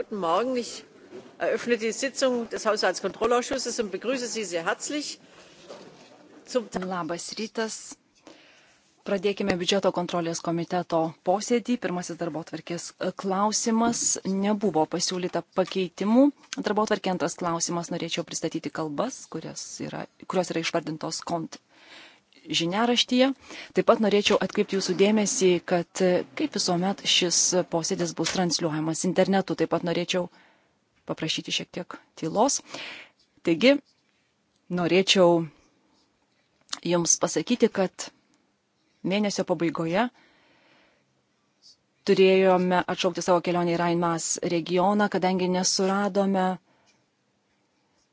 Guten Morgen. Ich eröffne die Sitzung des Haushaltskontrollausschusses und begrüße Sie sehr herzlich. Zum Labas rytas. Pradėkime biudžeto kontrolės komiteto posėdį. Pirmasis darbo tvarkės e, klausimas. Nebuvo pasiūlyta pakeitimų. Darbo tvarkė antras klausimas. Norėčiau pristatyti kalbas, kurios yra, kurios yra išvardintos kont žiniaraštyje. Taip pat norėčiau atkreipti jūsų dėmesį, kad e, kaip visuomet šis posėdis bus transliuojamas internetu. Taip pat norėčiau paprašyti šiek tiek tylos. Taigi, norėčiau jums pasakyti, kad mėnesio pabaigoje turėjome atšaukti savo kelionę į Rainmas regioną, kadangi nesuradome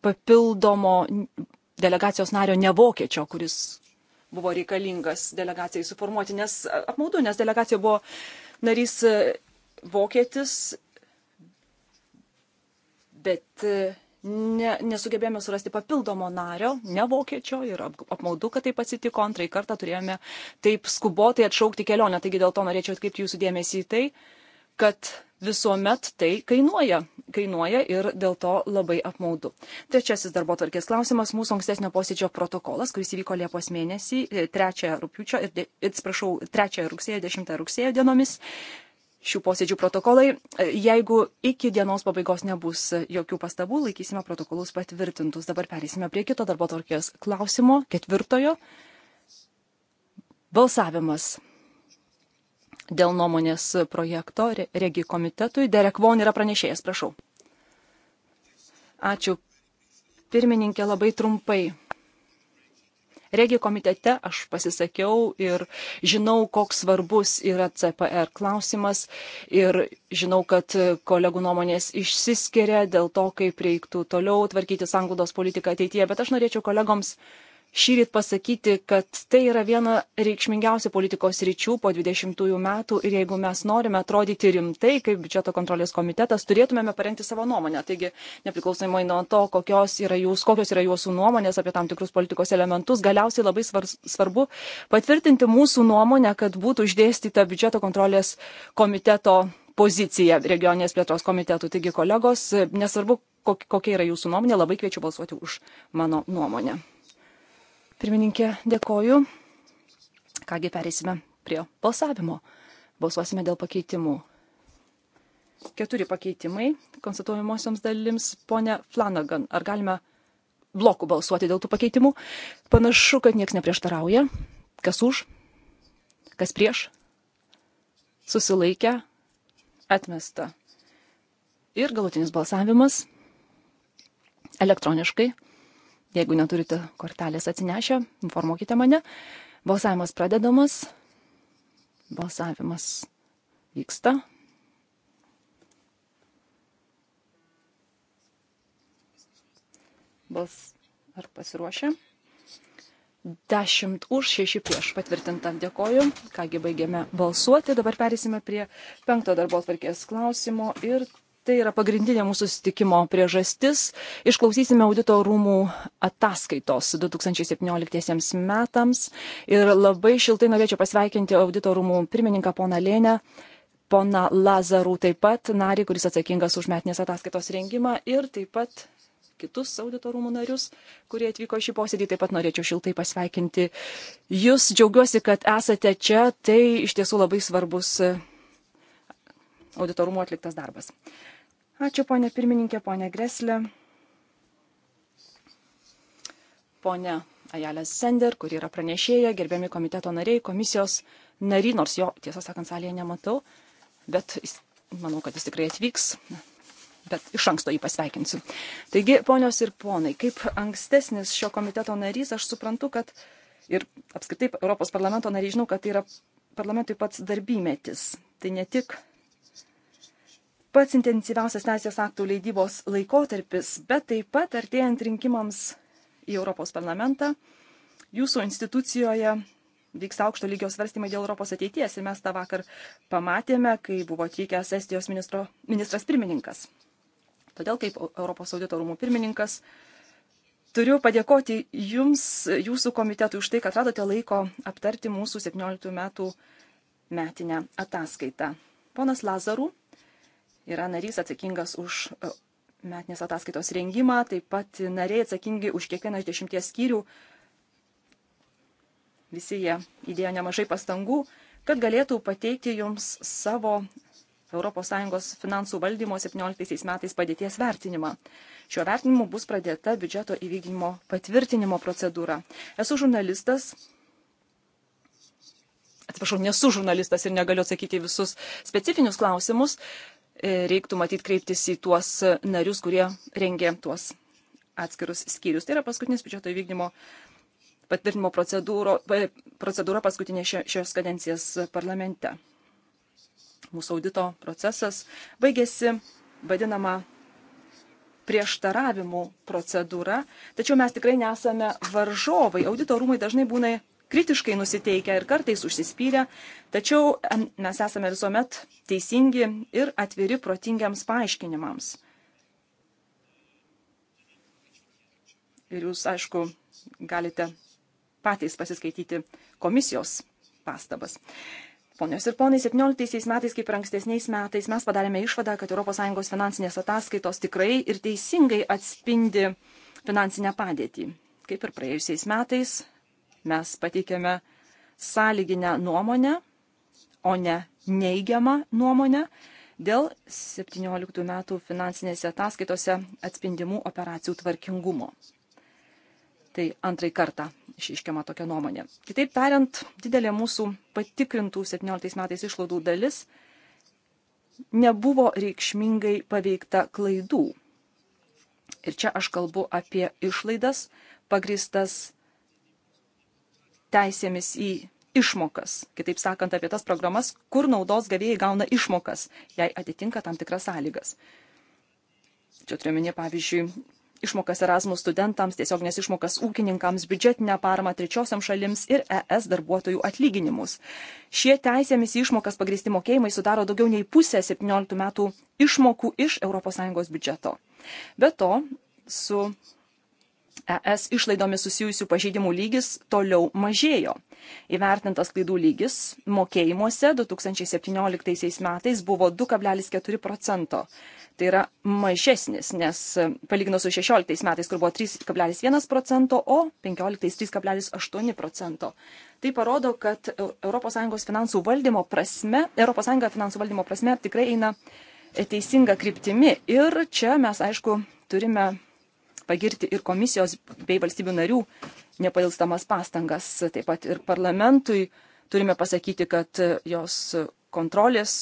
papildomo delegacijos nario nevokiečio, kuris buvo reikalingas delegacijai suformuoti, nes apmaudu, nes delegacija buvo narys e, vokietis, bet e, ne, nesugebėjome surasti papildomo nario, ne vokiečio ir apmaudu, kad taip atsitiko. Antrąjį kartą turėjome taip skubotai atšaukti kelionę, taigi dėl to norėčiau atkreipti jūsų dėmesį į tai, kad visuomet tai kainuoja. Kainuoja ir dėl to labai apmaudu. Trečiasis darbo tvarkės klausimas - mūsų ankstesnio posėdžio protokolas, kuris įvyko Liepos mėnesį, 3 e, rūpiučio ir, atsiprašau, 3 rugsėjo, 10 rugsėjo dienomis. Šių posėdžių protokolai, e, jeigu iki dienos pabaigos nebus jokių pastabų, laikysime protokolus patvirtintus. Dabar perėsime prie kito darbo tvarkės klausimo, ketvirtojo. Balsavimas dėl nuomonės projekto regi komitetui. Derek Von yra pranešėjas, prašau. Ačiū. Pirmininkė labai trumpai. Regi komitete aš pasisakiau ir žinau, koks svarbus yra CPR klausimas ir žinau, kad kolegų nuomonės išsiskiria dėl to, kaip reiktų toliau tvarkyti sanglaudos politiką ateityje, bet aš norėčiau kolegoms uh, šįryt pasakyti, kad tai yra viena reikšmingiausia politikos ryčių po 20 metų ir jeigu mes norime atrodyti rimtai, kaip biudžeto kontrolės komitetas, turėtumėme parengti savo nuomonę. Taigi, nepriklausomai nuo to, kokios yra, jūs, kokios yra jūsų nuomonės apie tam tikrus politikos elementus, galiausiai labai svar, svarbu patvirtinti mūsų nuomonę, kad būtų išdėstyta biudžeto kontrolės komiteto poziciją regioninės plėtros komitetų. Taigi, kolegos, nesvarbu, kokia yra jūsų nuomonė, labai kviečiu balsuoti už mano nuomonę. Pirmininkė, dėkoju. Kągi pereisime prie balsavimo. Balsuosime dėl pakeitimų. Keturi pakeitimai konstatuojamosioms dalims. Pone Flanagan, ar galime blokų balsuoti dėl tų pakeitimų? Panašu, kad niekas neprieštarauja. Kas už? Kas prieš? Susilaikę? Atmesta. Ir galutinis balsavimas elektroniškai. Jeigu neturite kortelės atsinešę, informuokite mane. Balsavimas pradedamas. Balsavimas vyksta. Bals ar pasiruošę? 10 už 6 prieš patvirtintą. Dėkoju. Kągi baigėme balsuoti. Dabar perėsime prie penkto darbo atvarkės klausimo ir tai yra pagrindinė mūsų susitikimo priežastis. Išklausysime audito rūmų ataskaitos 2017 metams ir labai šiltai norėčiau pasveikinti audito rūmų pirmininką poną Lėnę. Pona Lazarų taip pat, narį, kuris atsakingas už metinės ataskaitos rengimą ir taip pat kitus auditorumų narius, kurie atvyko šį posėdį. Taip pat norėčiau šiltai pasveikinti Jūs. Džiaugiuosi, kad esate čia. Tai iš tiesų labai svarbus auditorumų atliktas darbas. Ačiū, ponė pirmininkė, ponė Greslė, ponė Ajalė Sender, kuri yra pranešėja, gerbiami komiteto nariai, komisijos nariai, nors jo, tiesą sakant, salėje nematau, bet manau, kad jis tikrai atvyks, bet iš anksto jį pasveikinsiu. Taigi, ponios ir ponai, kaip ankstesnis šio komiteto narys, aš suprantu, kad ir apskritai Europos parlamento nariai žinau, kad tai yra parlamentui pats darbymetis. Tai ne tik pats intensyviausias teisės aktų leidybos laikotarpis, bet taip pat artėjant rinkimams į Europos parlamentą, jūsų institucijoje vyksta aukšto lygio svarstymai dėl Europos ateities ir mes tą vakar pamatėme, kai buvo atvykęs Estijos ministro, ministras pirmininkas. Todėl kaip Europos audito rūmų pirmininkas turiu padėkoti Jums, Jūsų komitetui už tai, kad radote laiko aptarti mūsų 17 metų metinę ataskaitą. Ponas Lazarų yra narys atsakingas už e, metinės ataskaitos rengimą, taip pat nariai atsakingi už kiekvieną iš dešimties skyrių. Visi jie įdėjo nemažai pastangų, kad galėtų pateikti jums savo ES finansų valdymo 17 metais padėties vertinimą. Šiuo vertinimu bus pradėta biudžeto įvykdymo patvirtinimo procedūra. Esu žurnalistas. Atsiprašau, nesu žurnalistas ir negaliu atsakyti visus specifinius klausimus, E, reiktų matyt kreiptis į tuos narius, kurie rengė tuos atskirus skyrius. Tai yra paskutinis biudžeto įvykdymo patvirtinimo e, procedūra paskutinė šios kadencijos parlamente. Mūsų audito procesas baigėsi vadinama prieštaravimų procedūra, tačiau mes tikrai nesame varžovai. Audito rūmai dažnai būna kritiškai nusiteikę ir kartais užsispyrę, tačiau mes esame visuomet teisingi ir atviri protingiams paaiškinimams. Ir jūs, aišku, galite patys pasiskaityti komisijos pastabas. Ponios ir ponai, 17 metais, kaip ir ankstesniais metais, mes padarėme išvadą, kad ES finansinės ataskaitos tikrai ir teisingai atspindi finansinę padėtį. Kaip ir praėjusiais metais, Mes pateikėme sąlyginę nuomonę, o ne neigiamą nuomonę dėl 17 metų finansinėse ataskaitose atspindimų operacijų tvarkingumo. Tai antrai kartą išiškiama tokia nuomonė. Kitaip tariant, didelė mūsų patikrintų 17 metais išlaidų dalis nebuvo reikšmingai paveikta klaidų. Ir čia aš kalbu apie išlaidas pagristas teisėmis į išmokas. Kitaip sakant, apie tas programas, kur naudos gavėjai gauna išmokas, jei atitinka tam tikras sąlygas. Čia turiuomenė, pavyzdžiui, išmokas Erasmus studentams, tiesioginės išmokas ūkininkams, biudžetinę paramą trečiosiam šalims ir ES darbuotojų atlyginimus. Šie teisėmis išmokas pagristi mokėjimai sudaro daugiau nei pusę 17 metų išmokų iš ES biudžeto. Be to, su ES išlaidomis susijusių pažeidimų lygis toliau mažėjo. Įvertintas klaidų lygis mokėjimuose 2017 metais buvo 2,4 procento. Tai yra mažesnis, nes palyginus su 16 metais, kur buvo 3,1 procento, o 15 3,8 procento. Tai parodo, kad ES finansų valdymo prasme, ES finansų valdymo prasme tikrai eina teisinga kryptimi. Ir čia mes, aišku, turime pagirti ir komisijos bei valstybių narių nepailstamas pastangas. Taip pat ir parlamentui turime pasakyti, kad jos kontrolės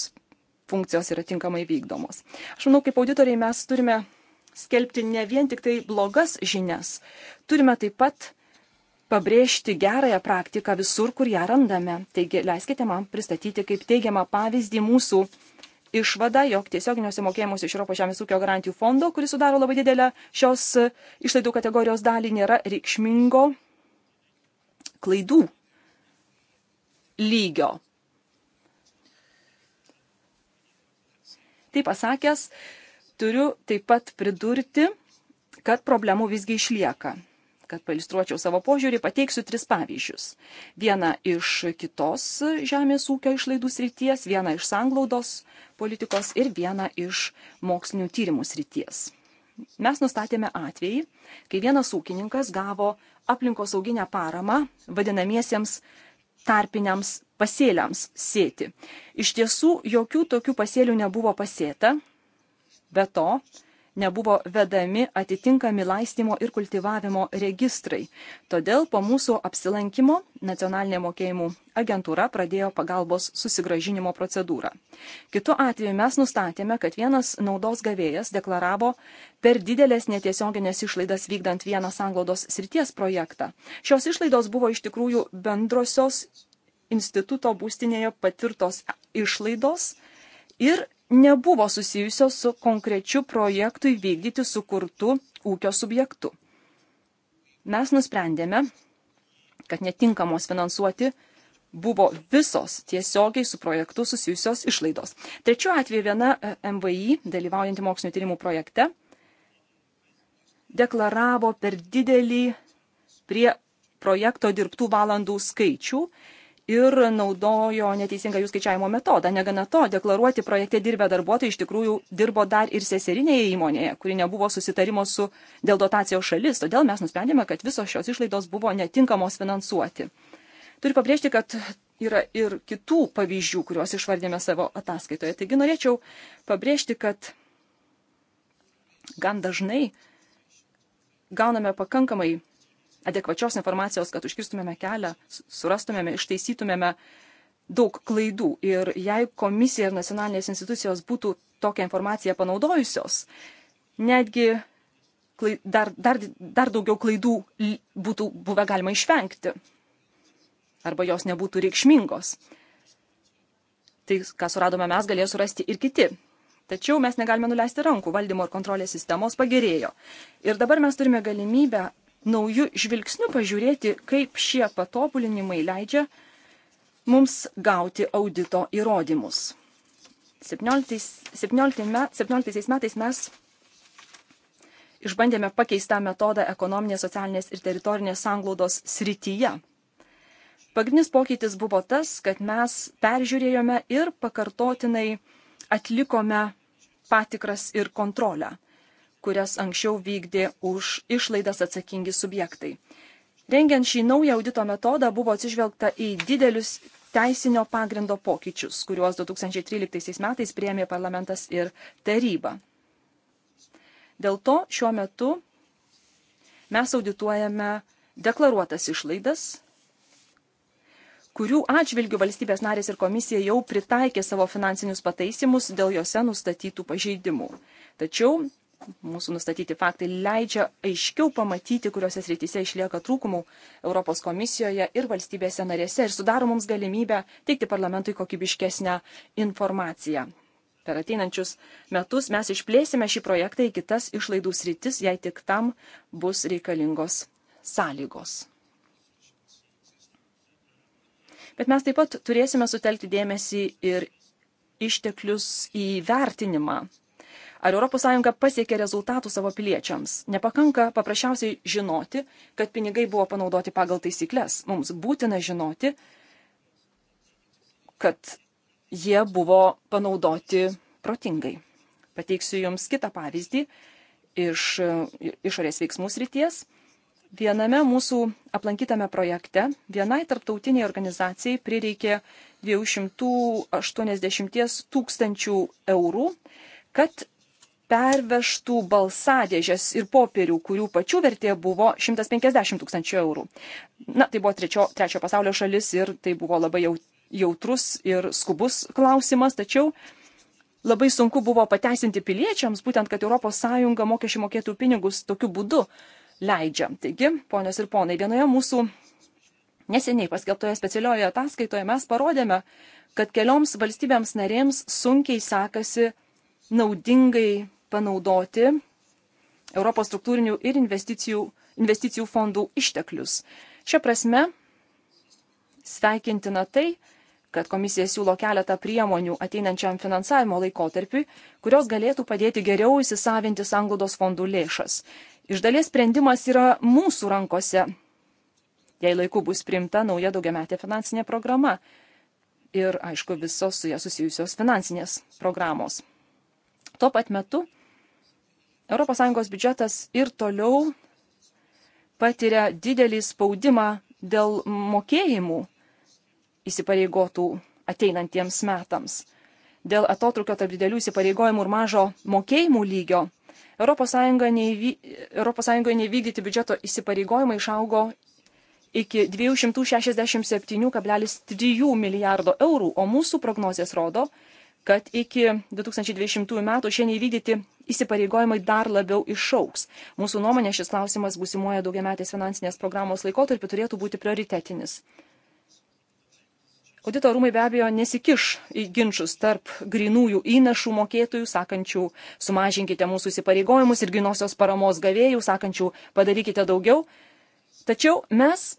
funkcijos yra tinkamai vykdomos. Aš manau, kaip auditoriai mes turime skelbti ne vien tik tai blogas žinias, turime taip pat pabrėžti gerąją praktiką visur, kur ją randame. Taigi leiskite man pristatyti kaip teigiamą pavyzdį mūsų išvadą, jog tiesioginiuose mokėjimuose iš Europos žemės ūkio garantijų fondo, kuris sudaro labai didelę šios e, išlaidų kategorijos dalį, nėra reikšmingo klaidų lygio. Tai pasakęs, turiu taip pat pridurti, kad problemų visgi išlieka. Kad pailustruočiau savo požiūrį, pateiksiu tris pavyzdžius. Vieną iš kitos žemės ūkio išlaidų srities, vieną iš sanglaudos politikos ir vieną iš mokslinių tyrimų srities. Mes nustatėme atvejį, kai vienas ūkininkas gavo aplinkosauginę paramą vadinamiesiems tarpiniams pasėliams sėti. Iš tiesų, jokių tokių pasėlių nebuvo pasėta, be to, nebuvo vedami atitinkami laistymo ir kultivavimo registrai. Todėl po mūsų apsilankimo nacionalinė mokėjimų agentūra pradėjo pagalbos susigražinimo procedūrą. Kitu atveju mes nustatėme, kad vienas naudos gavėjas deklaravo per didelės netiesioginės išlaidas vykdant vieną sanglaudos srities projektą. Šios išlaidos buvo iš tikrųjų bendrosios instituto būstinėje patirtos išlaidos ir nebuvo susijusios su konkrečiu projektu įvykdyti sukurtu ūkio subjektu. Mes nusprendėme, kad netinkamos finansuoti buvo visos tiesiogiai su projektu susijusios išlaidos. Trečiu atveju viena e, MVI, dalyvaujanti mokslinio tyrimų projekte, deklaravo per didelį prie projekto dirbtų valandų skaičių ir naudojo neteisingą jų skaičiavimo metodą. Negana to, deklaruoti projekte dirbę darbuotojai iš tikrųjų dirbo dar ir seserinėje įmonėje, kuri nebuvo susitarimo su dėl dotacijos šalis. Todėl mes nusprendėme, kad visos šios išlaidos buvo netinkamos finansuoti. Turiu pabrėžti, kad yra ir kitų pavyzdžių, kuriuos išvardėme savo ataskaitoje. Taigi norėčiau pabrėžti, kad gan dažnai gauname pakankamai adekvačios informacijos, kad užkirstumėme kelią, surastumėme, ištaisytumėme daug klaidų. Ir jei komisija ir nacionalinės institucijos būtų tokią informaciją panaudojusios, netgi klaid, dar, dar, dar daugiau klaidų būtų buvę galima išvengti arba jos nebūtų reikšmingos. Tai, ką suradome mes, galėjo surasti ir kiti. Tačiau mes negalime nuleisti rankų, valdymo ir kontrolės sistemos pagerėjo. Ir dabar mes turime galimybę naujų žvilgsnių pažiūrėti, kaip šie patobulinimai leidžia mums gauti audito įrodymus. 17, 17, 17 metais mes išbandėme pakeistą metodą ekonominės, socialinės ir teritorinės sanglaudos srityje. Pagrindinis pokytis buvo tas, kad mes peržiūrėjome ir pakartotinai atlikome patikras ir kontrolę kurias anksčiau vykdė už išlaidas atsakingi subjektai. Rengiant šį naują audito metodą buvo atsižvelgta į didelius teisinio pagrindo pokyčius, kuriuos 2013 metais priemė parlamentas ir taryba. Dėl to šiuo metu mes audituojame deklaruotas išlaidas, kurių atžvilgių valstybės narės ir komisija jau pritaikė savo finansinius pataisimus dėl juose nustatytų pažeidimų. Tačiau mūsų nustatyti faktai leidžia aiškiau pamatyti, kuriuose srityse išlieka trūkumų Europos komisijoje ir valstybėse narėse ir sudaro mums galimybę teikti parlamentui kokybiškesnę informaciją. Per ateinančius metus mes išplėsime šį projektą į kitas išlaidų sritis, jei tik tam bus reikalingos sąlygos. Bet mes taip pat turėsime sutelkti dėmesį ir išteklius į vertinimą Ar ES pasiekė rezultatų savo piliečiams? Nepakanka paprasčiausiai žinoti, kad pinigai buvo panaudoti pagal taisyklės. Mums būtina žinoti, kad jie buvo panaudoti protingai. Pateiksiu Jums kitą pavyzdį iš išorės veiksmų srities. Viename mūsų aplankytame projekte vienai tarptautiniai organizacijai prireikė 280 tūkstančių eurų, kad pervežtų balsadėžės ir popierių, kurių pačių vertė buvo 150 tūkstančių eurų. Na, tai buvo trečio, trečio pasaulio šalis ir tai buvo labai jautrus ir skubus klausimas, tačiau labai sunku buvo pateisinti piliečiams, būtent, kad ES mokesčių mokėtų pinigus tokiu būdu leidžia. Taigi, ponios ir ponai, vienoje mūsų neseniai paskelbtoje specialioje ataskaitoje mes parodėme, kad kelioms valstybėms narėms sunkiai sekasi naudingai panaudoti Europos struktūrinių ir investicijų, investicijų fondų išteklius. Šia prasme, sveikintina tai, kad komisija siūlo keletą priemonių ateinančiam finansavimo laikotarpiui, kurios galėtų padėti geriau įsisavinti sanglaudos fondų lėšas. Iš dalies sprendimas yra mūsų rankose, jei laiku bus primta nauja daugiametė finansinė programa ir, aišku, visos su ja susijusios finansinės programos. Tuo pat metu ES biudžetas ir toliau patiria didelį spaudimą dėl mokėjimų įsipareigotų ateinantiems metams. Dėl atotrukio tarp didelių įsipareigojimų ir mažo mokėjimų lygio ES neįvy... nevykdyti biudžeto įsipareigojimai išaugo iki 267,3 milijardo eurų, o mūsų prognozijas rodo, kad iki 2020 metų šiandien įvykdyti įsipareigojimai dar labiau išauks. Mūsų nuomonė šis klausimas būsimoje daugiametės finansinės programos laikotarpiu turėtų būti prioritetinis. Audito rūmai be abejo nesikiš į ginčius tarp grinųjų įnašų mokėtojų, sakančių sumažinkite mūsų įsipareigojimus ir grinosios paramos gavėjų, sakančių padarykite daugiau. Tačiau mes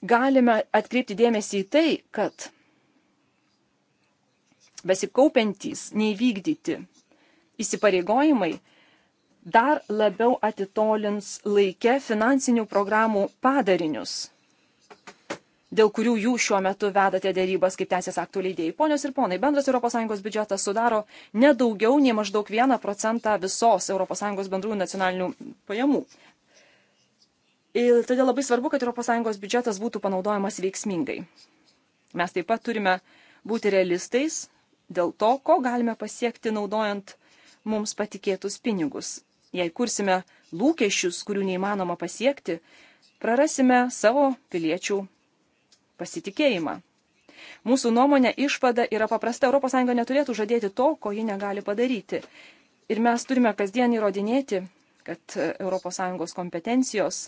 galime atkreipti dėmesį į tai, kad besikaupiantys, neįvykdyti įsipareigojimai dar labiau atitolins laikę finansinių programų padarinius, dėl kurių jūs šiuo metu vedate dėrybas kaip teisės aktų leidėjai. Ponios ir ponai, bendras ES biudžetas sudaro nedaugiau nei maždaug 1 procentą visos ES bendrųjų nacionalinių pajamų. Ir todėl labai svarbu, kad ES biudžetas būtų panaudojamas veiksmingai. Mes taip pat turime būti realistais, dėl to, ko galime pasiekti naudojant mums patikėtus pinigus. Jei kursime lūkesčius, kurių neįmanoma pasiekti, prarasime savo piliečių pasitikėjimą. Mūsų nuomonė išvada yra paprasta, ES neturėtų žadėti to, ko ji negali padaryti. Ir mes turime kasdien įrodinėti, kad ES kompetencijos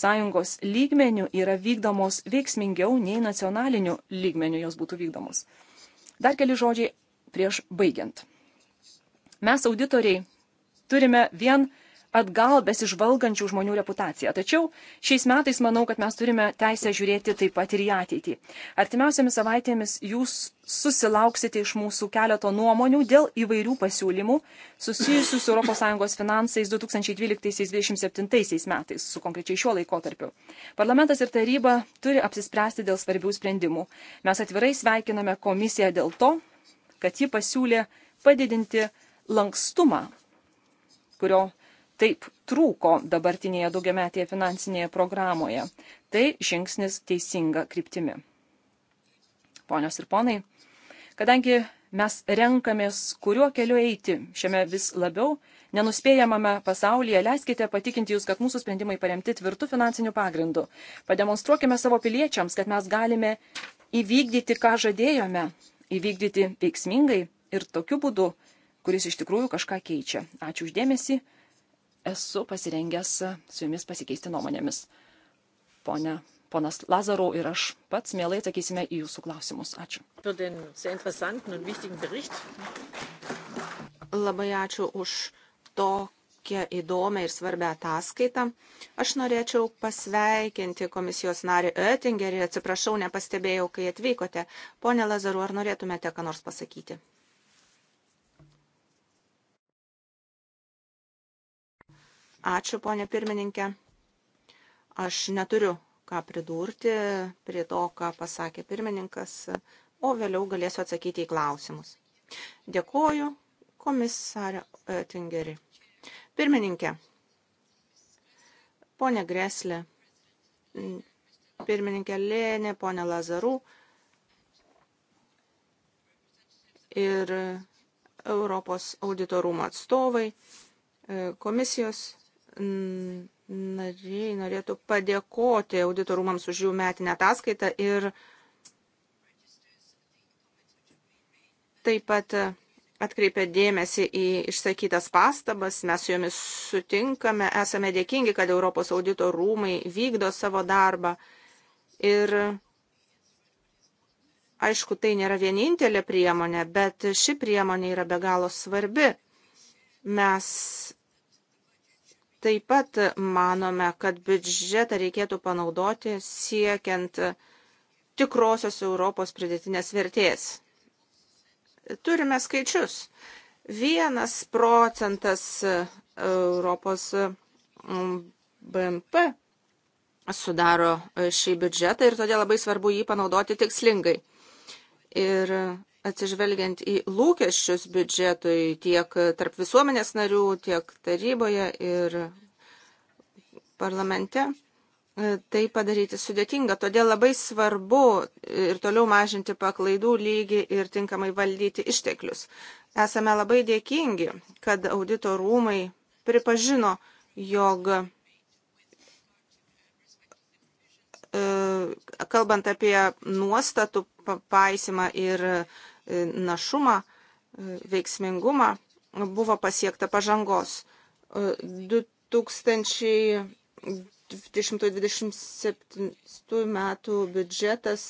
sąjungos lygmenių yra vykdomos veiksmingiau nei nacionalinių lygmenių jos būtų vykdomos. Dar keli žodžiai prieš baigiant. Mes auditoriai turime vien atgal besižvalgančių žmonių reputaciją. Tačiau šiais metais manau, kad mes turime teisę žiūrėti taip pat ir į ateitį. Artimiausiamis savaitėmis jūs susilauksite iš mūsų keleto nuomonių dėl įvairių pasiūlymų susijusių su ES finansais 2012-2027 metais, su konkrečiai šiuo laikotarpiu. Parlamentas ir taryba turi apsispręsti dėl svarbių sprendimų. Mes atvirai sveikiname komisiją dėl to, kad ji pasiūlė padidinti lankstumą, kurio taip trūko dabartinėje daugiametėje finansinėje programoje. Tai žingsnis teisinga kryptimi. Ponios ir ponai, kadangi mes renkamės, kuriuo keliu eiti šiame vis labiau nenuspėjamame pasaulyje, leiskite patikinti jūs, kad mūsų sprendimai paremti tvirtų finansinių pagrindų. Pademonstruokime savo piliečiams, kad mes galime įvykdyti, ką žadėjome, įvykdyti veiksmingai ir tokiu būdu, kuris iš tikrųjų kažką keičia. Ačiū uždėmesi esu pasirengęs su jumis pasikeisti nuomonėmis. Pone, ponas Lazarau ir aš pats mielai atsakysime į jūsų klausimus. Ačiū. Labai ačiū už tokią įdomią ir svarbę ataskaitą. Aš norėčiau pasveikinti komisijos narį Oettingerį. Atsiprašau, nepastebėjau, kai atvykote. Pone Lazaru, ar norėtumėte ką nors pasakyti? Ačiū, ponė pirmininkė. Aš neturiu ką pridurti prie to, ką pasakė pirmininkas, o vėliau galėsiu atsakyti į klausimus. Dėkoju, komisarė Tingeri. Pirmininkė, ponė Greslė, pirmininkė Lėnė, ponė Lazarų ir Europos auditorumo atstovai, komisijos Mm, nariai norėtų padėkoti auditorumams už jų metinę ataskaitą ir taip pat atkreipia dėmesį į išsakytas pastabas, mes su jomis sutinkame, esame dėkingi, kad Europos audito rūmai vykdo savo darbą. Ir aišku, tai nėra vienintelė priemonė, bet ši priemonė yra be galo svarbi. Mes Taip pat manome, kad biudžetą reikėtų panaudoti siekiant tikrosios Europos pridėtinės vertės. Turime skaičius. Vienas procentas Europos mm, BMP sudaro šį biudžetą ir todėl labai svarbu jį panaudoti tikslingai. Ir atsižvelgiant į lūkesčius biudžetui tiek tarp visuomenės narių, tiek taryboje ir parlamente. E, tai padaryti sudėtinga, todėl labai svarbu ir toliau mažinti paklaidų lygį ir tinkamai valdyti išteklius. Esame labai dėkingi, kad audito rūmai pripažino, jog e, kalbant apie nuostatų paisimą ir našumą, veiksmingumą, buvo pasiekta pažangos. 2027 metų biudžetas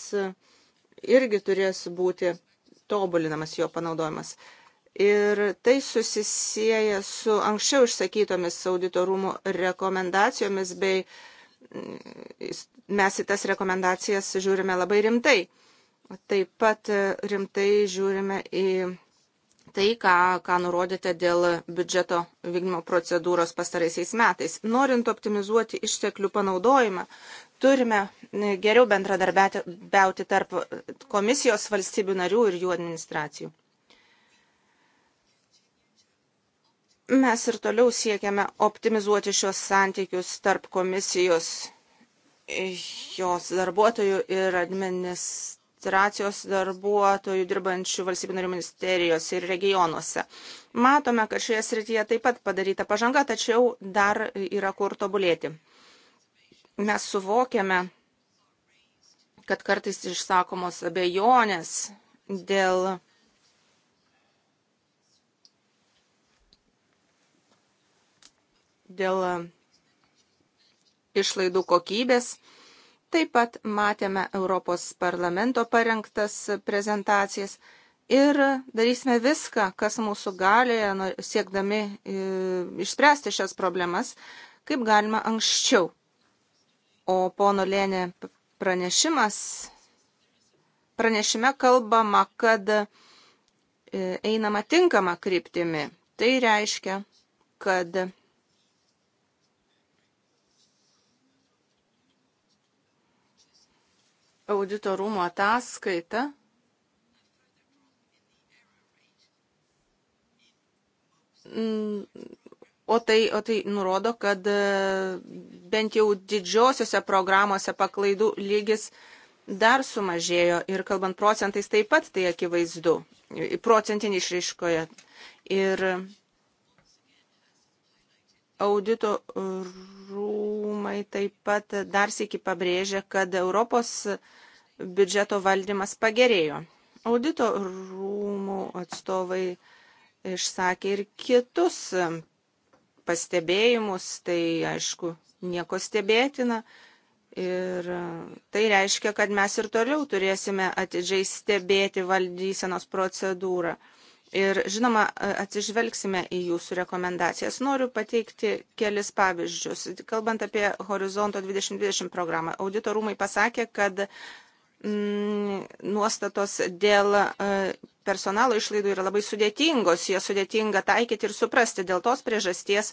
irgi turės būti tobulinamas jo panaudojimas. Ir tai susisieja su anksčiau išsakytomis auditorumų rekomendacijomis, bei mes į tas rekomendacijas žiūrime labai rimtai. Taip pat e, rimtai žiūrime į tai, ką, ką nurodėte dėl biudžeto vykdymo procedūros pastaraisiais metais. Norint optimizuoti išteklių panaudojimą, turime e, geriau bendradarbiauti tarp komisijos valstybių narių ir jų administracijų. Mes ir toliau siekiame optimizuoti šios santykius tarp komisijos, jos darbuotojų ir administracijų administracijos darbuotojų dirbančių valstybių narių ministerijos ir regionuose. Matome, kad šioje srityje taip pat padaryta pažanga, tačiau dar yra kur tobulėti. Mes suvokiame, kad kartais išsakomos abejonės dėl dėl išlaidų kokybės Taip pat matėme Europos parlamento parengtas prezentacijas ir darysime viską, kas mūsų galėje, siekdami e, išspręsti šias problemas, kaip galima anksčiau. O pono Lėnė pranešimas, pranešime kalbama, kad e, einama tinkama kryptimi. Tai reiškia, kad audito rūmo ataskaita mm, O tai, o tai nurodo, kad e, bent jau didžiosiuose programuose paklaidų lygis dar sumažėjo ir kalbant procentais taip pat tai akivaizdu, procentinį išriškoje. Ir Audito rūmai taip pat dar sėki pabrėžia, kad Europos biudžeto valdymas pagerėjo. Audito rūmų atstovai išsakė ir kitus pastebėjimus, tai aišku, nieko stebėtina. Ir tai reiškia, kad mes ir toliau turėsime atidžiai stebėti valdysenos procedūrą. Ir žinoma, atsižvelgsime į jūsų rekomendacijas. Noriu pateikti kelis pavyzdžius. Kalbant apie Horizonto 2020 programą, auditorumai pasakė, kad mm, nuostatos dėl personalo išlaidų yra labai sudėtingos, jie sudėtinga taikyti ir suprasti. Dėl tos priežasties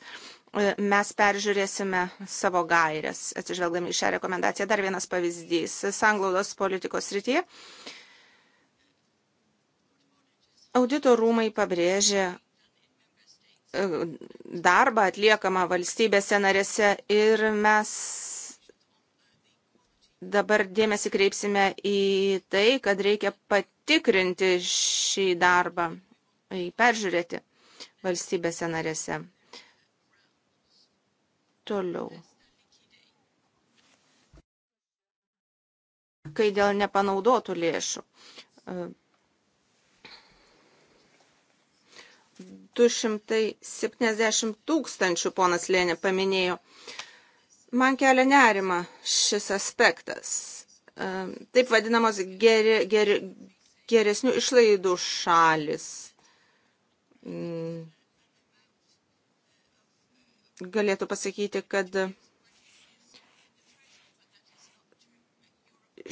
mes peržiūrėsime savo gairias, atsižvelgdami į šią rekomendaciją. Dar vienas pavyzdys - sanglaudos politikos rytyje. Audito rūmai pabrėžė e, darbą atliekamą valstybėse narėse ir mes dabar dėmesį kreipsime į tai, kad reikia patikrinti šį darbą, jį peržiūrėti valstybėse narėse. Toliau. Kai dėl nepanaudotų lėšų e, 270 tūkstančių ponas Lėnė paminėjo. Man kelia nerima šis aspektas. E, taip vadinamos geri, geri, geresnių išlaidų šalis. Mm. Galėtų pasakyti, kad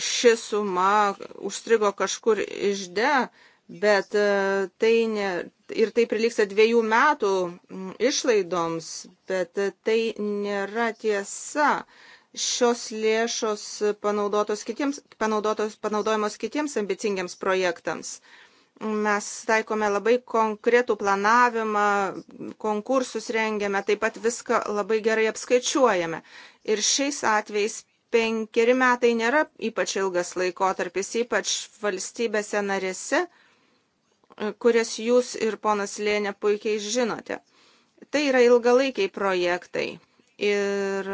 ši suma užstrigo kažkur išde, bet e, tai ne, ir tai priliksta dviejų metų mm, išlaidoms, bet e, tai nėra tiesa. Šios lėšos panaudotos kitiems, panaudotos, panaudojamos kitiems ambicingiams projektams mes taikome labai konkretų planavimą, konkursus rengiame, taip pat viską labai gerai apskaičiuojame. Ir šiais atvejais penkeri metai nėra ypač ilgas laikotarpis, ypač valstybėse narėse, kurias jūs ir ponas Lėnė puikiai žinote. Tai yra ilgalaikiai projektai. Ir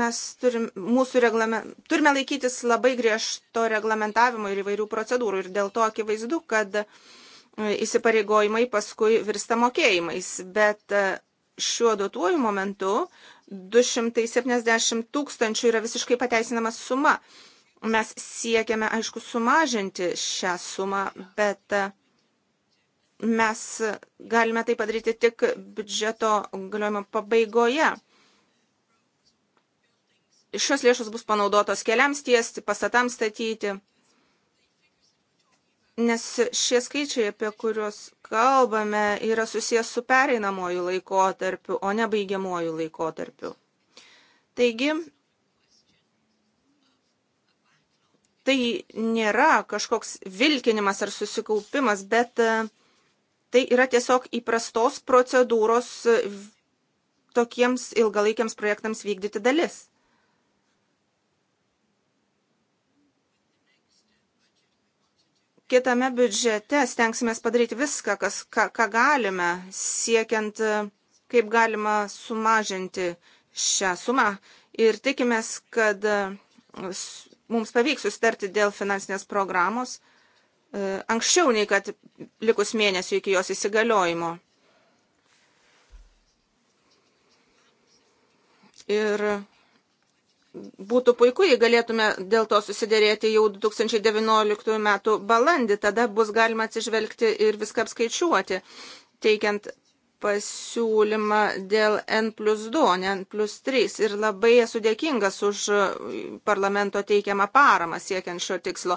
mes turim, mūsų reglament, turime laikytis labai griežto reglamentavimo ir įvairių procedūrų. Ir dėl to akivaizdu, kad e, įsipareigojimai paskui virsta mokėjimais. Bet e, šiuo duotuoju momentu 270 tūkstančių yra visiškai pateisinama suma. Mes siekiame, aišku, sumažinti šią sumą, bet e, mes galime tai padaryti tik biudžeto galiojimo pabaigoje. Šios lėšos bus panaudotos keliams tiesti, pastatams statyti, nes šie skaičiai, apie kuriuos kalbame, yra susijęs su pereinamojų laikotarpiu, o ne baigiamojų laikotarpiu. Taigi, tai nėra kažkoks vilkinimas ar susikaupimas, bet uh, Tai yra tiesiog įprastos procedūros e, tokiems ilgalaikiams projektams vykdyti dalis. Kitame biudžete stengsime padaryti viską, kas, ką, ką galime, siekiant, e, kaip galima sumažinti šią sumą ir tikimės, kad e, mums pavyks susitarti dėl finansinės programos E, anksčiau nei kad likus mėnesių iki jos įsigaliojimo. Ir būtų puiku, jei galėtume dėl to susidėrėti jau 2019 metų balandį, tada bus galima atsižvelgti ir viską apskaičiuoti, teikiant pasiūlymą dėl N plus 2, ne N plus 3. Ir labai esu dėkingas už e, parlamento teikiamą paramą siekiant šio tikslo.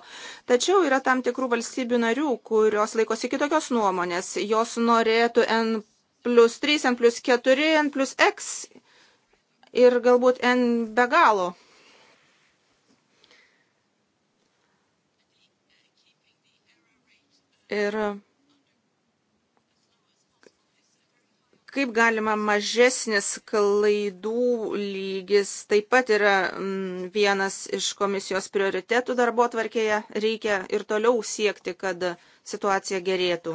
Tačiau yra tam tikrų valstybių narių, kurios laikosi kitokios nuomonės. Jos norėtų N plus 3, N plus 4, N plus X ir galbūt N be galo. Ir kaip galima mažesnis klaidų lygis taip pat yra vienas iš komisijos prioritetų darbo tvarkėje. Reikia ir toliau siekti, kad situacija gerėtų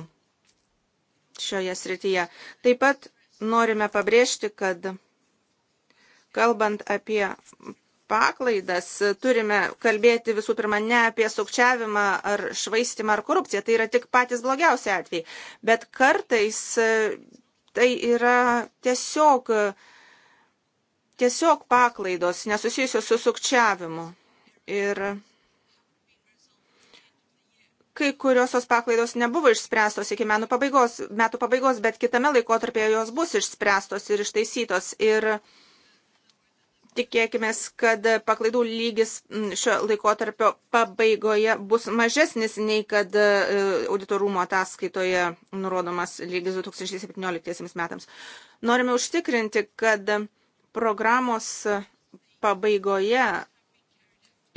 šioje srityje. Taip pat norime pabrėžti, kad kalbant apie paklaidas, turime kalbėti visų pirma ne apie sukčiavimą ar švaistimą ar korupciją, tai yra tik patys blogiausi atvejai, bet kartais Tai yra tiesiog, tiesiog paklaidos, nesusijusios su sukčiavimu. Ir kai kurios tos paklaidos nebuvo išspręstos iki metų pabaigos, metų pabaigos bet kitame laikotarpėje jos bus išspręstos ir ištaisytos. Ir Tikėkime, kad paklaidų lygis mm, šio laikotarpio pabaigoje bus mažesnis nei kad e, auditorumo ataskaitoje nurodomas lygis 2017 metams. Norime užtikrinti, kad programos pabaigoje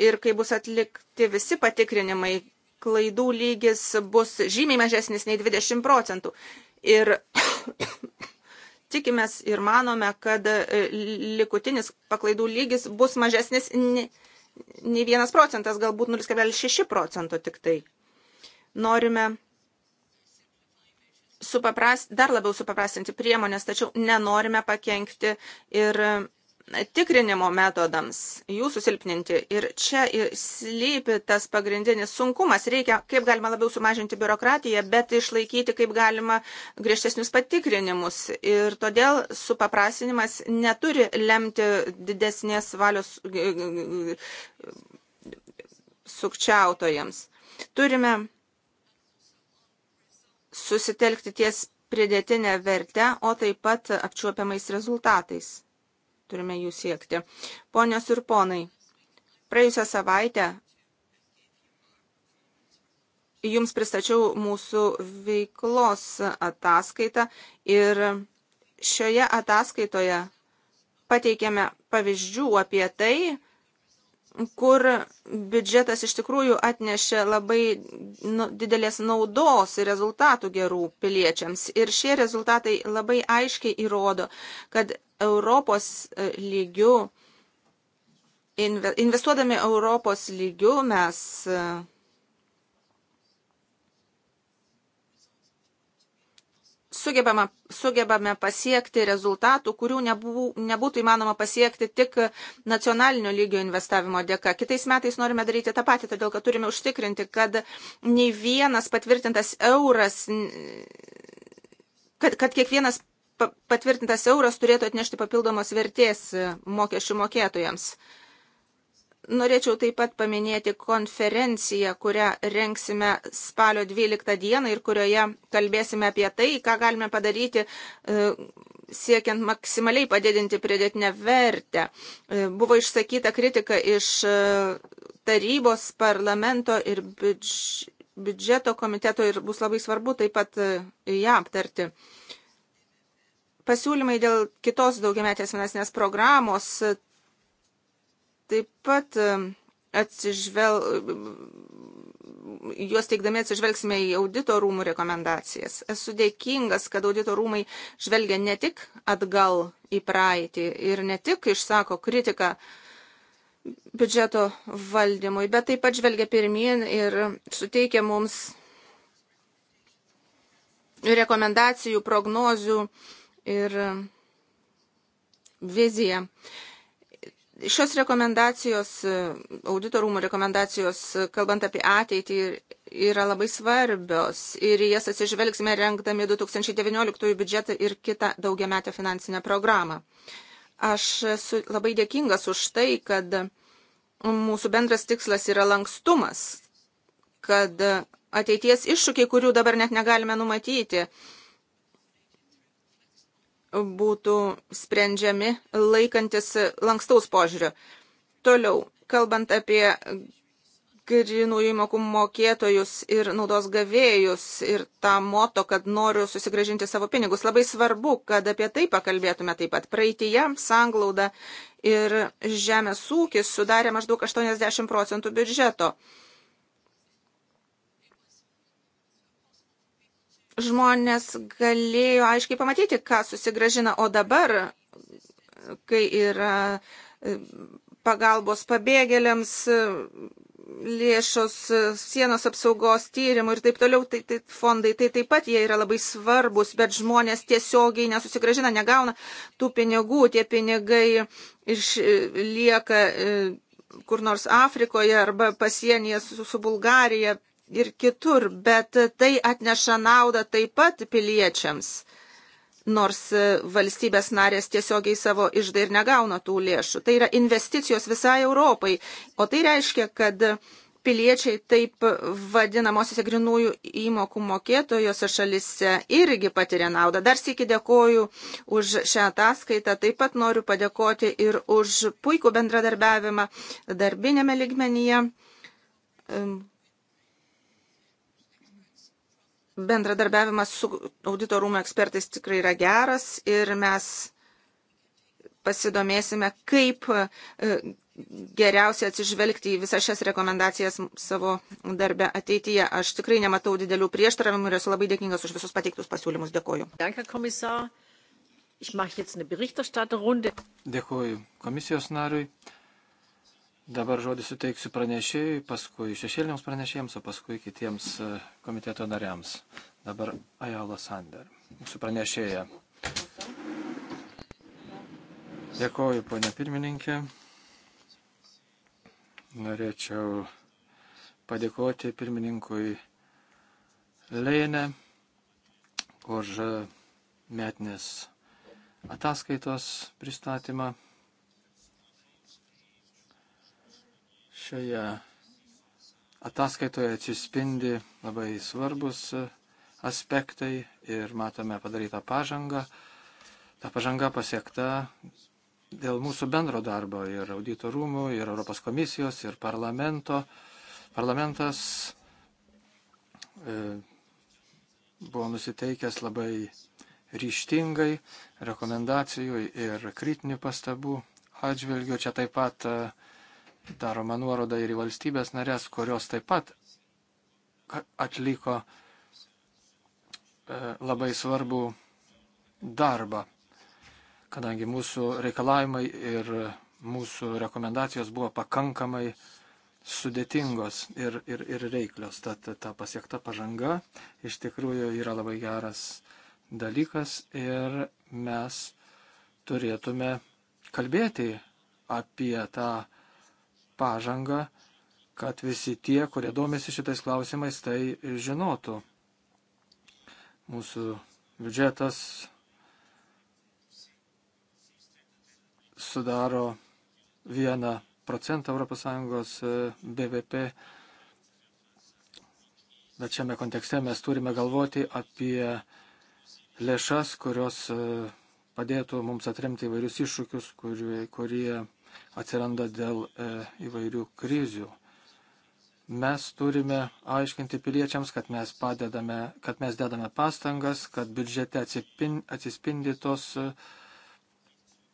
ir kai bus atlikti visi patikrinimai, klaidų lygis bus žymiai mažesnis nei 20 procentų. Ir tikimės ir manome, kad e, likutinis paklaidų lygis bus mažesnis nei 1 procentas, galbūt 0,6 procento tik tai. Norime supapras, dar labiau supaprastinti priemonės, tačiau nenorime pakengti ir tikrinimo metodams, jų susilpninti. Ir čia ir slypi tas pagrindinis sunkumas. Reikia kaip galima labiau sumažinti biurokratiją, bet išlaikyti kaip galima griežtesnius patikrinimus. Ir todėl supaprasinimas neturi lemti didesnės valios sukčiautojams. Turime susitelkti ties pridėtinę vertę, o taip pat apčiuopiamais rezultatais turime jų siekti. Ponios ir ponai, praėjusią savaitę jums pristačiau mūsų veiklos ataskaitą ir šioje ataskaitoje pateikėme pavyzdžių apie tai, kur biudžetas iš tikrųjų atnešė labai nu, didelės naudos ir rezultatų gerų piliečiams. Ir šie rezultatai labai aiškiai įrodo, kad Europos e, lygių, investuodami Europos lygių mes e, sugebame, sugebame pasiekti rezultatų, kurių nebū, nebūtų įmanoma pasiekti tik nacionalinio lygio investavimo dėka. Kitais metais norime daryti tą patį, todėl kad turime užtikrinti, kad nei vienas patvirtintas euras, kad, kad kiekvienas patvirtintas euras turėtų atnešti papildomos vertės mokesčių mokėtojams. Norėčiau taip pat paminėti konferenciją, kurią renksime spalio 12 dieną ir kurioje kalbėsime apie tai, ką galime padaryti e, siekiant maksimaliai padidinti pridėtinę vertę. E, buvo išsakyta kritika iš e, tarybos, parlamento ir biudž... biudžeto komiteto ir bus labai svarbu taip pat ją aptarti pasiūlymai dėl kitos daugiametės finansinės programos Taip pat atsižvel... juos teikdami atsižvelgsime į audito rūmų rekomendacijas. Esu dėkingas, kad audito rūmai žvelgia ne tik atgal į praeitį ir ne tik išsako kritiką biudžeto valdymui, bet taip pat žvelgia pirmin ir suteikia mums rekomendacijų, prognozių ir viziją. Šios rekomendacijos, e, auditorumų rekomendacijos, e, kalbant apie ateitį, yra labai svarbios ir jas atsižvelgsime renkdami 2019 biudžetą ir kitą daugiametę finansinę programą. Aš esu labai dėkingas už tai, kad mūsų bendras tikslas yra lankstumas, kad ateities iššūkiai, kurių dabar net negalime numatyti, būtų sprendžiami laikantis lankstaus požiūrio. Toliau, kalbant apie grinųjų įmokų mokėtojus ir naudos gavėjus ir tą moto, kad noriu susigražinti savo pinigus. Labai svarbu, kad apie tai pakalbėtume taip pat. Praeitįje sanglauda ir žemės ūkis sudarė maždaug 80 procentų biudžeto. žmonės galėjo aiškiai pamatyti, ką susigražina, o dabar, kai yra e, pagalbos pabėgėliams, e, lėšos e, sienos apsaugos tyrimų ir taip toliau, tai, tai fondai, tai taip pat jie yra labai svarbus, bet žmonės tiesiogiai nesusigražina, negauna tų pinigų, tie pinigai išlieka kur nors Afrikoje arba pasienyje su, su Bulgarija, ir kitur, bet tai atneša naudą taip pat piliečiams, nors valstybės narės tiesiogiai savo išdai ir negauna tų lėšų. Tai yra investicijos visai Europai, o tai reiškia, kad piliečiai taip vadinamosiose grinųjų įmokų mokėtojose šalise irgi patiria naudą. Dar sėki dėkoju už šią ataskaitą, taip pat noriu padėkoti ir už puikų bendradarbiavimą darbinėme ligmenyje bendradarbiavimas su audito rūmų ekspertais tikrai yra geras ir mes pasidomėsime, kaip e, geriausia atsižvelgti į visas šias rekomendacijas savo darbę ateityje. Aš tikrai nematau didelių prieštaravimų ir esu labai dėkingas už visus pateiktus pasiūlymus. Dėkoju. Dėkoju komisijos nariui. Dabar žodį suteiksiu pranešėjui, paskui šešėliniams pranešėjams, o paskui kitiems e, komiteto nariams. Dabar Ajala Sander, mūsų pranešėja. Dėkoju, ponia pirmininkė. Norėčiau padėkoti pirmininkui Lėne už metinės ataskaitos pristatymą. Šioje ataskaitoje atsispindi labai svarbus e, aspektai ir matome padarytą pažangą. Ta pažanga pasiekta dėl mūsų bendro darbo ir audito rūmų, ir Europos komisijos, ir parlamento. Parlamentas e, buvo nusiteikęs labai ryštingai rekomendacijų ir kritinių pastabų atžvilgių. Čia taip pat e, daroma nuoroda ir į valstybės narės, kurios taip pat atliko e, labai svarbų darbą, kadangi mūsų reikalavimai ir mūsų rekomendacijos buvo pakankamai sudėtingos ir, ir, ir reiklios. Tad ta pasiekta pažanga iš tikrųjų yra labai geras dalykas ir mes turėtume kalbėti apie tą pažangą, kad visi tie, kurie domisi šitais klausimais, tai žinotų. Mūsų biudžetas sudaro vieną procentą ES BVP, bet šiame kontekste mes turime galvoti apie lėšas, kurios e, padėtų mums atremti įvairius iššūkius, kurie, kurie atsiranda dėl e, įvairių krizių. Mes turime aiškinti piliečiams, kad mes, padedame, kad mes dedame pastangas, kad biudžete atsispindi tos e,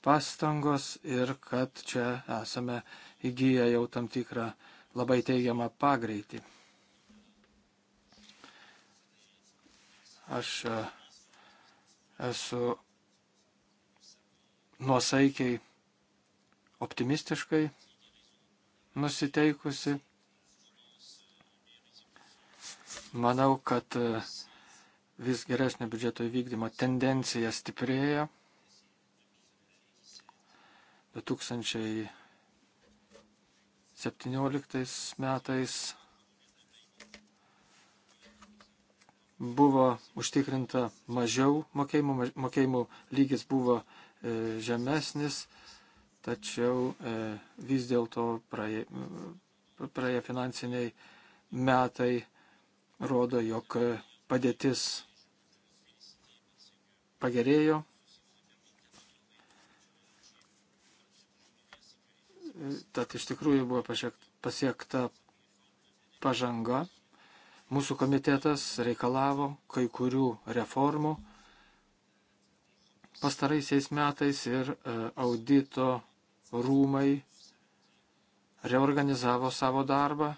pastangos ir kad čia esame įgyję jau tam tikrą labai teigiamą pagreitį. Aš e, esu nuosaikiai optimistiškai nusiteikusi. Manau, kad e, vis geresnio biudžeto įvykdymo tendencija stiprėja. 2017 metais buvo užtikrinta mažiau mokėjimų, mokėjimų lygis buvo e, žemesnis, tačiau e, vis dėlto praėję, e, praėję finansiniai metai rodo, jog padėtis pagerėjo. Tad iš tikrųjų buvo pasiekta pažanga. Mūsų komitetas reikalavo kai kurių reformų pastaraisiais metais ir e, audito rūmai reorganizavo savo darbą,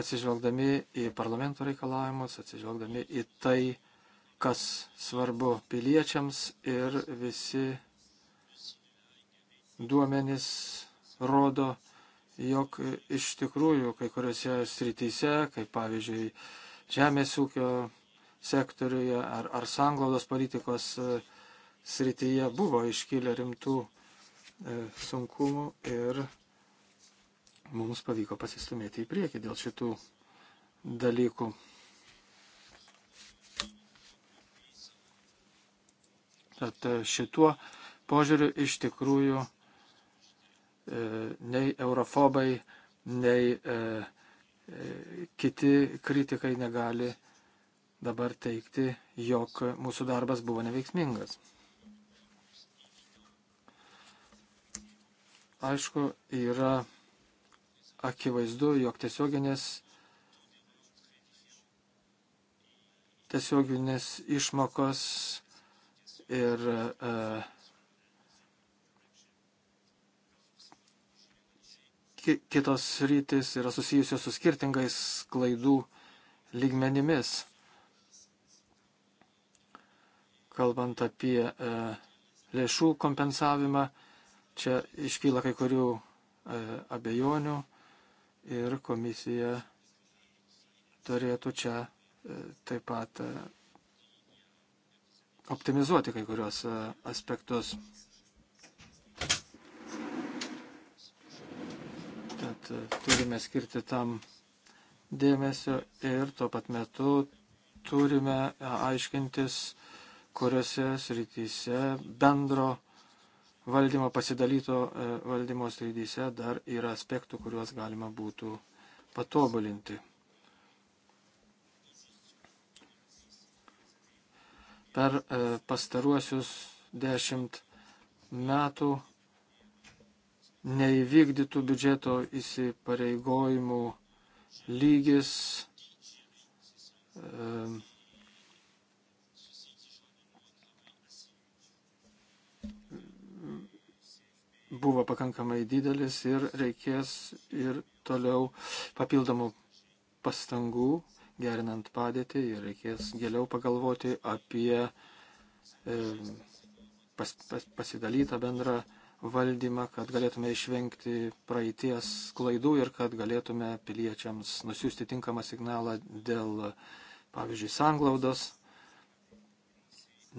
atsižvelgdami į parlamento reikalavimus, atsižvelgdami į tai, kas svarbu piliečiams ir visi duomenys rodo, jog iš tikrųjų kai kuriuose srityse, kaip pavyzdžiui, žemės ūkio sektoriuje ar, ar sanglaudos politikos uh, srityje buvo iškilę rimtų e, sunkumų ir mums pavyko pasistumėti į priekį dėl šitų dalykų. Tad šituo požiūriu iš tikrųjų e, nei eurofobai, nei e, kiti kritikai negali dabar teikti, jog mūsų darbas buvo neveiksmingas. aišku, yra akivaizdu, jog tiesioginės, tiesioginės išmokos ir e, kitos rytis yra susijusios su skirtingais klaidų lygmenimis. Kalbant apie e, lėšų kompensavimą, e, Čia iškyla kai kurių e, abejonių ir komisija turėtų čia e, taip pat e, optimizuoti kai kurios e, aspektus. Tad e, turime skirti tam dėmesio ir tuo pat metu turime e, aiškintis, kuriuose srityse bendro valdymo pasidalyto e, valdymo srityse dar yra aspektų, kuriuos galima būtų patobulinti. Per e, pastaruosius dešimt metų neįvykdytų biudžeto įsipareigojimų lygis e, buvo pakankamai didelis ir reikės ir toliau papildomų pastangų gerinant padėtį ir reikės geriau pagalvoti apie e, pas, pas, pasidalytą bendrą valdymą, kad galėtume išvengti praeities klaidų ir kad galėtume piliečiams nusiųsti tinkamą signalą dėl, pavyzdžiui, sanglaudos,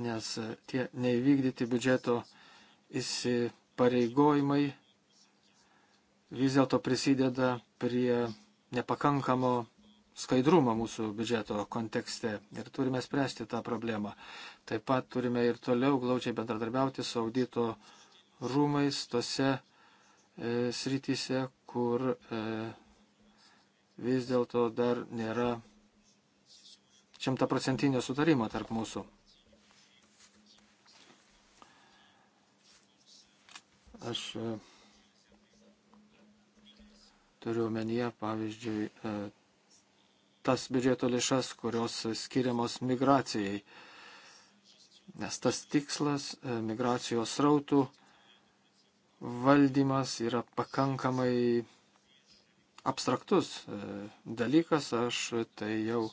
nes tie neįvykdyti biudžeto įsipareigojimai pareigojimai vis dėlto prisideda prie nepakankamo skaidrumo mūsų biudžeto kontekste ir turime spręsti tą problemą. Taip pat turime ir toliau glaučiai bendradarbiauti su audito rūmais tose e, srityse, kur e, vis dėlto dar nėra šimtaprocentinio sutarimo tarp mūsų. Aš e, turiu omenyje, pavyzdžiui, e, tas biudžeto lėšas, kurios skiriamos migracijai. Nes tas tikslas, e, migracijos rautų valdymas yra pakankamai abstraktus dalykas, aš tai jau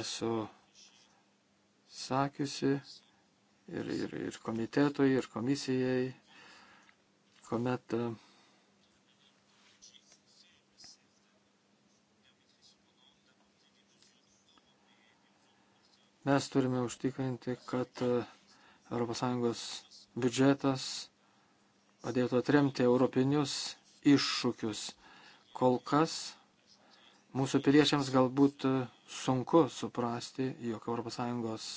esu sakiusi ir, ir, ir komitetui, ir komisijai, kuomet e, mes turime užtikrinti, kad ES biudžetas padėtų atremti europinius iššūkius. Kol kas mūsų piliečiams galbūt e, sunku suprasti, jog ES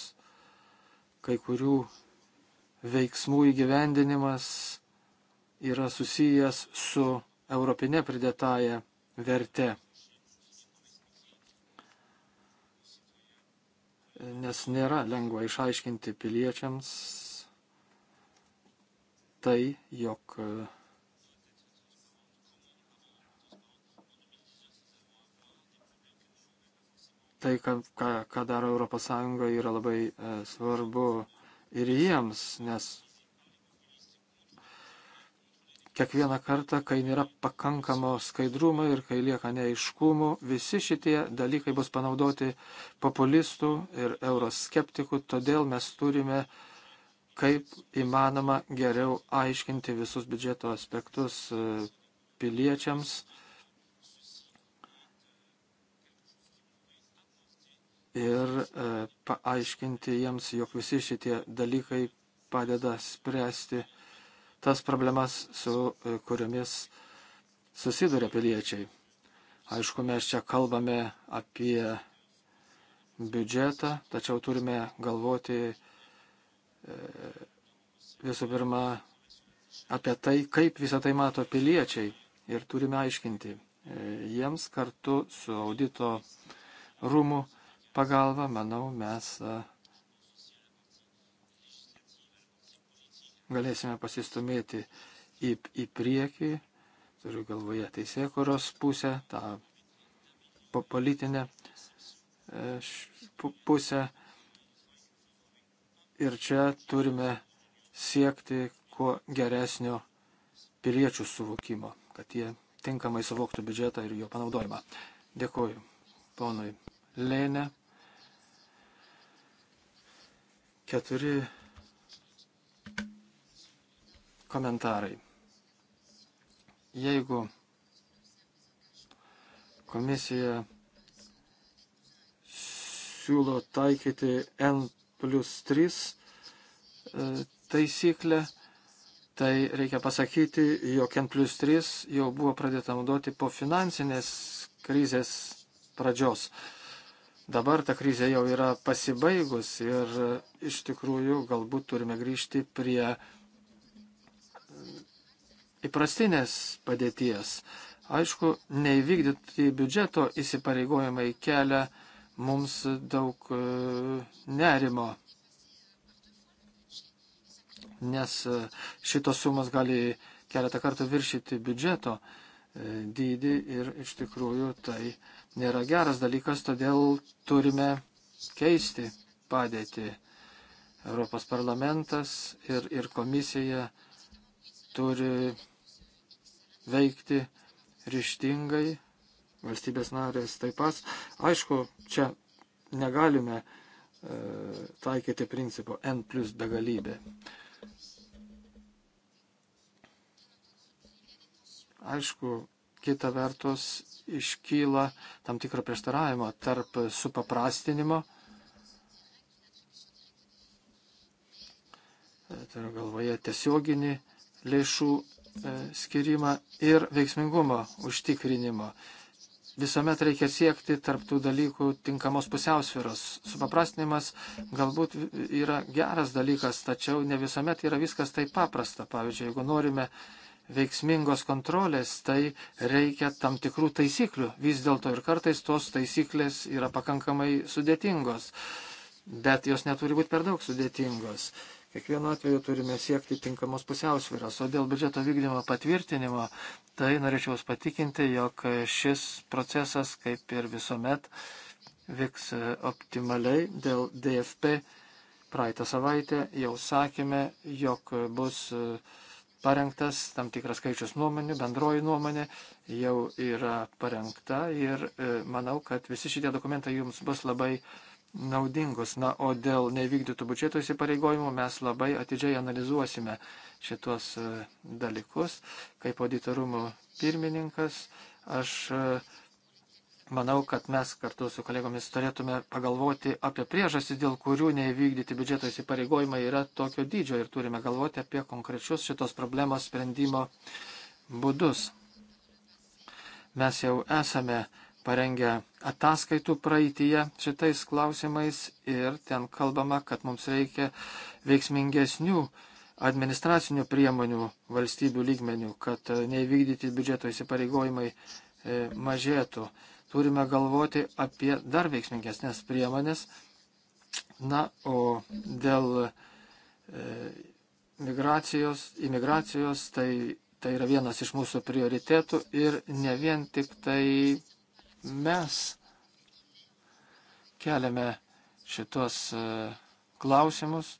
kai kurių veiksmų įgyvendinimas yra susijęs su europinė pridėtaja verte. Nes nėra lengva išaiškinti piliečiams tai, jog tai, ką, ką, ką daro ES, yra labai e, svarbu ir jiems, nes kiekvieną kartą, kai nėra pakankamo skaidrumo ir kai lieka neaiškumų, visi šitie dalykai bus panaudoti populistų ir euroskeptikų, todėl mes turime kaip įmanoma geriau aiškinti visus biudžeto aspektus e, piliečiams. Ir e, paaiškinti jiems, jog visi šitie dalykai padeda spręsti e, tas problemas, su e, kuriomis susiduria piliečiai. Aišku, mes čia kalbame apie biudžetą, tačiau turime galvoti e, visų pirma apie tai, kaip visą tai mato piliečiai ir turime aiškinti e, jiems kartu su audito rūmų pagalba, manau, mes galėsime pasistumėti į, į priekį, turiu galvoje teisėkuros pusę, tą politinę e, pusę. Ir čia turime siekti kuo geresnio piliečių suvokimo, kad jie tinkamai suvoktų biudžetą ir jo panaudojimą. Dėkuoju ponui Lėne. Keturi komentarai. Jeigu komisija siūlo taikyti N plus 3 e, taisyklę, tai reikia pasakyti, jog N plus 3 jau buvo pradėta naudoti po finansinės krizės pradžios. Dabar ta krizė jau yra pasibaigus ir e, iš tikrųjų galbūt turime grįžti prie įprastinės padėties. Aišku, neįvykdyti biudžeto įsipareigojimai kelia mums daug e, nerimo, nes e, šitos sumas gali keletą kartų viršyti biudžeto e, dydį ir iš tikrųjų tai nėra geras dalykas, todėl turime keisti padėtį. Europos parlamentas ir, ir komisija turi veikti ryštingai, valstybės narės taip pat. Aišku, čia negalime e, taikyti principo N plus begalybė. Aišku, kita vertus iškyla tam tikro prieštaravimo tarp supaprastinimo, e, turiu galvoje tiesioginį lėšų E, skirimą ir veiksmingumo užtikrinimo. Visuomet reikia siekti tarptų dalykų tinkamos pusiausviros. Supaprastinimas galbūt yra geras dalykas, tačiau ne visuomet yra viskas taip paprasta. Pavyzdžiui, jeigu norime veiksmingos kontrolės, tai reikia tam tikrų taisyklių. Vis dėlto ir kartais tos taisyklės yra pakankamai sudėtingos, bet jos neturi būti per daug sudėtingos. Kiekvienu atveju turime siekti tinkamos pusiausvyros. O dėl biudžeto vykdymo patvirtinimo, tai norėčiau jūs patikinti, jog šis procesas, kaip ir visuomet, vyks e, optimaliai dėl DFP. Praeitą savaitę jau sakėme, jog bus e, parengtas tam tikras skaičius nuomonių, bendroji nuomonė jau yra parengta ir e, manau, kad visi šitie dokumentai jums bus labai naudingus. Na, o dėl nevykdytų budžeto įsipareigojimų mes labai atidžiai analizuosime šitos e, dalykus. Kaip auditorumų pirmininkas, aš e, manau, kad mes kartu su kolegomis turėtume pagalvoti apie priežastis, dėl kurių neįvykdyti biudžeto įsipareigojimai yra tokio dydžio ir turime galvoti apie konkrečius šitos problemos sprendimo būdus. Mes jau esame parengę ataskaitų praeitįje šitais klausimais ir ten kalbama, kad mums reikia veiksmingesnių administracinių priemonių valstybių lygmenių, kad e, neįvykdyti biudžeto įsipareigojimai e, mažėtų. Turime galvoti apie dar veiksmingesnės priemonės. Na, o dėl e, migracijos, imigracijos, tai, tai yra vienas iš mūsų prioritėtų ir ne vien tik tai Mes keliame šitos e, klausimus.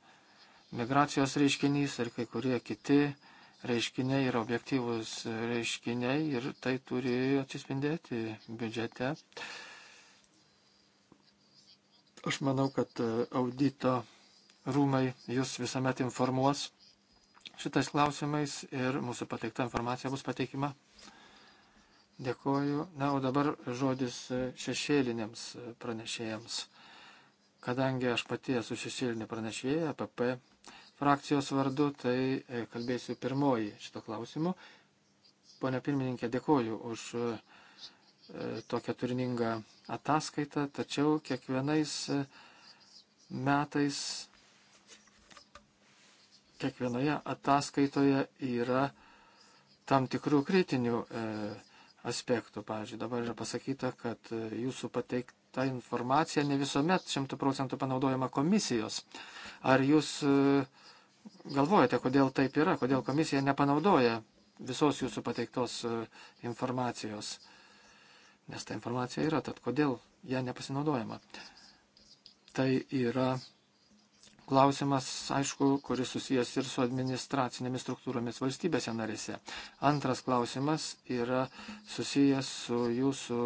Migracijos reiškinys ir kai kurie kiti reiškiniai yra objektyvus reiškiniai ir tai turi atsispindėti biudžete. Aš manau, kad e, audito rūmai jūs visuomet informuos šitais klausimais ir mūsų pateikta informacija bus pateikima Dėkuoju. Na, o dabar žodis šešėliniams pranešėjams. Kadangi aš pati esu šešėlinė pranešėja, PP frakcijos vardu, tai e, kalbėsiu pirmoji šito klausimu. Pone pirmininkė, dėkoju už e, tokią turiningą ataskaitą, tačiau kiekvienais e, metais, kiekvienoje ataskaitoje yra tam tikrų kritinių e, aspektų. Pavyzdžiui, dabar yra pasakyta, kad e, jūsų pateikta informacija ne visuomet šimtų procentų panaudojama komisijos. Ar jūs e, galvojate, kodėl taip yra, kodėl komisija nepanaudoja visos jūsų pateiktos e, informacijos? Nes ta informacija yra, tad kodėl ją nepasinaudojama? Tai yra klausimas, aišku, kuris susijęs ir su administracinėmis struktūromis valstybėse narėse. Antras klausimas yra susijęs su jūsų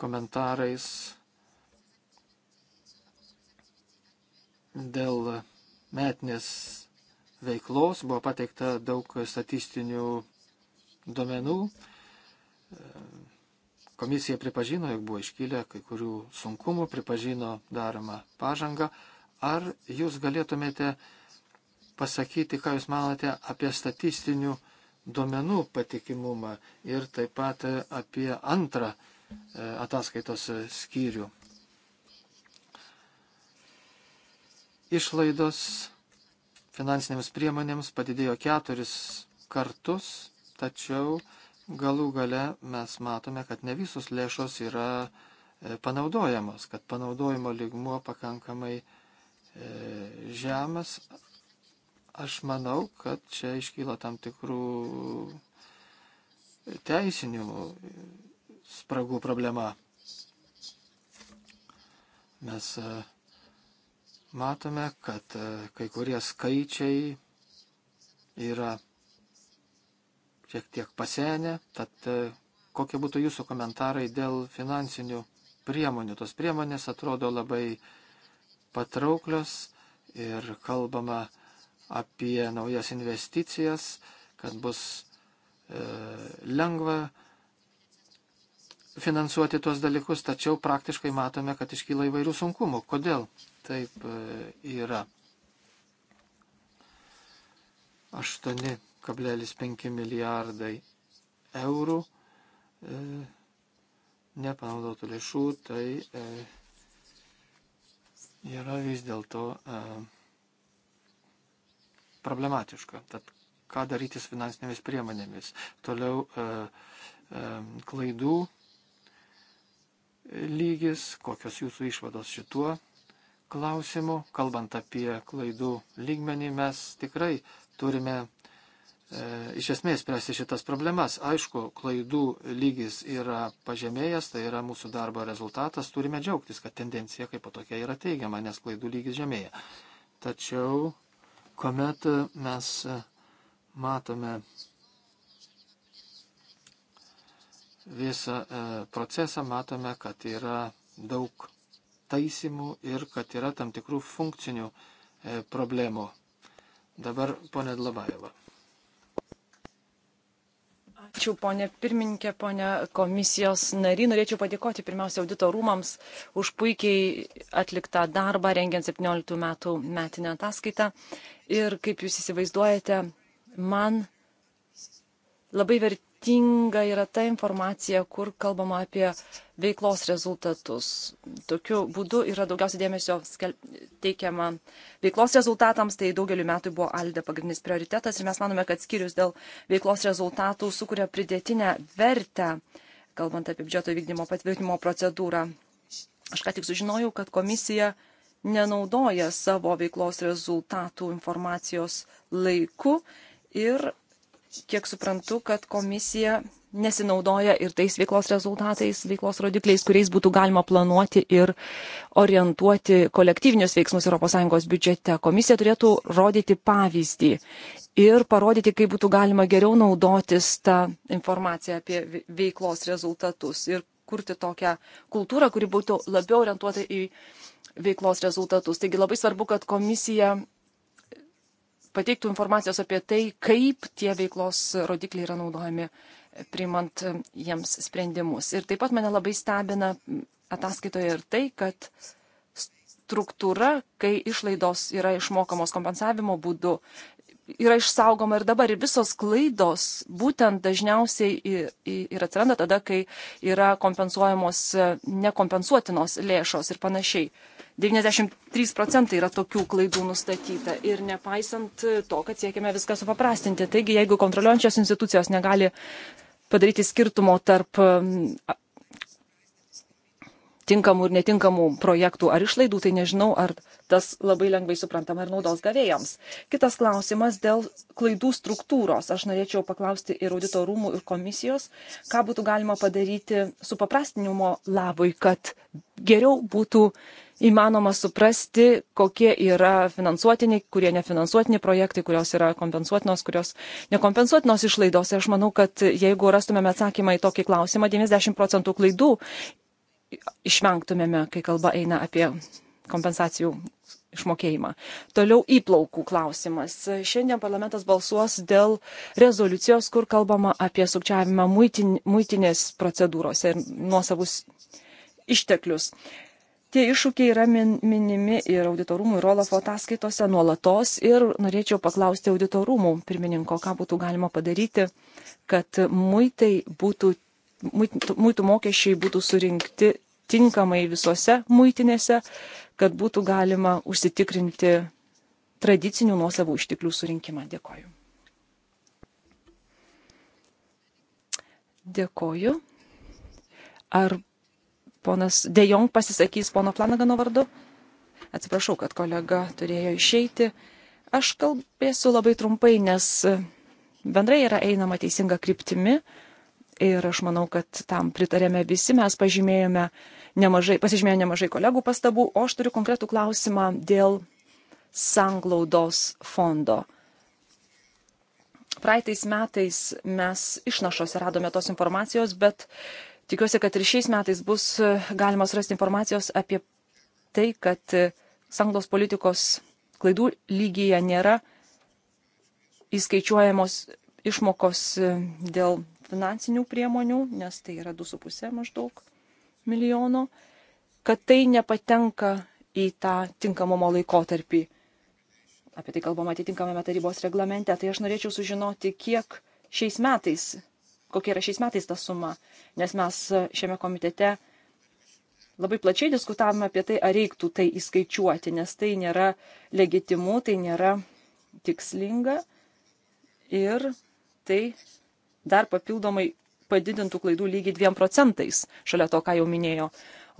komentarais dėl metinės veiklos. Buvo pateikta daug statistinių duomenų. Komisija pripažino, jog buvo iškilę kai kurių sunkumų, pripažino daromą pažangą, Ar jūs galėtumėte pasakyti, ką jūs manote apie statistinių duomenų patikimumą ir taip pat e, apie antrą e, ataskaitos skyrių? Išlaidos finansinėms priemonėms padidėjo keturis kartus, tačiau galų gale mes matome, kad ne visos lėšos yra e, panaudojamos, kad panaudojimo lygmuo pakankamai uh, E, žemas, aš manau, kad čia iškyla tam tikrų teisinių spragų problema. Mes e, matome, kad e, kai kurie skaičiai yra šiek tiek pasenę, tad kokie būtų jūsų komentarai dėl finansinių priemonių. Tos priemonės atrodo labai uh, patrauklios ir kalbama apie naujas investicijas, kad bus e, lengva finansuoti tuos dalykus, tačiau praktiškai matome, kad iškyla įvairių sunkumų. Kodėl taip e, yra? 8,5 milijardai eurų e, nepanaudotų lėšų, tai e, yra vis dėlto e, problematiška. Tad ką daryti su finansinėmis priemonėmis? Toliau e, e, klaidų lygis, kokios jūsų išvados šituo klausimu. Kalbant apie klaidų lygmenį, mes tikrai turime E, iš esmės spręsti šitas problemas. Aišku, klaidų lygis yra pažemėjęs, tai yra mūsų darbo rezultatas, turime džiaugtis, kad tendencija kaip tokia yra teigiama, nes klaidų lygis žemėja. Tačiau, kuomet mes matome visą e, procesą, matome, kad yra daug taisimų ir kad yra tam tikrų funkcinių e, problemų. Dabar ponė Dlabajeva. Ačiū, ponė pirmininkė, ponė komisijos nariai. Norėčiau padėkoti pirmiausia audito rūmams už puikiai atliktą darbą rengiant 17 metų metinę ataskaitą. Ir kaip jūs įsivaizduojate, man labai verti vertinga yra ta informacija, kur kalbama apie veiklos rezultatus. Tokiu būdu yra daugiausia dėmesio teikiama veiklos rezultatams, tai daugeliu metų buvo Alde pagrindinis prioritetas ir mes manome, kad skyrius dėl veiklos rezultatų sukuria pridėtinę vertę, kalbant apie biudžeto vykdymo patvirtinimo procedūrą. Aš ką tik sužinojau, kad komisija nenaudoja savo veiklos rezultatų informacijos laiku ir kiek suprantu, kad komisija nesinaudoja ir tais veiklos rezultatais, veiklos rodikliais, kuriais būtų galima planuoti ir orientuoti kolektyvinius veiksmus ES biudžete. Komisija turėtų rodyti pavyzdį ir parodyti, kaip būtų galima geriau naudotis tą informaciją apie veiklos rezultatus ir kurti tokią kultūrą, kuri būtų labiau orientuota į veiklos rezultatus. Taigi labai svarbu, kad komisija pateiktų informacijos apie tai, kaip tie veiklos rodikliai yra naudojami, priimant e, jiems sprendimus. Ir taip pat mane labai stebina ataskaitoje ir tai, kad struktūra, kai išlaidos yra išmokamos kompensavimo būdu, yra išsaugoma ir dabar. Ir visos klaidos būtent dažniausiai ir atsiranda tada, kai yra kompensuojamos e, nekompensuotinos lėšos ir panašiai. 93 procentai yra tokių klaidų nustatyta ir nepaisant to, kad siekime viską supaprastinti. Taigi, jeigu kontroliuojančios institucijos negali padaryti skirtumo tarp tinkamų ir netinkamų projektų ar išlaidų, tai nežinau, ar tas labai lengvai suprantama ir naudos gavėjams. Kitas klausimas dėl klaidų struktūros. Aš norėčiau paklausti ir audito rūmų, ir komisijos, ką būtų galima padaryti su paprastinimo labui, kad geriau būtų įmanoma suprasti, kokie yra finansuotiniai, kurie nefinansuotiniai projektai, kurios yra kompensuotinos, kurios nekompensuotinos išlaidos. Ir aš manau, kad jeigu rastumėme atsakymą į tokį klausimą, 90 procentų klaidų išvengtumėme, kai kalba eina apie kompensacijų išmokėjimą. Toliau įplaukų klausimas. Šiandien parlamentas balsuos dėl rezoliucijos, kur kalbama apie sukčiavimą muitin, muitinės procedūrose ir nuosavus išteklius. Tie iššūkiai yra min, minimi ir auditorumų ir Olafo ataskaitose nuolatos ir norėčiau paklausti auditorumų pirmininko, ką būtų galima padaryti, kad muitai būtų muitų mokesčiai būtų surinkti tinkamai visose muitinėse, kad būtų galima užsitikrinti tradicinių nuosavų išteklių surinkimą. Dėkoju. Dėkoju. Ar ponas Dejong pasisakys pono Flanagano vardu? Atsiprašau, kad kolega turėjo išeiti. Aš kalbėsiu labai trumpai, nes bendrai yra einama teisinga kryptimi. Uh, Ir aš manau, kad tam pritarėme visi, mes pažymėjome nemažai, pasižymėjome nemažai kolegų pastabų, o aš turiu konkretų klausimą dėl sanglaudos fondo. Praeitais metais mes išnašose radome tos informacijos, bet tikiuosi, kad ir šiais metais bus galima surasti informacijos apie tai, kad sanglos politikos klaidų lygyje nėra įskaičiuojamos išmokos dėl finansinių priemonių, nes tai yra 2,5 maždaug milijono, kad tai nepatenka į tą tinkamumo laikotarpį. Apie tai kalbama atitinkamame tarybos reglamente. Tai aš norėčiau sužinoti, kiek šiais metais, kokia yra šiais metais ta suma, nes mes šiame komitete labai plačiai diskutavome apie tai, ar reiktų tai įskaičiuoti, nes tai nėra legitimu, tai nėra tikslinga ir tai dar papildomai padidintų klaidų lygį 2 procentais, šalia to, ką jau minėjo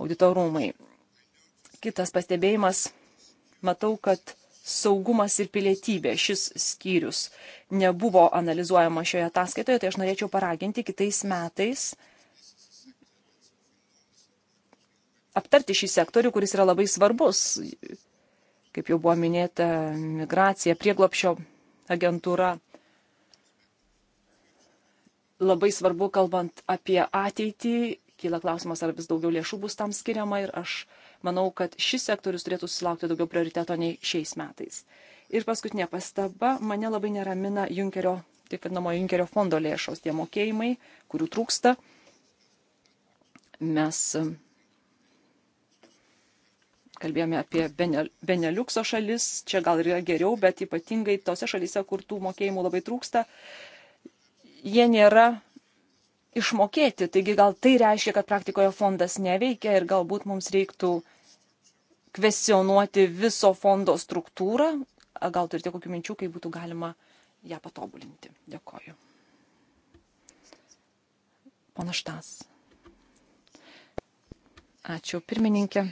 auditorumai. Kitas pastebėjimas, matau, kad saugumas ir pilietybė šis skyrius nebuvo analizuojama šioje ataskaitoje, tai aš norėčiau paraginti kitais metais aptarti šį sektorių, kuris yra labai svarbus. Kaip jau buvo minėta, migracija, prieglopšio agentūra labai svarbu, kalbant apie ateitį, kyla klausimas, ar vis daugiau lėšų bus tam skiriama ir aš manau, kad šis sektorius turėtų susilaukti daugiau prioriteto nei šiais metais. Ir paskutinė pastaba, mane labai neramina Junkerio, taip vadinamo Junkerio fondo lėšos, tie mokėjimai, kurių trūksta. Mes um, kalbėjome apie Beneliukso šalis, čia gal ir yra geriau, bet ypatingai tose šalyse, kur tų mokėjimų labai trūksta, jie nėra išmokėti. Taigi gal tai reiškia, kad praktikoje fondas neveikia ir galbūt mums reiktų kvestionuoti viso fondo struktūrą. Gal turite kokių minčių, kaip būtų galima ją patobulinti? Dėkoju. Pana Štas. Ačiū, pirmininkė.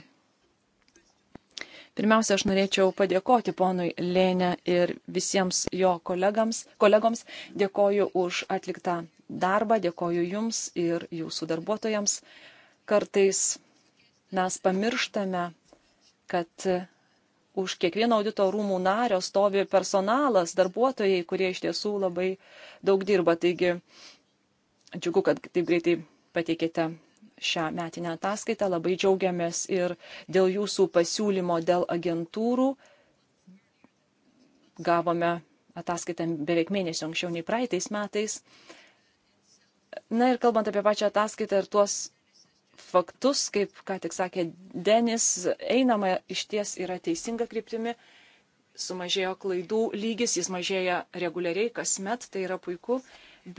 Pirmiausia, aš norėčiau padėkoti ponui Lėne ir visiems jo kolegams, kolegoms. Dėkoju už atliktą darbą, dėkoju jums ir jūsų darbuotojams. Kartais mes pamirštame, kad už kiekvieno audito rūmų nario stovi personalas, darbuotojai, kurie iš tiesų labai daug dirba. Taigi, džiugu, kad taip greitai pateikėte šią metinę ataskaitą. Labai džiaugiamės ir dėl jūsų pasiūlymo dėl agentūrų. Gavome ataskaitą beveik mėnesio anksčiau nei praeitais metais. Na ir kalbant apie pačią ataskaitą ir tuos faktus, kaip ką tik sakė Denis, einama iš ties yra teisinga kryptimi, sumažėjo klaidų lygis, jis mažėja reguliariai kasmet, tai yra puiku,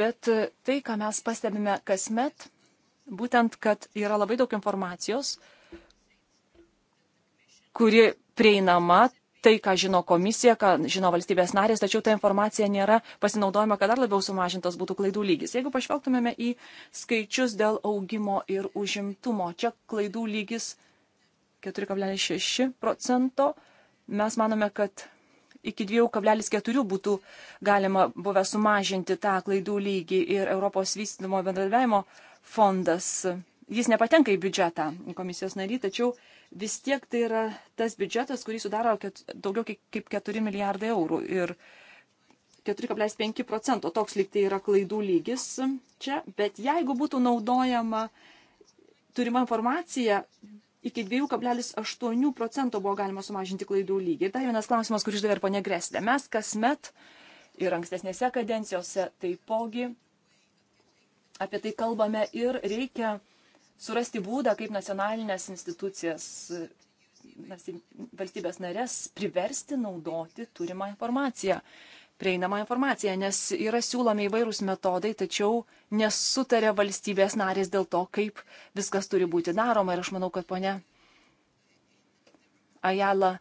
bet tai, ką mes pastebime kasmet, būtent, kad yra labai daug informacijos, kuri prieinama, tai, ką žino komisija, ką žino valstybės narės, tačiau ta informacija nėra pasinaudojama, kad dar labiau sumažintas būtų klaidų lygis. Jeigu pažvelgtumėme į skaičius dėl augimo ir užimtumo, čia klaidų lygis 4,6 procento, mes manome, kad iki 2,4 būtų galima buvę sumažinti tą klaidų lygį ir Europos vystymo bendradarbiavimo fondas. Jis nepatenka į biudžetą, komisijos nary, tačiau vis tiek tai yra tas biudžetas, kurį sudaro ket, daugiau kaip 4 milijardai eurų. Ir 4,5 procento toks lyg tai yra klaidų lygis čia, bet jeigu būtų naudojama turima informacija, iki 2,8 procento buvo galima sumažinti klaidų lygį. Ir dar vienas klausimas, kurį išdavė ir ponė Greslė. Mes kasmet ir ankstesnėse kadencijose taipogi apie tai kalbame ir reikia surasti būdą, kaip nacionalinės institucijas, valstybės narės priversti naudoti turimą informaciją, prieinamą informaciją, nes yra siūlomi įvairūs metodai, tačiau nesutarė valstybės narės dėl to, kaip viskas turi būti daroma. Ir aš manau, kad ponia Ajala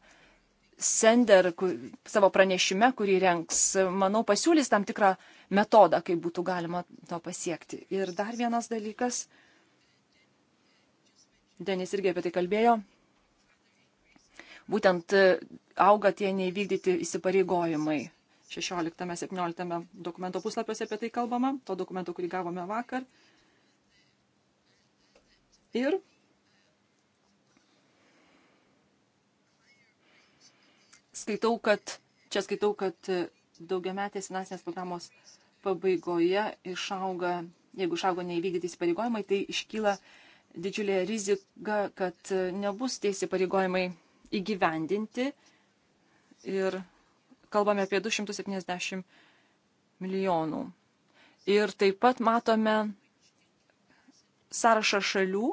Sender kur, savo pranešime, kurį renks, manau, pasiūlys tam tikrą metodą, kaip būtų galima to pasiekti. Ir dar vienas dalykas, Denis irgi apie tai kalbėjo, būtent e, auga tie neįvykdyti įsipareigojimai. 16-17 dokumento puslapiuose apie tai kalbama, to dokumento, kurį gavome vakar. Ir skaitau, kad čia skaitau, kad daugiametės finansinės programos pabaigoje išauga, jeigu išauga neįvykdyti įsipareigojimai, tai iškyla didžiulė rizika, kad nebus tie įsipareigojimai įgyvendinti. Ir kalbame apie 270 milijonų. Ir taip pat matome sąrašą šalių,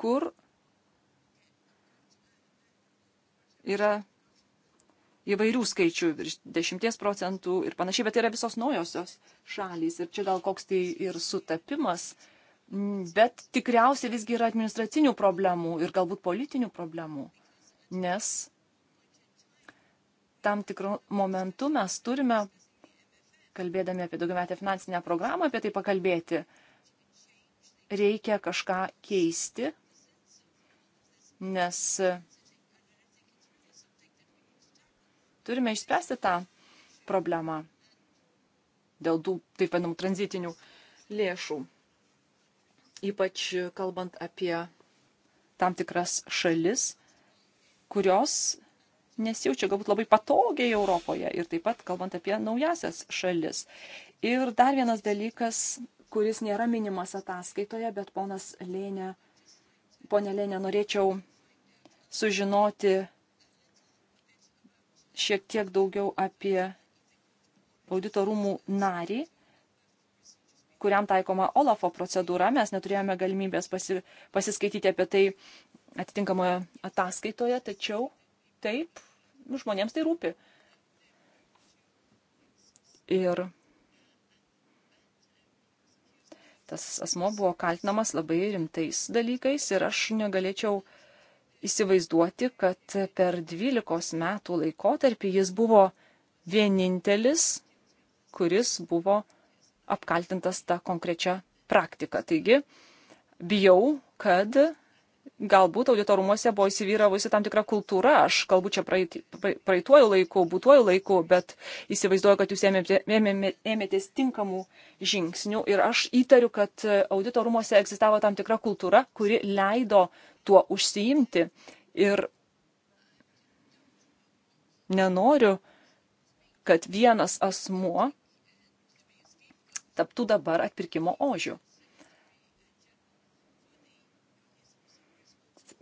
kur yra įvairių skaičių, virš 10 procentų ir panašiai, bet tai yra visos naujosios šalys. Ir čia gal koks tai ir sutapimas, bet tikriausiai visgi yra administracinių problemų ir galbūt politinių problemų, nes tam tikrų momentų mes turime, kalbėdami apie daugiametę finansinę programą, apie tai pakalbėti. Reikia kažką keisti, nes Turime išspręsti tą problemą dėl tų taip vadinamų tranzitinių lėšų. Ypač kalbant apie tam tikras šalis, kurios nesijaučia galbūt labai patogiai Europoje ir taip pat kalbant apie naujasias šalis. Ir dar vienas dalykas, kuris nėra minimas ataskaitoje, bet ponas Lėnė, ponė Lėnė, norėčiau sužinoti, šiek tiek daugiau apie audito rūmų narį, kuriam taikoma Olafo procedūra. Mes neturėjome galimybės pasi, pasiskaityti apie tai atitinkamoje ataskaitoje, tačiau taip, nu, žmonėms tai rūpi. Ir tas asmo buvo kaltinamas labai rimtais dalykais ir aš negalėčiau uh, įsivaizduoti, kad per 12 metų laikotarpį jis buvo vienintelis, kuris buvo apkaltintas tą konkrečią praktiką. Taigi, bijau, kad galbūt auditorumuose buvo įsivyravusi tam tikra kultūra, aš galbūt čia praeit, praeituoju laiku, būtuoju laiku, bet įsivaizduoju, kad jūs ėmėte, ėmė, ėmėtės tinkamų žingsnių ir aš įtariu, kad auditorumuose egzistavo tam tikra kultūra, kuri leido tuo užsiimti ir nenoriu, kad vienas asmuo taptų dabar atpirkimo ožių.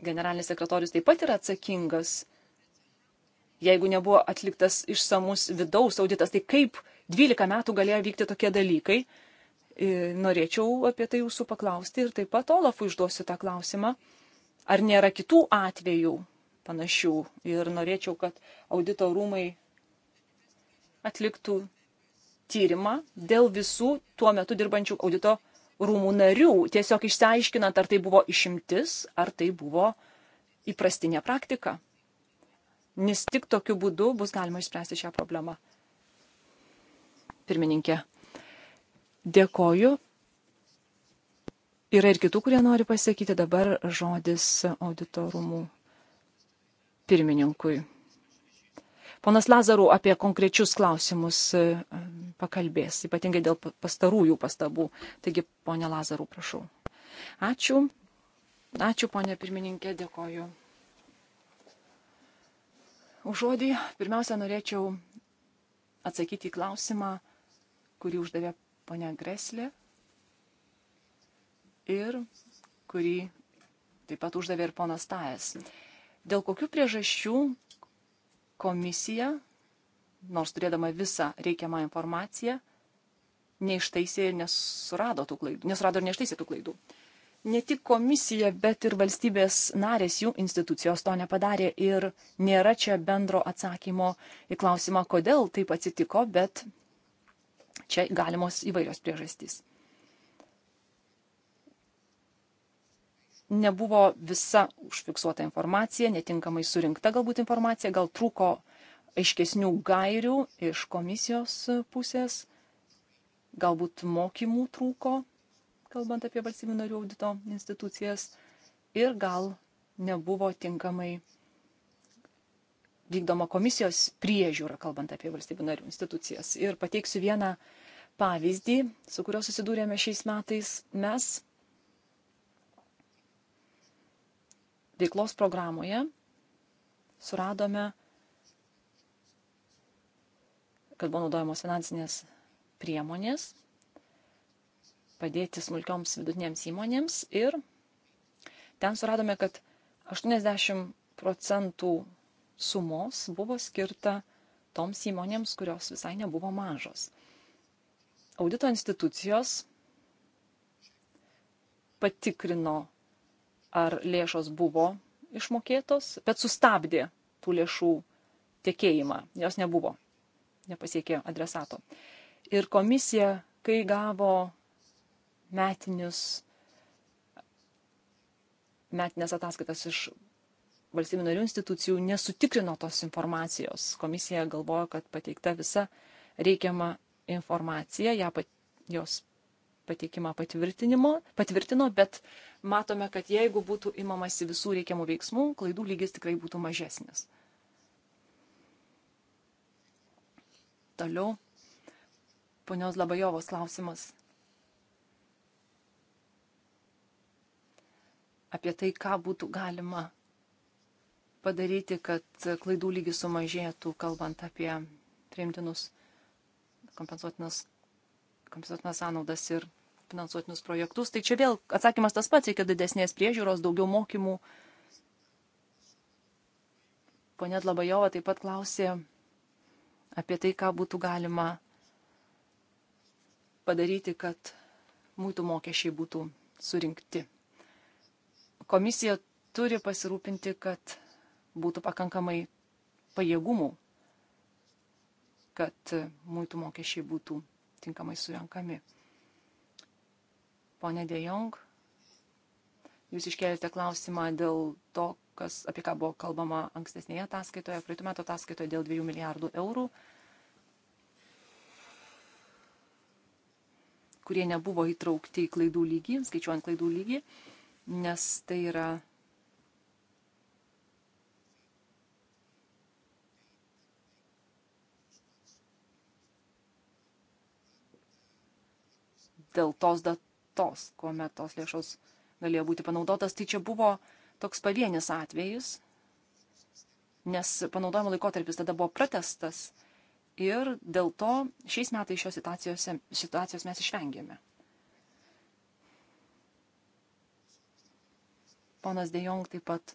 generalinis sekretorius taip pat yra atsakingas. Jeigu nebuvo atliktas išsamus vidaus auditas, tai kaip 12 metų galėjo vykti tokie dalykai? E, norėčiau apie tai jūsų paklausti ir taip pat Olafui užduosiu tą klausimą. Ar nėra kitų atvejų panašių? Ir norėčiau, kad audito rūmai atliktų tyrimą dėl visų tuo metu dirbančių audito rūmų rūmų narių, tiesiog išsiaiškinant, ar tai buvo išimtis, ar tai buvo įprastinė praktika. Nes tik tokiu būdu bus galima išspręsti šią problemą. Pirmininkė, dėkoju. Yra ir kitų, kurie nori pasakyti dabar žodis auditorumų pirmininkui. Ponas Lazarų apie konkrečius klausimus e, e, pakalbės, ypatingai dėl pastarųjų pastabų. Taigi, ponė Lazarų, prašau. Ačiū. Ačiū, ponė pirmininkė, dėkoju. Už žodį pirmiausia norėčiau atsakyti į klausimą, kurį uždavė ponia Greslė ir kurį taip pat uždavė ir ponas Tajas. Dėl kokių priežasčių komisija, nors turėdama visą reikiamą informaciją, neištaisė ir nesurado tų klaidų. Nesurado ir neištaisė tų klaidų. Ne tik komisija, bet ir valstybės narės jų institucijos to nepadarė ir nėra čia bendro atsakymo į klausimą, kodėl taip atsitiko, bet čia galimos įvairios priežastys. nebuvo visa užfiksuota informacija, netinkamai surinkta galbūt informacija, gal trūko aiškesnių gairių iš komisijos pusės, galbūt mokymų trūko, kalbant apie valstybių narių audito institucijas, ir gal nebuvo tinkamai vykdoma komisijos priežiūra, kalbant apie valstybių narių institucijas. Ir pateiksiu vieną pavyzdį, su kuriuo susidūrėme šiais metais. Mes veiklos programoje suradome, kad buvo naudojamos finansinės priemonės padėti smulkioms vidutinėms įmonėms ir ten suradome, kad 80 procentų sumos buvo skirta toms įmonėms, kurios visai nebuvo mažos. Audito institucijos patikrino ar lėšos buvo išmokėtos, bet sustabdė tų lėšų tiekėjimą. Jos nebuvo, nepasiekė adresato. Ir komisija, kai gavo metinius, metinės ataskaitas iš valstybių narių institucijų, nesutikrino tos informacijos. Komisija galvojo, kad pateikta visa reikiama informacija, ją pat, jos pateikimą patvirtino, bet matome, kad jeigu būtų imamasi visų reikiamų veiksmų, klaidų lygis tikrai būtų mažesnis. Toliau, ponios Labajovos klausimas. Apie tai, ką būtų galima padaryti, kad klaidų lygis sumažėtų, kalbant apie priimtinus kompensuotinus kompensuotinas sąnaudas ir finansuotinus projektus. Tai čia vėl atsakymas tas pats, reikia didesnės priežiūros, daugiau mokymų. Pone Dlabajova taip pat klausė apie tai, ką būtų galima padaryti, kad mūtų mokesčiai būtų surinkti. Komisija turi pasirūpinti, kad būtų pakankamai pajėgumų, kad mūtų mokesčiai būtų tinkamai surenkami. Pone Dejong, jūs iškėlėte klausimą dėl to, kas, apie ką buvo kalbama ankstesnėje ataskaitoje, praeitų metų ataskaitoje dėl 2 milijardų eurų, kurie nebuvo įtraukti į klaidų lygį, skaičiuojant klaidų lygį, nes tai yra dėl tos datos, kuomet tos lėšos galėjo būti panaudotas, tai čia buvo toks pavienis atvejis, nes panaudojimo laikotarpis tada buvo pratestas ir dėl to šiais metais šios situacijos, situacijos mes išvengėme. Ponas Dejong taip pat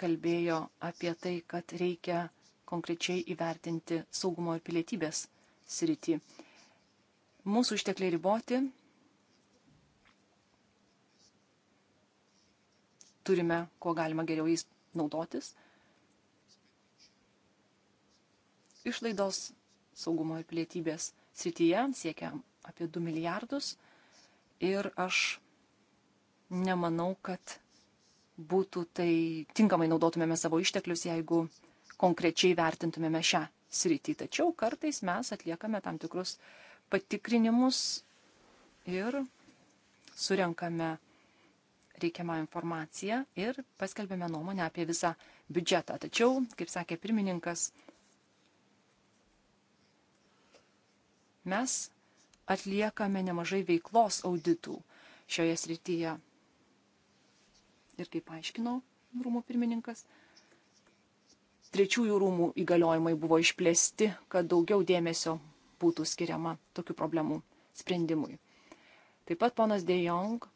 kalbėjo apie tai, kad reikia konkrečiai įvertinti saugumo ir pilietybės sritį. Mūsų ištekliai riboti. Turime, kuo galima geriau jais naudotis. Išlaidos saugumo ir pilietybės srityje siekia apie 2 milijardus ir aš nemanau, kad būtų tai tinkamai naudotumėme savo išteklius, jeigu konkrečiai vertintumėme šią sritį. Tačiau kartais mes atliekame tam tikrus uh, patikrinimus ir surenkame reikiamą informaciją ir paskelbėme nuomonę apie visą biudžetą. Tačiau, kaip sakė pirmininkas, mes atliekame nemažai veiklos auditų šioje srityje. Ir kaip aiškino rūmų pirmininkas, trečiųjų rūmų įgaliojimai buvo išplėsti, kad daugiau dėmesio būtų skiriama tokių problemų sprendimui. Taip pat ponas De Jong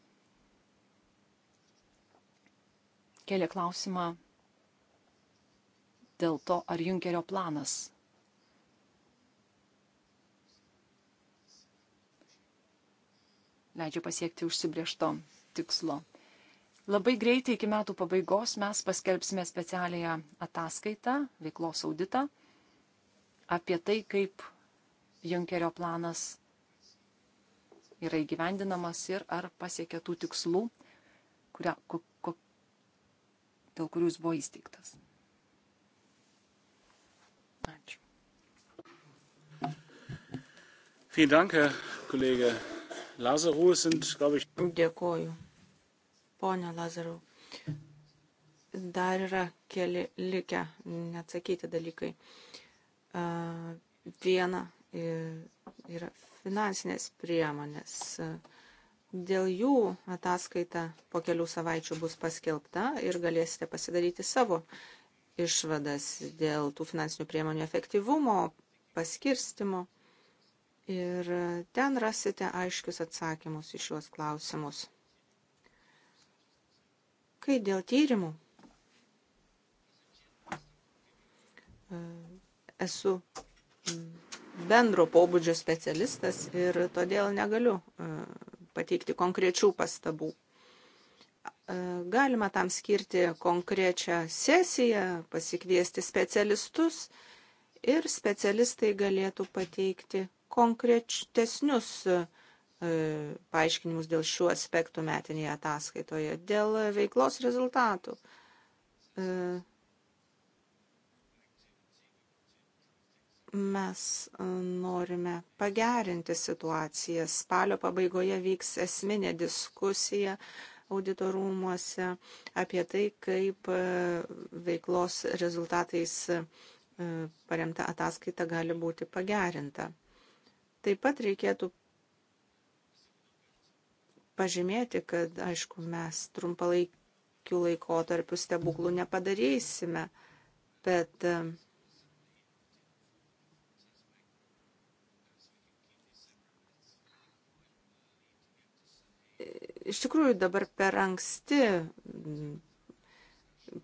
kėlė klausimą dėl to, ar Junkerio planas leidžia pasiekti užsibriešto tikslo. Labai greitai iki metų pabaigos mes paskelbsime specialiąją ataskaitą, veiklos auditą, apie tai, kaip Junkerio planas yra įgyvendinamas ir ar pasiekia tų tikslų, kuria, ko, ko, dėl kurių jis buvo įsteigtas. Ačiū. Dėkoju. Pone Lazarau, dar yra keli likę neatsakyti dalykai. Vieną yra finansinės priemonės. Dėl jų ataskaita po kelių savaičių bus paskelbta ir galėsite pasidaryti savo išvadas dėl tų finansinių priemonių efektyvumo, paskirstimo. Ir ten rasite aiškius atsakymus į šiuos klausimus. Kai dėl tyrimų esu bendro pobūdžio specialistas ir todėl negaliu e, pateikti konkrečių pastabų. E, galima tam skirti konkrečią sesiją, pasikviesti specialistus ir specialistai galėtų pateikti konkrečtesnius e, paaiškinimus dėl šių aspektų metinėje ataskaitoje, dėl veiklos rezultatų Mes e, norime pagerinti situaciją. Spalio pabaigoje vyks esminė diskusija auditorumuose apie tai, kaip e, veiklos rezultatais e, paremta ataskaita gali būti pagerinta. Taip pat reikėtų pažymėti, kad, aišku, mes trumpalaikiu laikotarpiu stebuklų nepadarysime, bet uh, Iš tikrųjų dabar per anksti mm,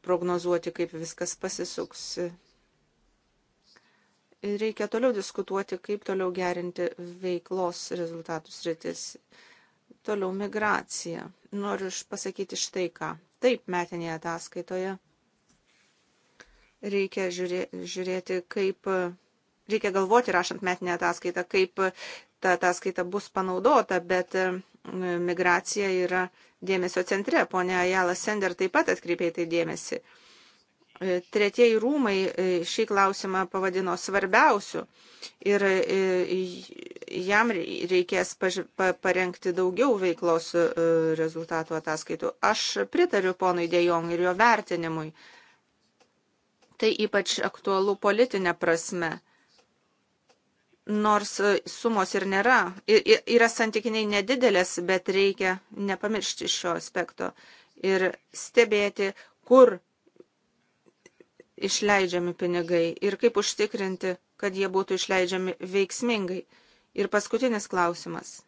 prognozuoti, kaip viskas pasisuks. Reikia toliau diskutuoti, kaip toliau gerinti veiklos rezultatus rytis. Toliau migracija. Noriu pasakyti štai ką. Taip, metinėje ataskaitoje reikia žiūrė, žiūrėti, kaip. Reikia galvoti, rašant metinę ataskaitą, kaip ta ataskaita bus panaudota, bet migracija yra dėmesio centre. Pone Ajala Sender taip pat atkreipė tai dėmesį. E, tretieji rūmai e, šį klausimą pavadino svarbiausiu ir e, jam reikės parengti daugiau veiklos rezultatų ataskaitų. Aš pritariu ponui Dejong ir jo vertinimui. Tai ypač aktualu politinė prasme nors e, sumos ir nėra, yra santykiniai nedidelės, bet reikia nepamiršti šio aspekto ir stebėti, kur išleidžiami pinigai ir kaip užtikrinti, kad jie būtų išleidžiami veiksmingai. Ir paskutinis klausimas.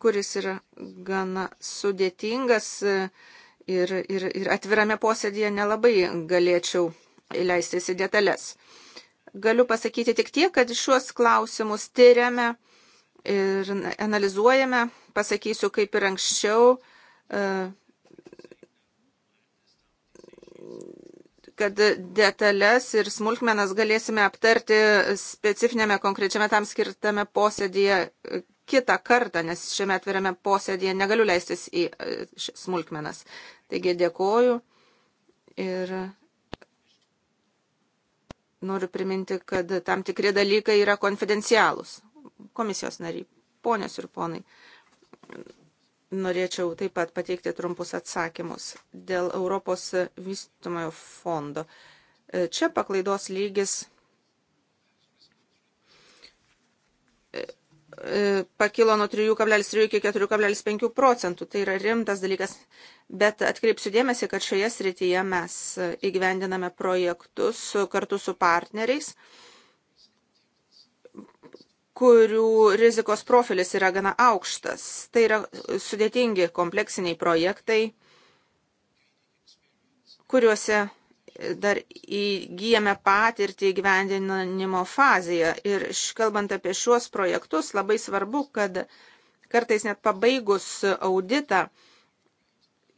kuris yra gana sudėtingas e, ir, ir, ir atvirame posėdėje nelabai galėčiau leistis į detalės. Galiu pasakyti tik tiek, kad šiuos klausimus tyriame ir analizuojame, pasakysiu kaip ir anksčiau, e, kad detalės ir smulkmenas galėsime aptarti specifinėme konkrečiame tam skirtame posėdėje kitą kartą, nes šiame atveriame posėdėje negaliu leistis į e, smulkmenas. Taigi dėkoju ir noriu priminti, kad tam tikri dalykai yra konfidencialūs. Komisijos nariai, ponios ir ponai, norėčiau taip pat pateikti trumpus atsakymus dėl Europos vystumojo fondo. E, čia paklaidos lygis e, E, pakilo nuo 3,3 iki 4,5 procentų. Tai yra rimtas dalykas. Bet atkreipsiu dėmesį, kad šioje srityje mes įgyvendiname projektus kartu su partneriais, kurių rizikos profilis yra gana aukštas. Tai yra sudėtingi kompleksiniai projektai, kuriuose dar įgyjame patirtį gyvendinimo fazėje. Ir kalbant apie šiuos projektus, labai svarbu, kad kartais net pabaigus auditą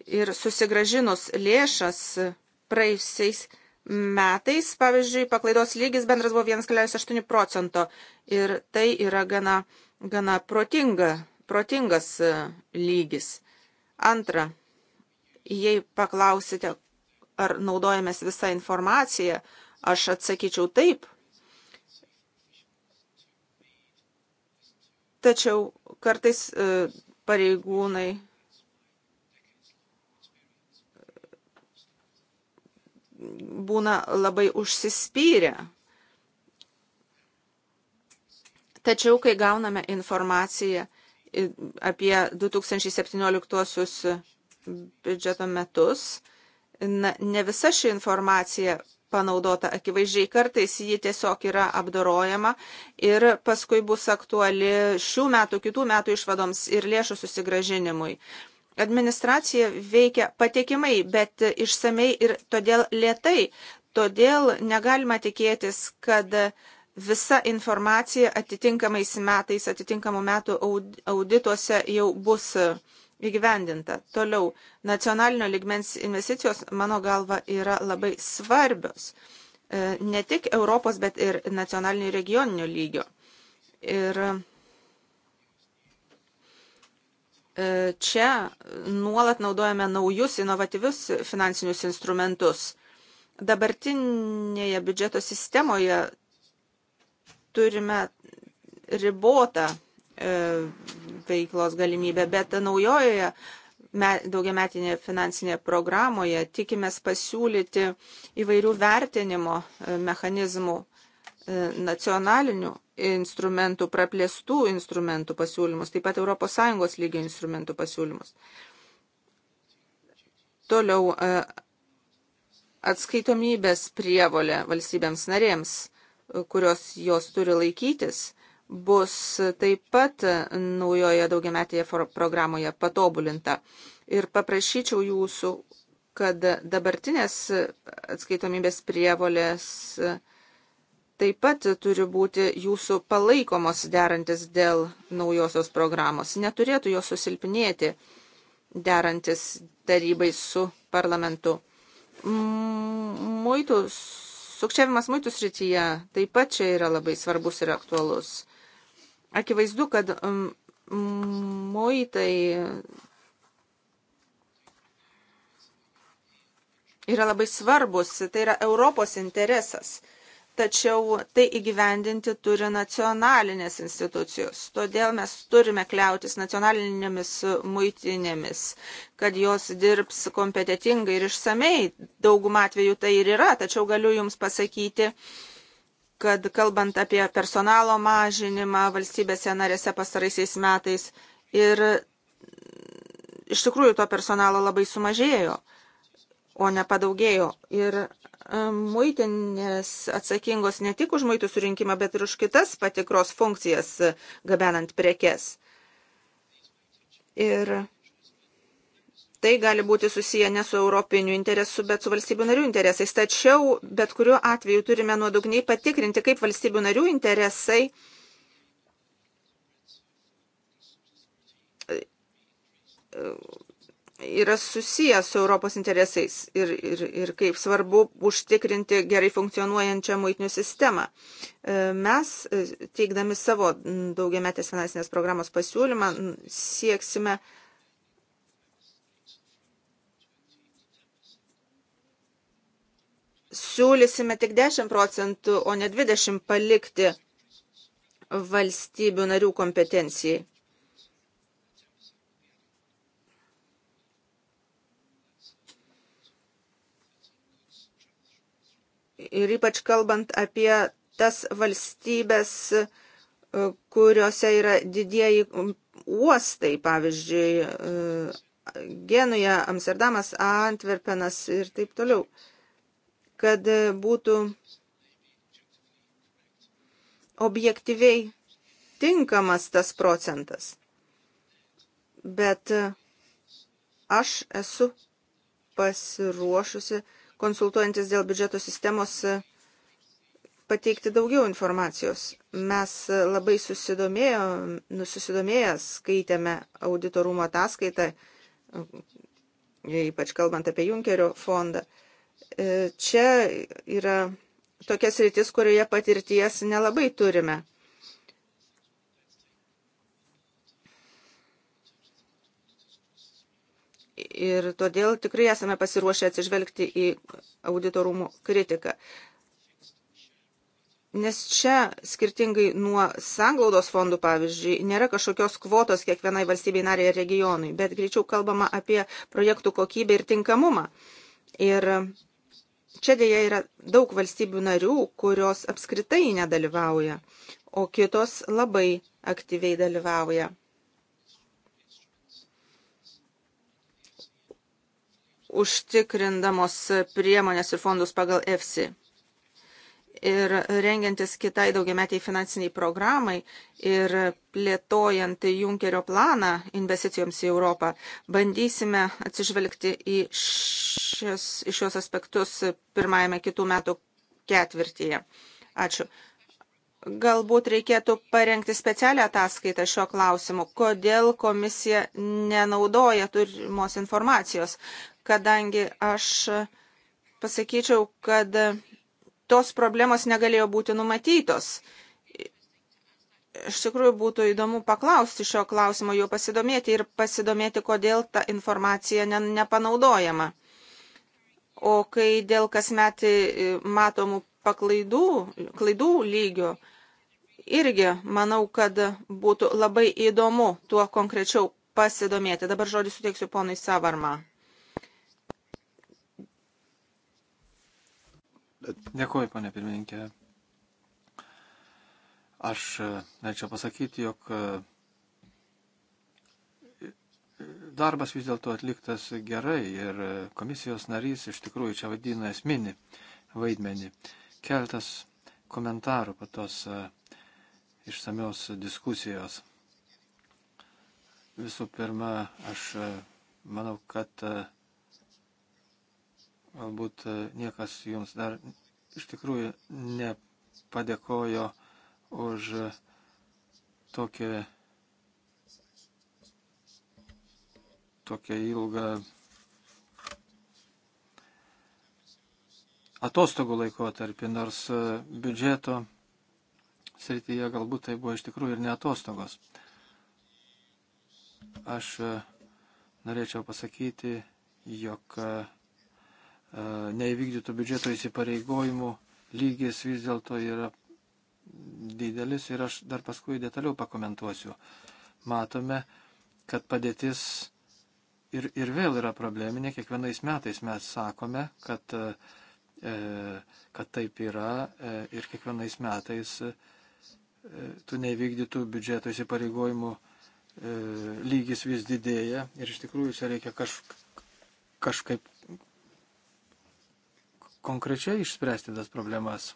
ir susigražinus lėšas praeisiais metais, pavyzdžiui, paklaidos lygis bendras buvo 1,8 procento. Ir tai yra gana, gana protinga, protingas lygis. Antra, jei paklausite, ar naudojamės visą informaciją, aš atsakyčiau taip. Tačiau kartais e, pareigūnai būna labai užsispyrę. Tačiau, kai gauname informaciją apie 2017 biudžeto metus, na, ne visa ši informacija panaudota akivaizdžiai, kartais ji tiesiog yra apdorojama ir paskui bus aktuali šių metų, kitų metų išvadoms ir lėšų susigražinimui. Administracija veikia patikimai, bet išsamei ir todėl lietai. Todėl negalima tikėtis, kad visa informacija atitinkamais metais, atitinkamų metų audituose jau bus uh, įgyvendinta. Toliau, nacionalinio ligmens investicijos, mano galva, yra labai svarbios. E, ne tik Europos, bet ir nacionalinio ir regioninio lygio. Ir e, čia nuolat naudojame naujus inovatyvius finansinius instrumentus. Dabartinėje biudžeto sistemoje turime ribotą E, veiklos galimybę, bet naujojoje daugiametinėje finansinėje programoje tikimės pasiūlyti įvairių vertinimo e, mechanizmų e, nacionalinių instrumentų, praplėstų instrumentų pasiūlymus, taip pat ES lygio instrumentų pasiūlymus. Toliau atskaitomybės prievolė valstybėms narėms, kurios jos turi laikytis bus taip pat naujoje daugiametėje programoje patobulinta. Ir paprašyčiau jūsų, kad dabartinės atskaitomybės prievolės taip pat turi būti jūsų palaikomos derantis dėl naujosios programos. Neturėtų jos susilpnėti derantis tarybai su parlamentu. Muitus, sukčiavimas muitų srityje taip pat čia yra labai svarbus ir aktualus. Akivaizdu, kad um, muitai yra labai svarbus, tai yra Europos interesas. Tačiau tai įgyvendinti turi nacionalinės institucijos. Todėl mes turime kliautis nacionalinėmis muitinėmis, kad jos dirbs kompetitingai ir išsamei. Daugum atveju tai ir yra, tačiau galiu Jums pasakyti, uh, kad kalbant apie personalo mažinimą valstybėse narėse pastaraisiais metais ir iš tikrųjų to personalo labai sumažėjo, o ne padaugėjo. Ir e, muitinės atsakingos ne tik už muitų surinkimą, bet ir už kitas patikros funkcijas e, gabenant prekes. Ir tai gali būti susiję ne su europiniu interesu, bet su valstybių narių interesais. Tačiau bet kuriuo atveju turime nuodugniai patikrinti, kaip valstybių narių interesai e, yra susijęs su Europos interesais ir, ir, ir kaip svarbu užtikrinti gerai funkcionuojančią muitinių sistemą. E, mes, e, teikdami savo daugiametės finansinės programos pasiūlymą, sieksime uh, siūlysime tik 10 procentų, o ne 20 palikti valstybių narių kompetencijai. Ir ypač kalbant apie tas valstybės, kuriuose yra didieji uostai, pavyzdžiui, Genuja, Amsterdamas, Antverpenas ir taip toliau kad e, būtų objektyviai tinkamas tas procentas. Bet e, aš esu pasiruošusi, konsultuojantis dėl biudžeto sistemos, e, pateikti daugiau informacijos. Mes labai nu, susidomėję skaitėme auditorumo ataskaitą, ypač kalbant apie Junkerio fondą. E, čia yra tokias rytis, kurioje patirties nelabai turime. Ir todėl tikrai esame pasiruošę atsižvelgti į auditorumų kritiką. Nes čia, skirtingai nuo sanglaudos fondų, pavyzdžiui, nėra kažkokios kvotos kiekvienai valstybei nariai ir regionui, bet greičiau kalbama apie projektų kokybę ir tinkamumą. Ir Čia dėja yra daug valstybių narių, kurios apskritai nedalyvauja, o kitos labai aktyviai dalyvauja. užtikrindamos priemonės ir fondus pagal EFSI ir rengiantis kitai daugiametiai finansiniai programai ir plėtojant Junkerio planą investicijoms į Europą, bandysime atsižvelgti į šios, į šios aspektus pirmajame kitų metų ketvirtyje. Ačiū. Galbūt reikėtų parengti specialią ataskaitą šio klausimu, kodėl komisija nenaudoja turimos informacijos, kadangi aš pasakyčiau, kad tos problemos negalėjo būti numatytos. Iš tikrųjų būtų įdomu paklausti šio klausimo, jo pasidomėti ir pasidomėti, kodėl ta informacija ne, nepanaudojama. O kai dėl kasmetį e, matomų paklaidų, klaidų lygio, irgi manau, kad būtų labai įdomu tuo konkrečiau pasidomėti. Dabar žodį suteiksiu ponui Savarmą. Dėkuoju, ponė pirmininkė. Aš e, norėčiau pasakyti, jog e, darbas vis dėlto atliktas gerai ir komisijos narys iš tikrųjų čia vadina esminį vaidmenį. Keltas komentarų po tos e, išsamios diskusijos. Visų pirma, aš manau, kad Galbūt e, niekas jums dar iš tikrųjų nepadėkojo už tokią, tokią ilgą atostogų laikotarpį, nors e, biudžeto srityje galbūt tai buvo iš tikrųjų ir ne atostogos. Aš e, norėčiau pasakyti, jog E, neįvykdytų biudžeto įsipareigojimų lygis vis dėlto yra didelis ir aš dar paskui detaliau pakomentuosiu. Matome, kad padėtis ir, ir vėl yra probleminė. Kiekvienais metais mes sakome, kad, e, e kad taip yra e, ir kiekvienais metais e, tų neįvykdytų biudžeto įsipareigojimų e, lygis vis didėja ir iš tikrųjų čia reikia kaž, kažkaip konkrečiai išspręsti tas problemas.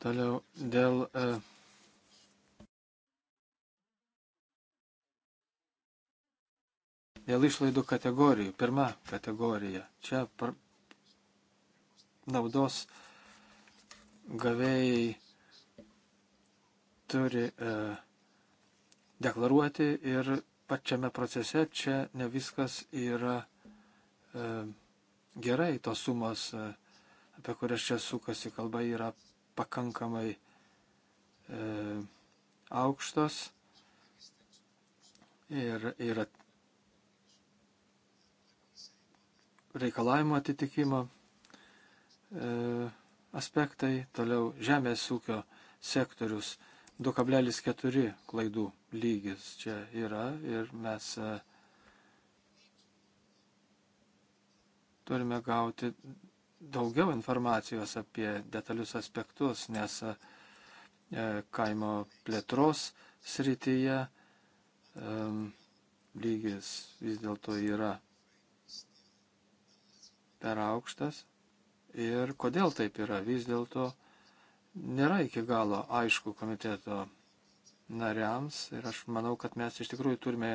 Toliau dėl. E, dėl išlaidų kategorijų. Pirma kategorija. Čia par... naudos gavėjai turi e, deklaruoti ir pačiame procese čia ne viskas yra e, gerai, tos sumos, e, apie kurias čia sukasi kalba, yra pakankamai e, aukštos ir yra reikalavimo atitikimo e, aspektai, toliau žemės ūkio sektorius 2,4 klaidų lygis čia yra ir mes e, turime gauti daugiau informacijos apie detalius aspektus, nes e, kaimo plėtros srityje lygis vis dėlto yra per aukštas. Ir kodėl taip yra, vis dėlto nėra iki galo aišku komiteto nariams ir aš manau, kad mes iš tikrųjų turime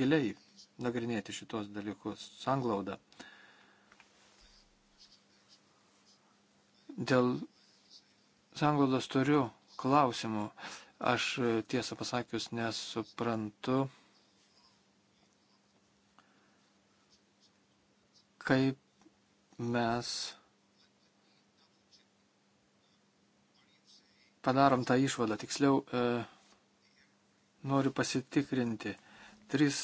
giliai nagrinėti šitos dalykus, sanglaudą. Uh, Dėl sanglaudos turiu klausimų. Aš e, tiesą pasakius nesuprantu, kaip mes padarom tą išvadą. Tiksliau, e, noriu pasitikrinti. Tris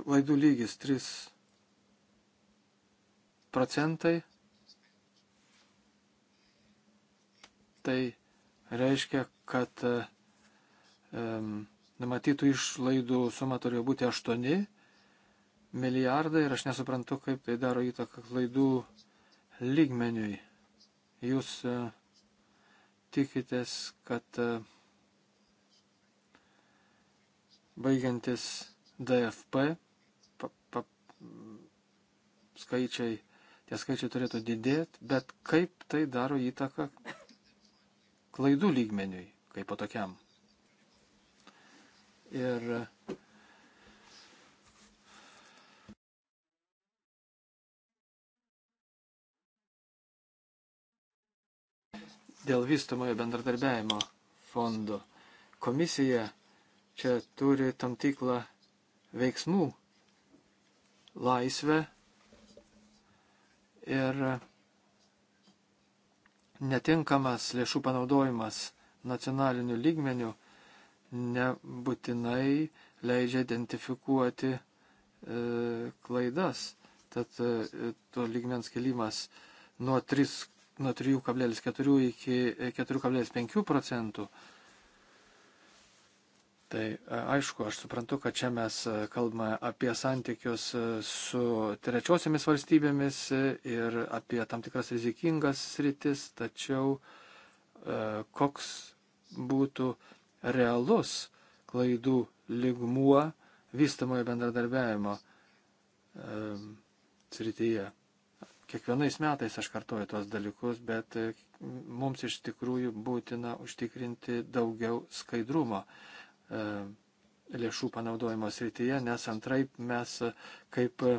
klaidų lygis, tris procentai. Tai reiškia, kad um, numatytų išlaidų suma turėjo būti 8 milijardai ir aš nesuprantu, kaip tai daro įtaką klaidų lygmeniui. Jūs uh, tikitės, kad uh, baigiantis DFP pa, pa, skaičiai tie skaičiai turėtų didėti, bet kaip tai daro įtaką klaidų lygmeniui, kaip po tokiam. Ir dėl vystamojo bendradarbiajimo fondo komisija čia turi tam tikrą veiksmų laisvę ir netinkamas lėšų panaudojimas nacionaliniu lygmeniu nebūtinai leidžia identifikuoti e, klaidas. Tad e, to lygmens kelimas nuo 3,4 nuo iki 4,5 e, procentų Tai e, aišku, aš suprantu, kad čia mes e, kalbame apie santykius e, su trečiosiamis valstybėmis ir apie tam tikras rizikingas sritis, tačiau koks būtų realus klaidų ligmuo vystamojo bendradarbiavimo srityje. Kiekvienais metais aš kartuoju tuos dalykus, bet mums iš tikrųjų būtina užtikrinti daugiau skaidrumo. E, lėšų panaudojimo srityje, nes antraip mes e, kaip e,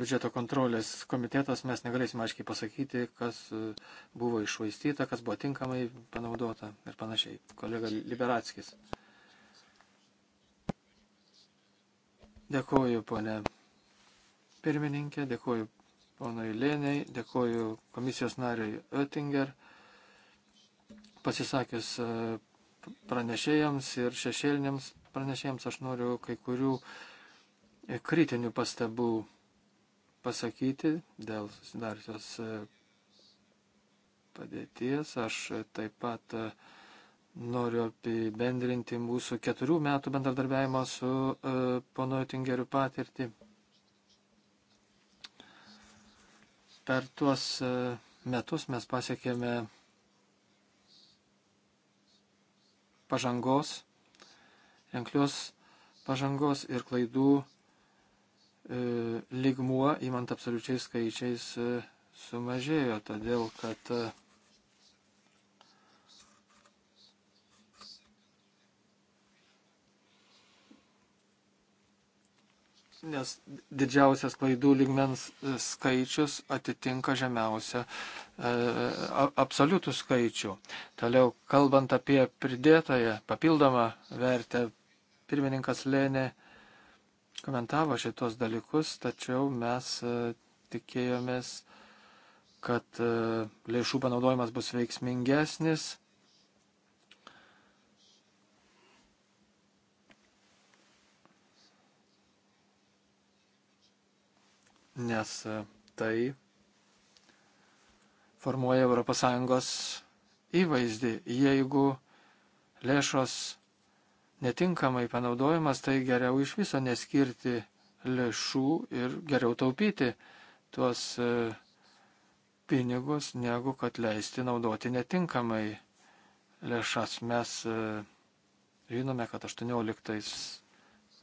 biudžeto kontrolės komitetas mes negalėsime aiškiai pasakyti, kas buvo išvaistyta, kas buvo tinkamai panaudota ir panašiai. Kolega Liberatskis. Dėkuoju, ponė pirmininkė, dėkuoju ponui Lėniai, dėkuoju komisijos nariui Oettinger. Pasisakęs pranešėjams ir šešėliniams pranešėjams aš noriu kai kurių kritinių pastabų pasakyti dėl susidariusios e, padėties. Aš taip pat e, noriu apibendrinti mūsų keturių metų bendradarbiavimo su e, pono Tingeriu patirtį. Per tuos metus mes pasiekėme pažangos, ženklios pažangos ir klaidų e, lygmuo, įmant absoliučiais skaičiais, e, sumažėjo, todėl kad e, nes didžiausias klaidų lygmens e, skaičius atitinka žemiausią e, absoliutų skaičių. Toliau, kalbant apie pridėtąją papildomą vertę, pirmininkas Lėnė komentavo šitos dalykus, tačiau mes e, tikėjomės, kad e, lėšų panaudojimas bus veiksmingesnis nes e, tai formuoja ES įvaizdį. Jeigu lėšos netinkamai panaudojamas, tai geriau iš viso neskirti lėšų ir geriau taupyti tuos e, pinigus, negu kad leisti naudoti netinkamai lėšas. Mes e, žinome, kad 18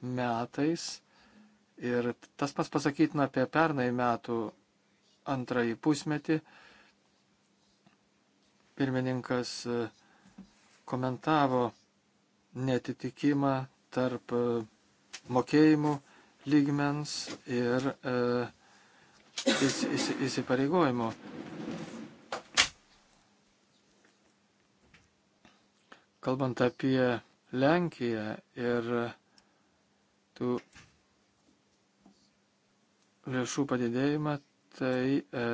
metais Ir tas pats pasakytina apie pernai metų antrąjį pusmetį. Pirmininkas e, komentavo netitikimą tarp e, mokėjimų lygmens ir e, įs, įs, įsipareigojimo. Kalbant apie Lenkiją ir tų lėšų padidėjimą, tai e,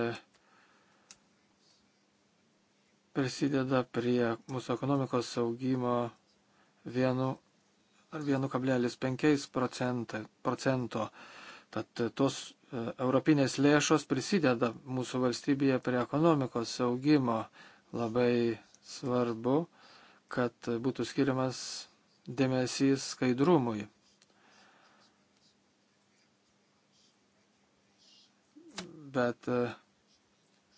prisideda prie mūsų ekonomikos augimo vienu ar 1,5 procento. Tad tos e, europinės lėšos prisideda mūsų valstybėje prie ekonomikos augimo. Labai svarbu, kad būtų skiriamas dėmesys skaidrumui. bet e,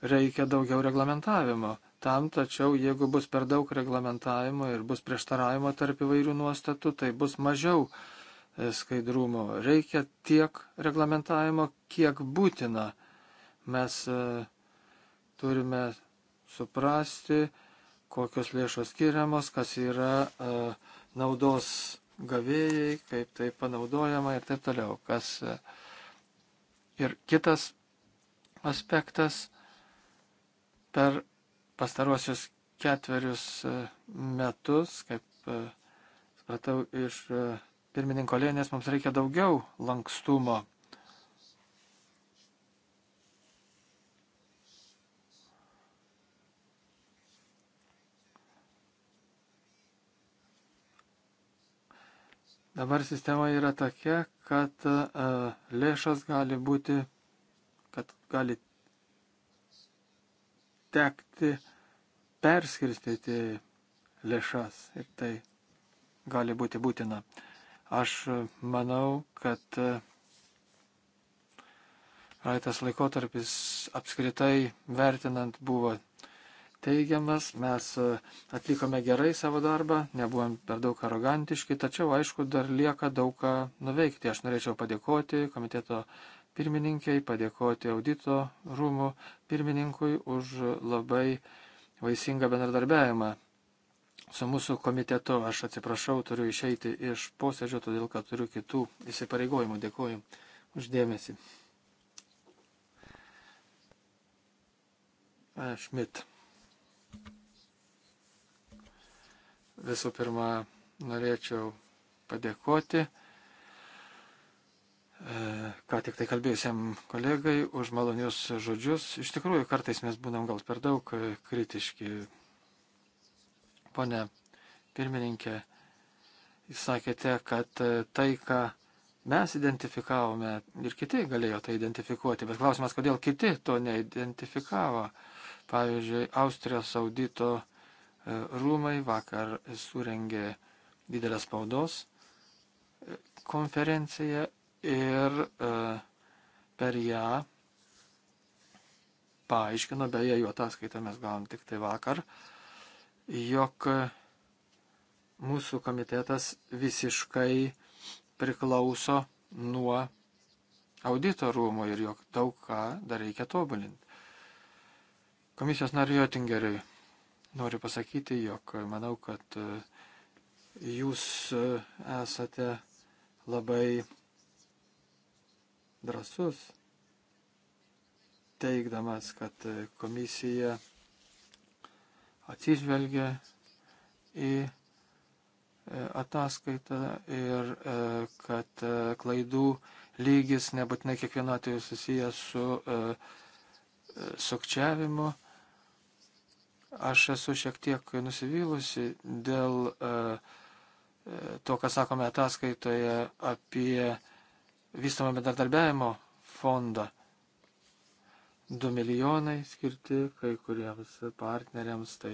reikia daugiau reglamentavimo. Tam tačiau, jeigu bus per daug reglamentavimo ir bus prieštaravimo tarp įvairių nuostatų, tai bus mažiau e, skaidrumo. Reikia tiek reglamentavimo, kiek būtina. Mes e, turime suprasti, kokios lėšos skiriamos, kas yra naudos gavėjai, kaip tai panaudojama ir taip toliau. Kas, ir kitas aspektas per pastaruosius ketverius e, metus, kaip e, supratau iš e, pirmininko lėnės, mums reikia daugiau lankstumo. Dabar sistema yra tokia, kad lėšas gali būti kad gali tekti perskirstyti lėšas ir tai gali būti būtina. Aš manau, kad praeitas e, laikotarpis apskritai vertinant buvo teigiamas, mes e, atlikome gerai savo darbą, nebuvom per daug arogantiški, tačiau aišku, dar lieka daug ką nuveikti. Aš norėčiau padėkoti komiteto pirmininkiai, padėkoti audito rūmų pirmininkui už labai vaisingą bendradarbiavimą su mūsų komitetu. Aš atsiprašau, turiu išeiti iš posėdžio, todėl kad turiu kitų įsipareigojimų. Dėkuoju uždėmesi. Šmit. Visų pirma, norėčiau padėkoti. E, ką tik tai kalbėjusiam kolegai už malonius žodžius. Iš tikrųjų, kartais mes būnam gal per daug e, kritiški. Pone pirmininkė, jūs sakėte, kad e, tai, ką mes identifikavome ir kiti galėjo tai identifikuoti, bet klausimas, kodėl kiti to neidentifikavo. Pavyzdžiui, Austrijos audito rūmai vakar surengė didelę spaudos konferenciją ir e, per ją paaiškino, beje, jo ataskaitą mes gavom tik tai vakar, jog mūsų komitetas visiškai priklauso nuo audito rūmo ir jog daug ką dar reikia tobulinti. Komisijos nariu Jotingeriui noriu pasakyti, jog manau, kad e, jūs e, esate labai drasus, teikdamas, kad komisija atsižvelgia į e, ataskaitą ir e, kad e, klaidų lygis nebūtinai kiekvienu atveju susijęs su sukčiavimu. Aš esu šiek tiek nusivylusi dėl to, ką sakome ataskaitoje apie vystamo bendradarbiavimo fondą. 2 milijonai skirti kai kuriems partneriams, tai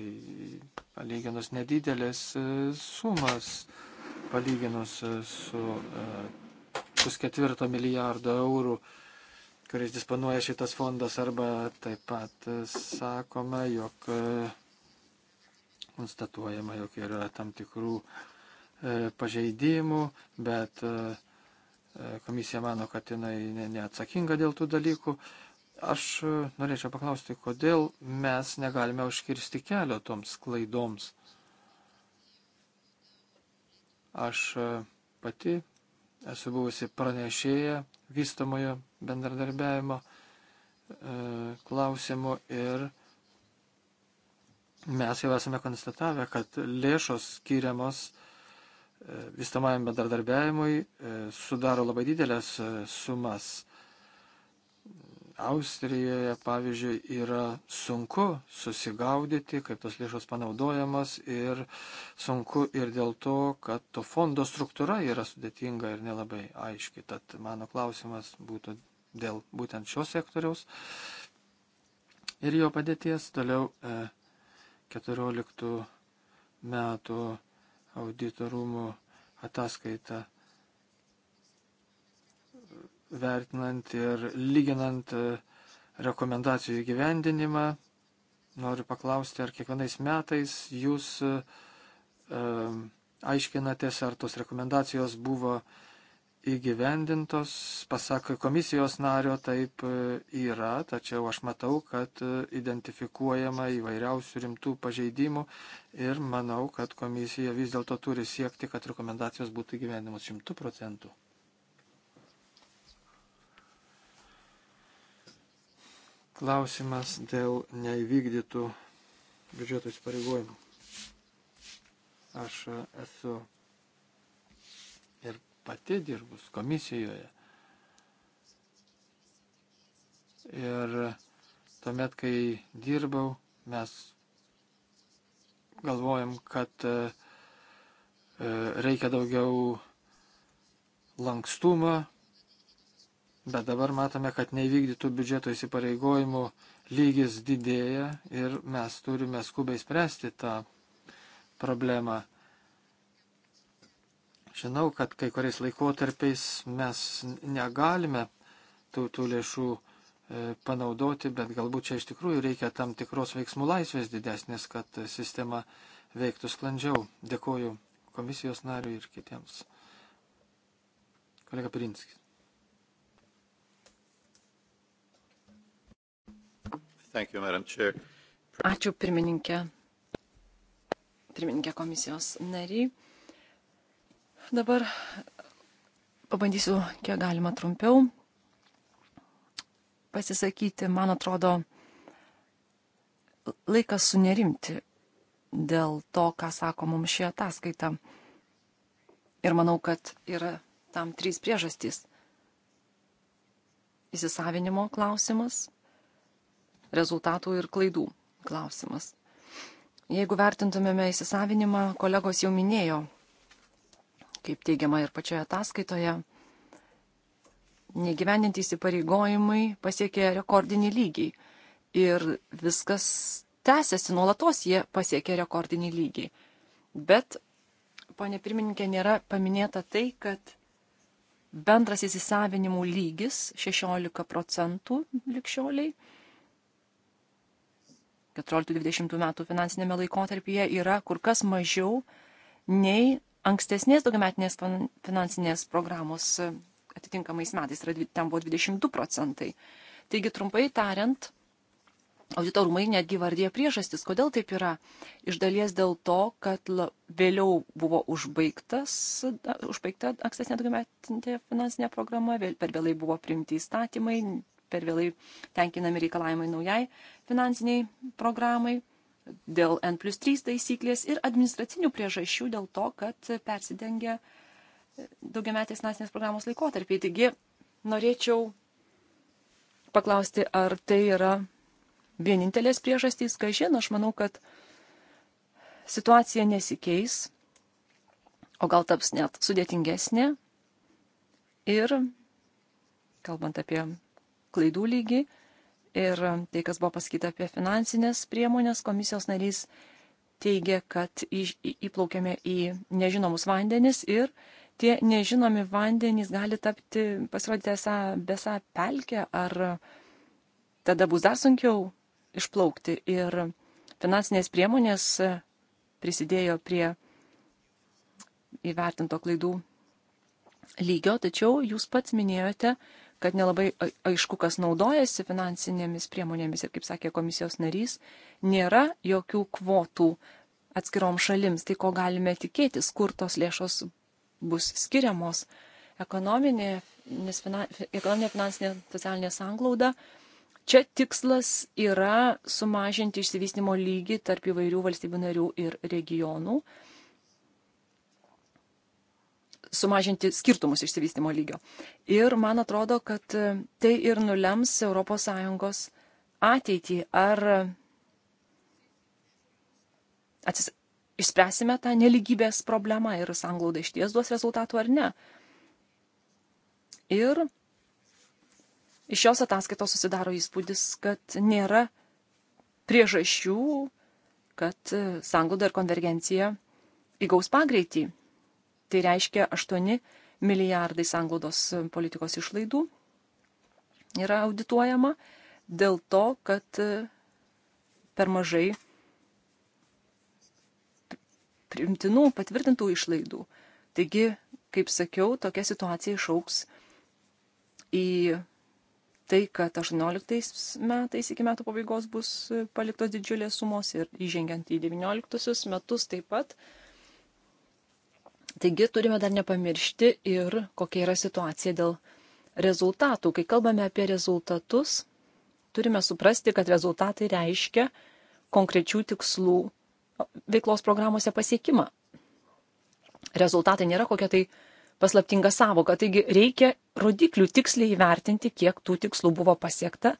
palyginus nedidelės e, sumas, palyginus e, su e, pusketvirto milijardo eurų, kuris disponuoja šitas fondas, arba taip pat sakoma, jog konstatuojama, jog yra tam tikrų pažeidimų, bet uh, E, komisija mano, kad jinai neatsakinga dėl tų dalykų. Aš e, norėčiau paklausti, kodėl mes negalime užkirsti kelio toms klaidoms. Aš e, pati esu buvusi pranešėja vystamojo bendradarbiavimo klausimų ir mes jau esame konstatavę, kad lėšos skiriamos uh, vystamajam bendradarbiavimui e, sudaro labai didelės e, sumas. Austrijoje, pavyzdžiui, yra sunku susigaudyti, kaip tos lėšos panaudojamos ir sunku ir dėl to, kad to fondo struktūra yra sudėtinga ir nelabai aiški. Tad mano klausimas būtų dėl būtent šio sektoriaus ir jo padėties toliau 14 e, metų auditorumo ataskaitą vertinant ir lyginant e, rekomendacijų įgyvendinimą. Noriu paklausti, ar kiekvienais metais jūs e, e, aiškinatės, ar tos rekomendacijos buvo uh, įgyvendintos, pasak komisijos nario, taip e, yra, tačiau aš matau, kad e, identifikuojama įvairiausių rimtų pažeidimų ir manau, kad komisija vis dėlto turi siekti, kad rekomendacijos būtų įgyvendinamos šimtų procentų. Klausimas dėl neįvykdytų biudžeto įsipareigojimų. Aš e, esu pati dirbus komisijoje. Ir tuomet, kai dirbau, mes galvojam, kad e, e, reikia daugiau lankstumo, bet dabar matome, kad nevykdytų biudžeto įsipareigojimų lygis didėja ir mes turime skubiai spręsti tą problemą. Žinau, kad kai kuriais laikotarpiais mes negalime tų, tų lėšų e, panaudoti, bet galbūt čia iš tikrųjų reikia tam tikros veiksmų laisvės didesnės, kad sistema veiktų sklandžiau. Dėkoju komisijos nariui ir kitiems. Kolega Pirinskis. You, Ačiū pirmininkė. Pirmininkė komisijos nariai. Dabar pabandysiu kiek galima trumpiau pasisakyti. Man atrodo, laikas sunerimti dėl to, ką sako mums ši ataskaita. Ir manau, kad yra tam trys priežastys. Įsisavinimo klausimas, rezultatų ir klaidų klausimas. Jeigu vertintumėme įsisavinimą, kolegos jau minėjo kaip teigiama ir pačioje ataskaitoje, negyvendinti įsipareigojimai pasiekė rekordinį lygį. Ir viskas tęsiasi nuolatos, jie pasiekė rekordinį lygį. Bet, ponė pirmininkė, nėra paminėta tai, kad bendras įsisavinimų lygis 16 procentų likščioliai 14-20 metų finansinėme laikotarpyje yra kur kas mažiau nei ankstesnės daugiametinės finansinės programos e, atitinkamais metais, ten buvo 22 procentai. Taigi, trumpai tariant, auditorumai netgi vardė priežastis, kodėl taip yra. Iš dalies dėl to, kad la, vėliau buvo užbaigtas, da, užbaigta ankstesnė daugiametinė finansinė programa, vėl, per vėlai buvo priimti įstatymai, per vėlai tenkinami reikalavimai naujai finansiniai programai dėl N plus 3 taisyklės ir administracinių priežasčių dėl to, kad persidengia daugiametės nacinės programos laikotarpiai. Taigi norėčiau paklausti, ar tai yra vienintelės priežastys, ką žin, aš manau, kad situacija nesikeis, o gal taps net sudėtingesnė. Ir kalbant apie klaidų lygį, Ir tai, kas buvo pasakyta apie finansinės priemonės, komisijos narys teigia, kad į, į, įplaukėme į nežinomus vandenis ir tie nežinomi vandenys gali tapti, pasirodyti esą besą pelkę, ar tada bus dar sunkiau išplaukti. Ir finansinės priemonės prisidėjo prie įvertinto klaidų lygio, tačiau jūs pats minėjote, kad nelabai aišku, kas naudojasi finansinėmis priemonėmis ir, kaip sakė komisijos narys, nėra jokių kvotų atskirom šalims. Tai ko galime tikėtis, kur tos lėšos bus skiriamos. Ekonominė, finan, ekonominė finansinė socialinė sanglauda. Čia tikslas yra sumažinti išsivystimo lygį tarp įvairių valstybių narių ir regionų. Uh, sumažinti skirtumus išsivystimo lygio. Ir man atrodo, kad e, tai ir nulems ES ateitį. Ar atsis... išspręsime tą neligybės problemą ir sanglauda išties duos rezultatų ar ne. Ir iš šios ataskaitos susidaro įspūdis, kad nėra priežasčių, kad e, sanglauda ir konvergencija įgaus pagreitį Tai reiškia 8 milijardai sanglaudos politikos išlaidų yra audituojama dėl to, kad e, per mažai primtinų patvirtintų išlaidų. Taigi, kaip sakiau, tokia situacija išauks į tai, kad 18 metais iki metų pabaigos bus e, paliktos didžiulės sumos ir įžengiant į 19 metus taip pat Taigi turime dar nepamiršti ir kokia yra situacija dėl rezultatų. Kai kalbame apie rezultatus, turime suprasti, kad rezultatai reiškia konkrečių tikslų veiklos programuose pasiekimą. Rezultatai nėra kokia tai paslaptinga savoka, taigi reikia rodiklių tiksliai įvertinti, kiek tų tikslų buvo pasiekta.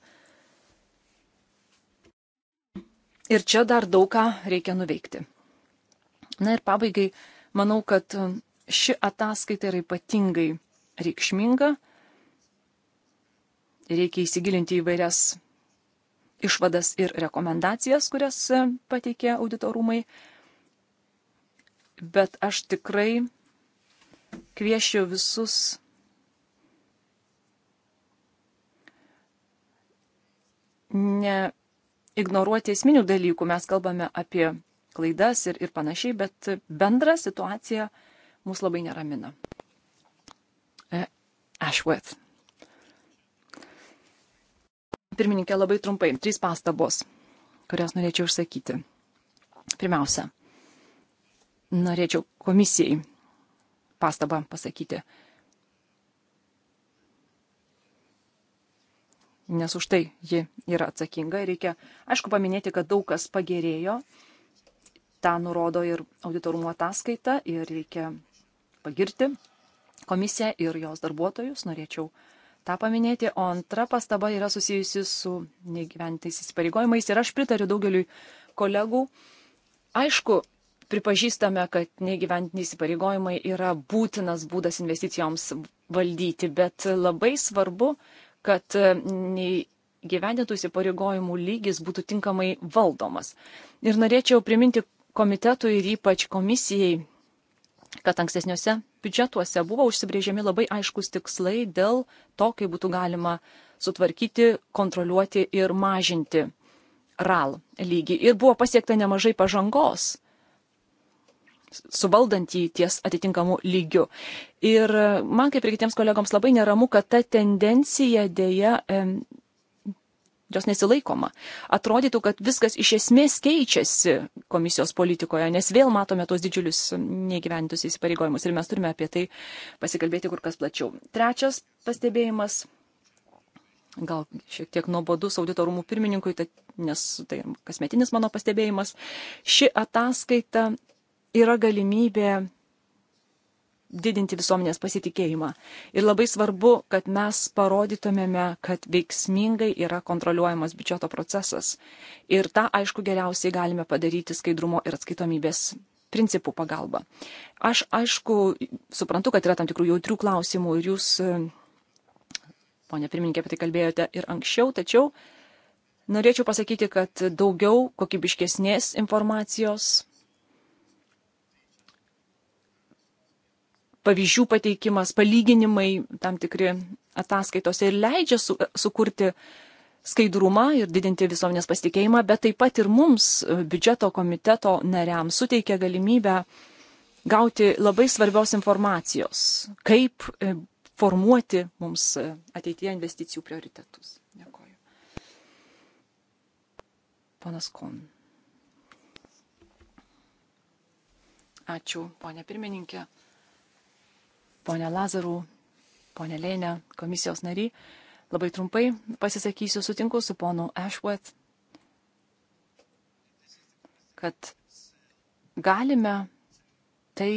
Ir čia dar daug ką reikia nuveikti. Na ir pabaigai Manau, kad ši ataskaita yra ypatingai reikšminga. Reikia įsigilinti į vairias išvadas ir rekomendacijas, kurias pateikė auditorumai. Bet aš tikrai kviešiu visus neignoruoti esminių dalykų. Mes kalbame apie klaidas ir, ir panašiai, bet bendra situacija mus labai neramina. E, Ashworth. Pirmininkė, labai trumpai, trys pastabos, kurias norėčiau išsakyti. Pirmiausia, norėčiau komisijai pastabą pasakyti. Nes už tai ji yra atsakinga ir reikia, aišku, paminėti, kad daug kas pagerėjo, Ta nurodo ir auditorumo ataskaita ir reikia pagirti komisiją ir jos darbuotojus. Norėčiau tą paminėti. O antra pastaba yra susijusi su negyventais įsipareigojimais ir aš pritariu daugeliui kolegų. Aišku, pripažįstame, kad negyventiniai įsipareigojimai yra būtinas būdas investicijoms valdyti, bet labai svarbu, kad gyvendintų įsipareigojimų lygis būtų tinkamai valdomas. Ir norėčiau priminti komitetui ir ypač komisijai, kad ankstesniuose biudžetuose buvo užsibrėžiami labai aiškus tikslai dėl to, kaip būtų galima sutvarkyti, kontroliuoti ir mažinti RAL lygį. Ir buvo pasiekta nemažai pažangos suvaldant jį ties atitinkamu lygiu. Ir man, kaip ir kitiems kolegoms, labai neramu, kad ta tendencija dėja jos nesilaikoma. Atrodytų, kad viskas iš esmės keičiasi komisijos politikoje, nes vėl matome tos didžiulius negyventus įsipareigojimus ir mes turime apie tai pasikalbėti kur kas plačiau. Trečias pastebėjimas, gal šiek tiek nuobodus auditorumų pirmininkui, tai, nes tai kasmetinis mano pastebėjimas, ši ataskaita yra galimybė didinti visuomenės pasitikėjimą. Ir labai svarbu, kad mes parodytumėme, kad veiksmingai yra kontroliuojamas biudžeto procesas. Ir tą, aišku, geriausiai galime padaryti skaidrumo ir atskaitomybės principų pagalba. Aš, aišku, suprantu, kad yra tam tikrų jautrių klausimų ir jūs, e, ponė pirmininkė, apie tai kalbėjote ir anksčiau, tačiau norėčiau pasakyti, kad daugiau kokybiškesnės informacijos pavyzdžių pateikimas, palyginimai tam tikri ataskaitose ir leidžia su, sukurti skaidrumą ir didinti visuomenės pasitikėjimą, bet taip pat ir mums, e, biudžeto komiteto nariams, suteikia galimybę gauti labai svarbios informacijos, kaip e, formuoti mums e, ateityje investicijų prioritetus. Dėkoju. Panas Kon. Ačiū, ponė pirmininkė ponė Lazarų, ponė Lėnė, komisijos nariai. Labai trumpai pasisakysiu, sutinku su ponu Ashworth, kad galime tai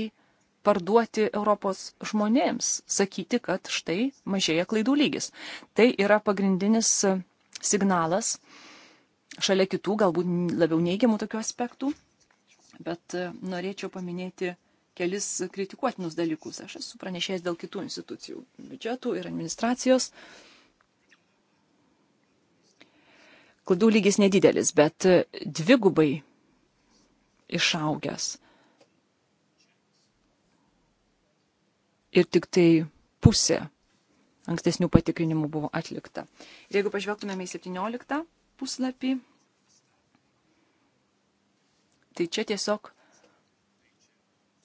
parduoti Europos žmonėms, sakyti, kad štai mažėja klaidų lygis. Tai yra pagrindinis signalas, šalia kitų galbūt labiau neigiamų tokių aspektų, bet norėčiau paminėti kelis kritikuotinus dalykus. Aš esu pranešėjęs dėl kitų institucijų - biudžetų ir administracijos. Klaidų lygis nedidelis, bet dvigubai išaugęs. Ir tik tai pusė ankstesnių patikrinimų buvo atlikta. Ir jeigu pažvelgtumėme į 17 puslapį, tai čia tiesiog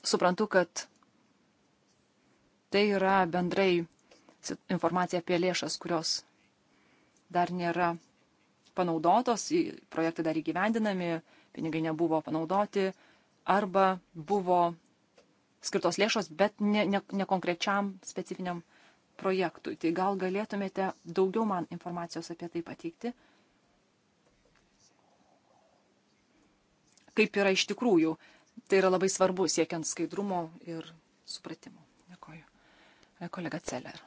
suprantu, kad tai yra bendrai informacija apie lėšas, kurios dar nėra panaudotos, projektai dar įgyvendinami, pinigai nebuvo panaudoti arba buvo skirtos lėšos, bet ne, ne, ne konkrečiam specifiniam projektui. Tai gal galėtumėte daugiau man informacijos apie tai pateikti? Kaip yra iš tikrųjų, Tai yra labai svarbu siekiant skaidrumo ir supratimo. Dėkoju. E, kolega Celer.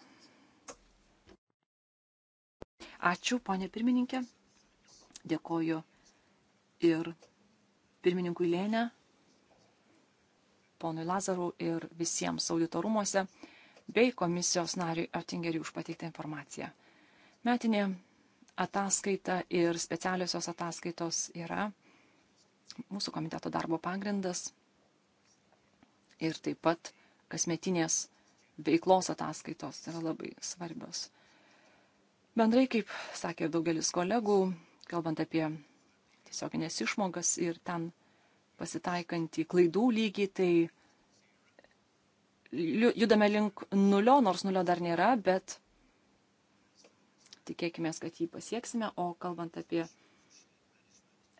Ačiū, ponė pirmininkė. Dėkoju ir pirmininkui Lėnė, ponui Lazarų ir visiems auditorumuose bei komisijos nariui Oettingeriui už pateiktą informaciją. Metinė ataskaita ir specialiosios ataskaitos yra mūsų komiteto darbo pagrindas ir taip pat kasmetinės veiklos ataskaitos yra labai svarbios. Bendrai, kaip sakė daugelis kolegų, kalbant apie tiesioginės išmokas ir ten pasitaikantį klaidų lygį, tai judame link nulio, nors nulio dar nėra, bet tikėkime, kad jį pasieksime, o kalbant apie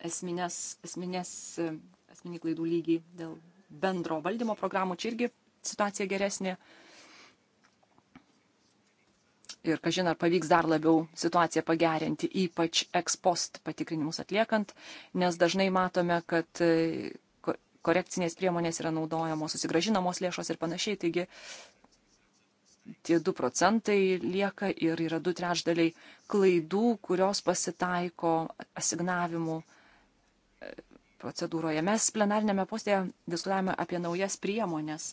esminės, esminės, e, esminį klaidų lygį dėl bendro valdymo programų. Čia irgi situacija geresnė. Ir kažin ar pavyks dar labiau situaciją pagerinti, ypač ekspost patikrinimus atliekant, nes dažnai matome, kad e, korekcinės priemonės yra naudojamos, susigražinamos lėšos ir panašiai. Taigi tie 2 procentai lieka ir yra 2 trečdaliai klaidų, kurios pasitaiko asignavimų procedūroje. Mes plenarinėme postėje diskutavome apie naujas priemonės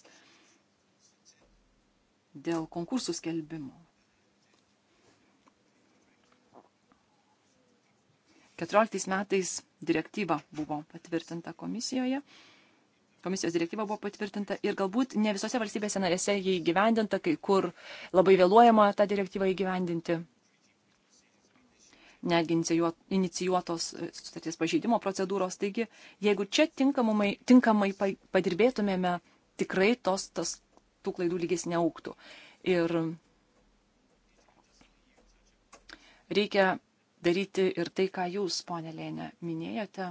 dėl konkursų skelbimo. 14 metais direktyva buvo patvirtinta komisijoje. Komisijos direktyva buvo patvirtinta ir galbūt ne visose valstybėse narėse jį įgyvendinta, kai kur labai vėluojama tą direktyvą įgyvendinti netgi inicijuotos e, sutarties pažeidimo procedūros. Taigi, jeigu čia tinkamai, tinkamai padirbėtumėme, tikrai tos, tas, tų klaidų lygis neauktų. Ir reikia daryti ir tai, ką jūs, ponė Lėnė, minėjote.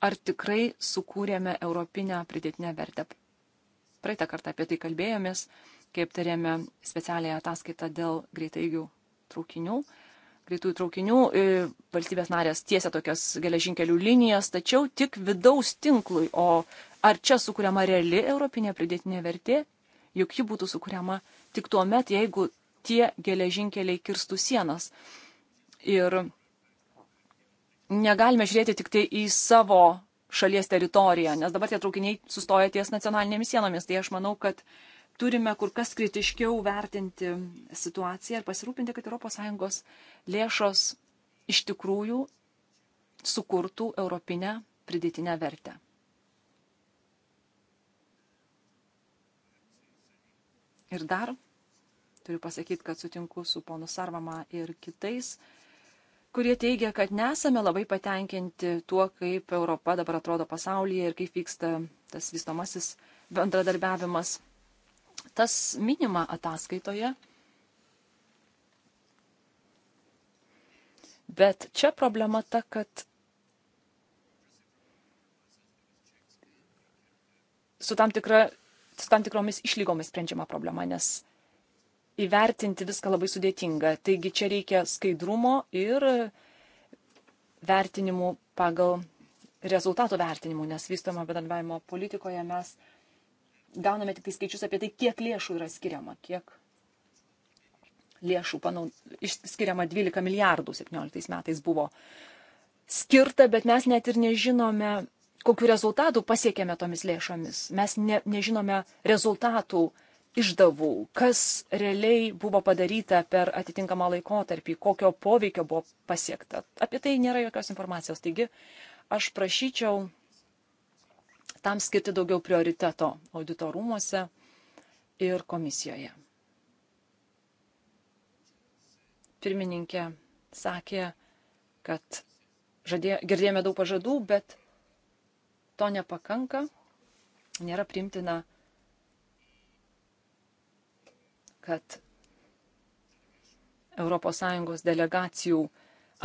Ar tikrai sukūrėme europinę pridėtinę vertę? Praeitą kartą apie tai kalbėjomės kai aptarėme specialiąją ataskaitą dėl greitaigių traukinių. Greitųjų traukinių e, valstybės narės tiesia tokias geležinkelių linijas, tačiau tik vidaus tinklui. O ar čia sukūriama reali europinė pridėtinė vertė? Juk ji būtų sukūriama tik tuo met, jeigu tie geležinkeliai kirstų sienas. Ir negalime žiūrėti tik tai į savo šalies teritoriją, nes dabar tie traukiniai sustoja ties nacionalinėmis sienomis. Tai aš manau, kad uh, turime kur kas kritiškiau vertinti situaciją ir pasirūpinti, kad ES lėšos iš tikrųjų sukurtų europinę pridėtinę vertę. Ir dar turiu pasakyti, kad sutinku su ponu Sarvama ir kitais, kurie teigia, kad nesame labai patenkinti tuo, kaip Europa dabar atrodo pasaulyje ir kaip vyksta tas vystomasis bendradarbiavimas. Tas minima ataskaitoje. Bet čia problema ta, kad su tam, tikra, su tam tikromis išlygomis sprendžiama problema, nes įvertinti viską labai sudėtinga. Taigi čia reikia skaidrumo ir vertinimų pagal rezultatų vertinimų, nes vystoma bedarbiavimo politikoje mes gauname tik tai skaičius apie tai, kiek lėšų yra skiriama, kiek lėšų panau, skiriama 12 milijardų 17 metais buvo skirta, bet mes net ir nežinome, kokiu rezultatu pasiekėme tomis lėšomis. Mes ne, nežinome rezultatų išdavų, kas realiai buvo padaryta per atitinkamą laikotarpį, kokio poveikio buvo pasiekta. Apie tai nėra jokios informacijos. Taigi aš prašyčiau tam skirti daugiau prioriteto auditorumuose ir komisijoje. Pirmininkė sakė, kad žadė, girdėjome daug pažadų, bet to nepakanka, nėra primtina, kad ES delegacijų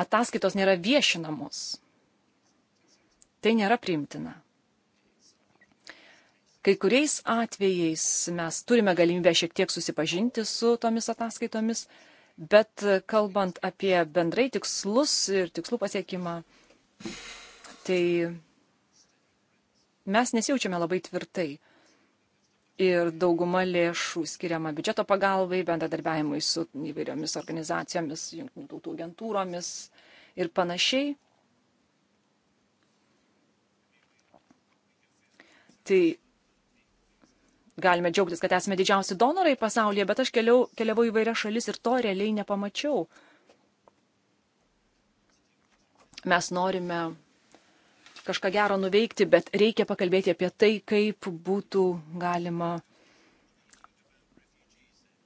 ataskaitos nėra viešinamos. Tai nėra primtina. Kai kuriais atvejais mes turime galimybę šiek tiek susipažinti su tomis ataskaitomis, bet kalbant apie bendrai tikslus ir tikslų pasiekimą, tai mes nesijaučiame labai tvirtai. Ir dauguma lėšų skiriama biudžeto pagalbai, bendradarbiavimui su įvairiomis organizacijomis, jungtinių tautų agentūromis ir panašiai. Tai galime džiaugtis, kad esame didžiausi donorai pasaulyje, bet aš keliau, keliavau į vairias šalis ir to realiai nepamačiau. Mes norime kažką gero nuveikti, bet reikia pakalbėti apie tai, kaip būtų galima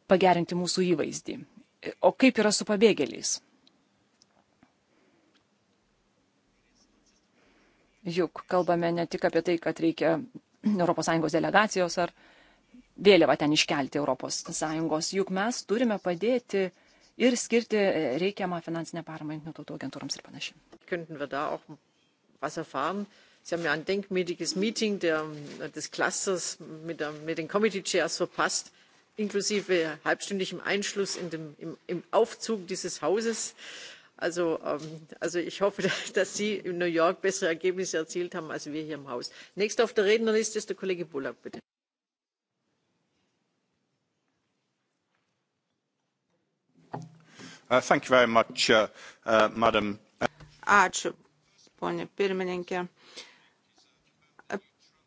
pagerinti mūsų įvaizdį. O kaip yra su pabėgėliais? Juk kalbame ne tik apie tai, kad reikia ES delegacijos ar vėliavą ten iškelti ES, juk mes turime padėti ir skirti e, reikiamą finansinę paramą jungtinių tautų agentūrams ir panašiai. Sie haben ja ein denkmäßiges Meeting der, des Clusters mit, der, mit den Committee Chairs verpasst, inklusive halbstündigem Einschluss in dem, im, im Aufzug dieses Hauses. Also, ähm, also ich hoffe, dass Sie in New York bessere Ergebnisse erzielt haben als wir hier im Haus. Nächster auf der Rednerliste ist der Kollege Bullock, bitte. Uh, thank you very much, uh, uh, madam. Ačiū, ponė pirmininkė.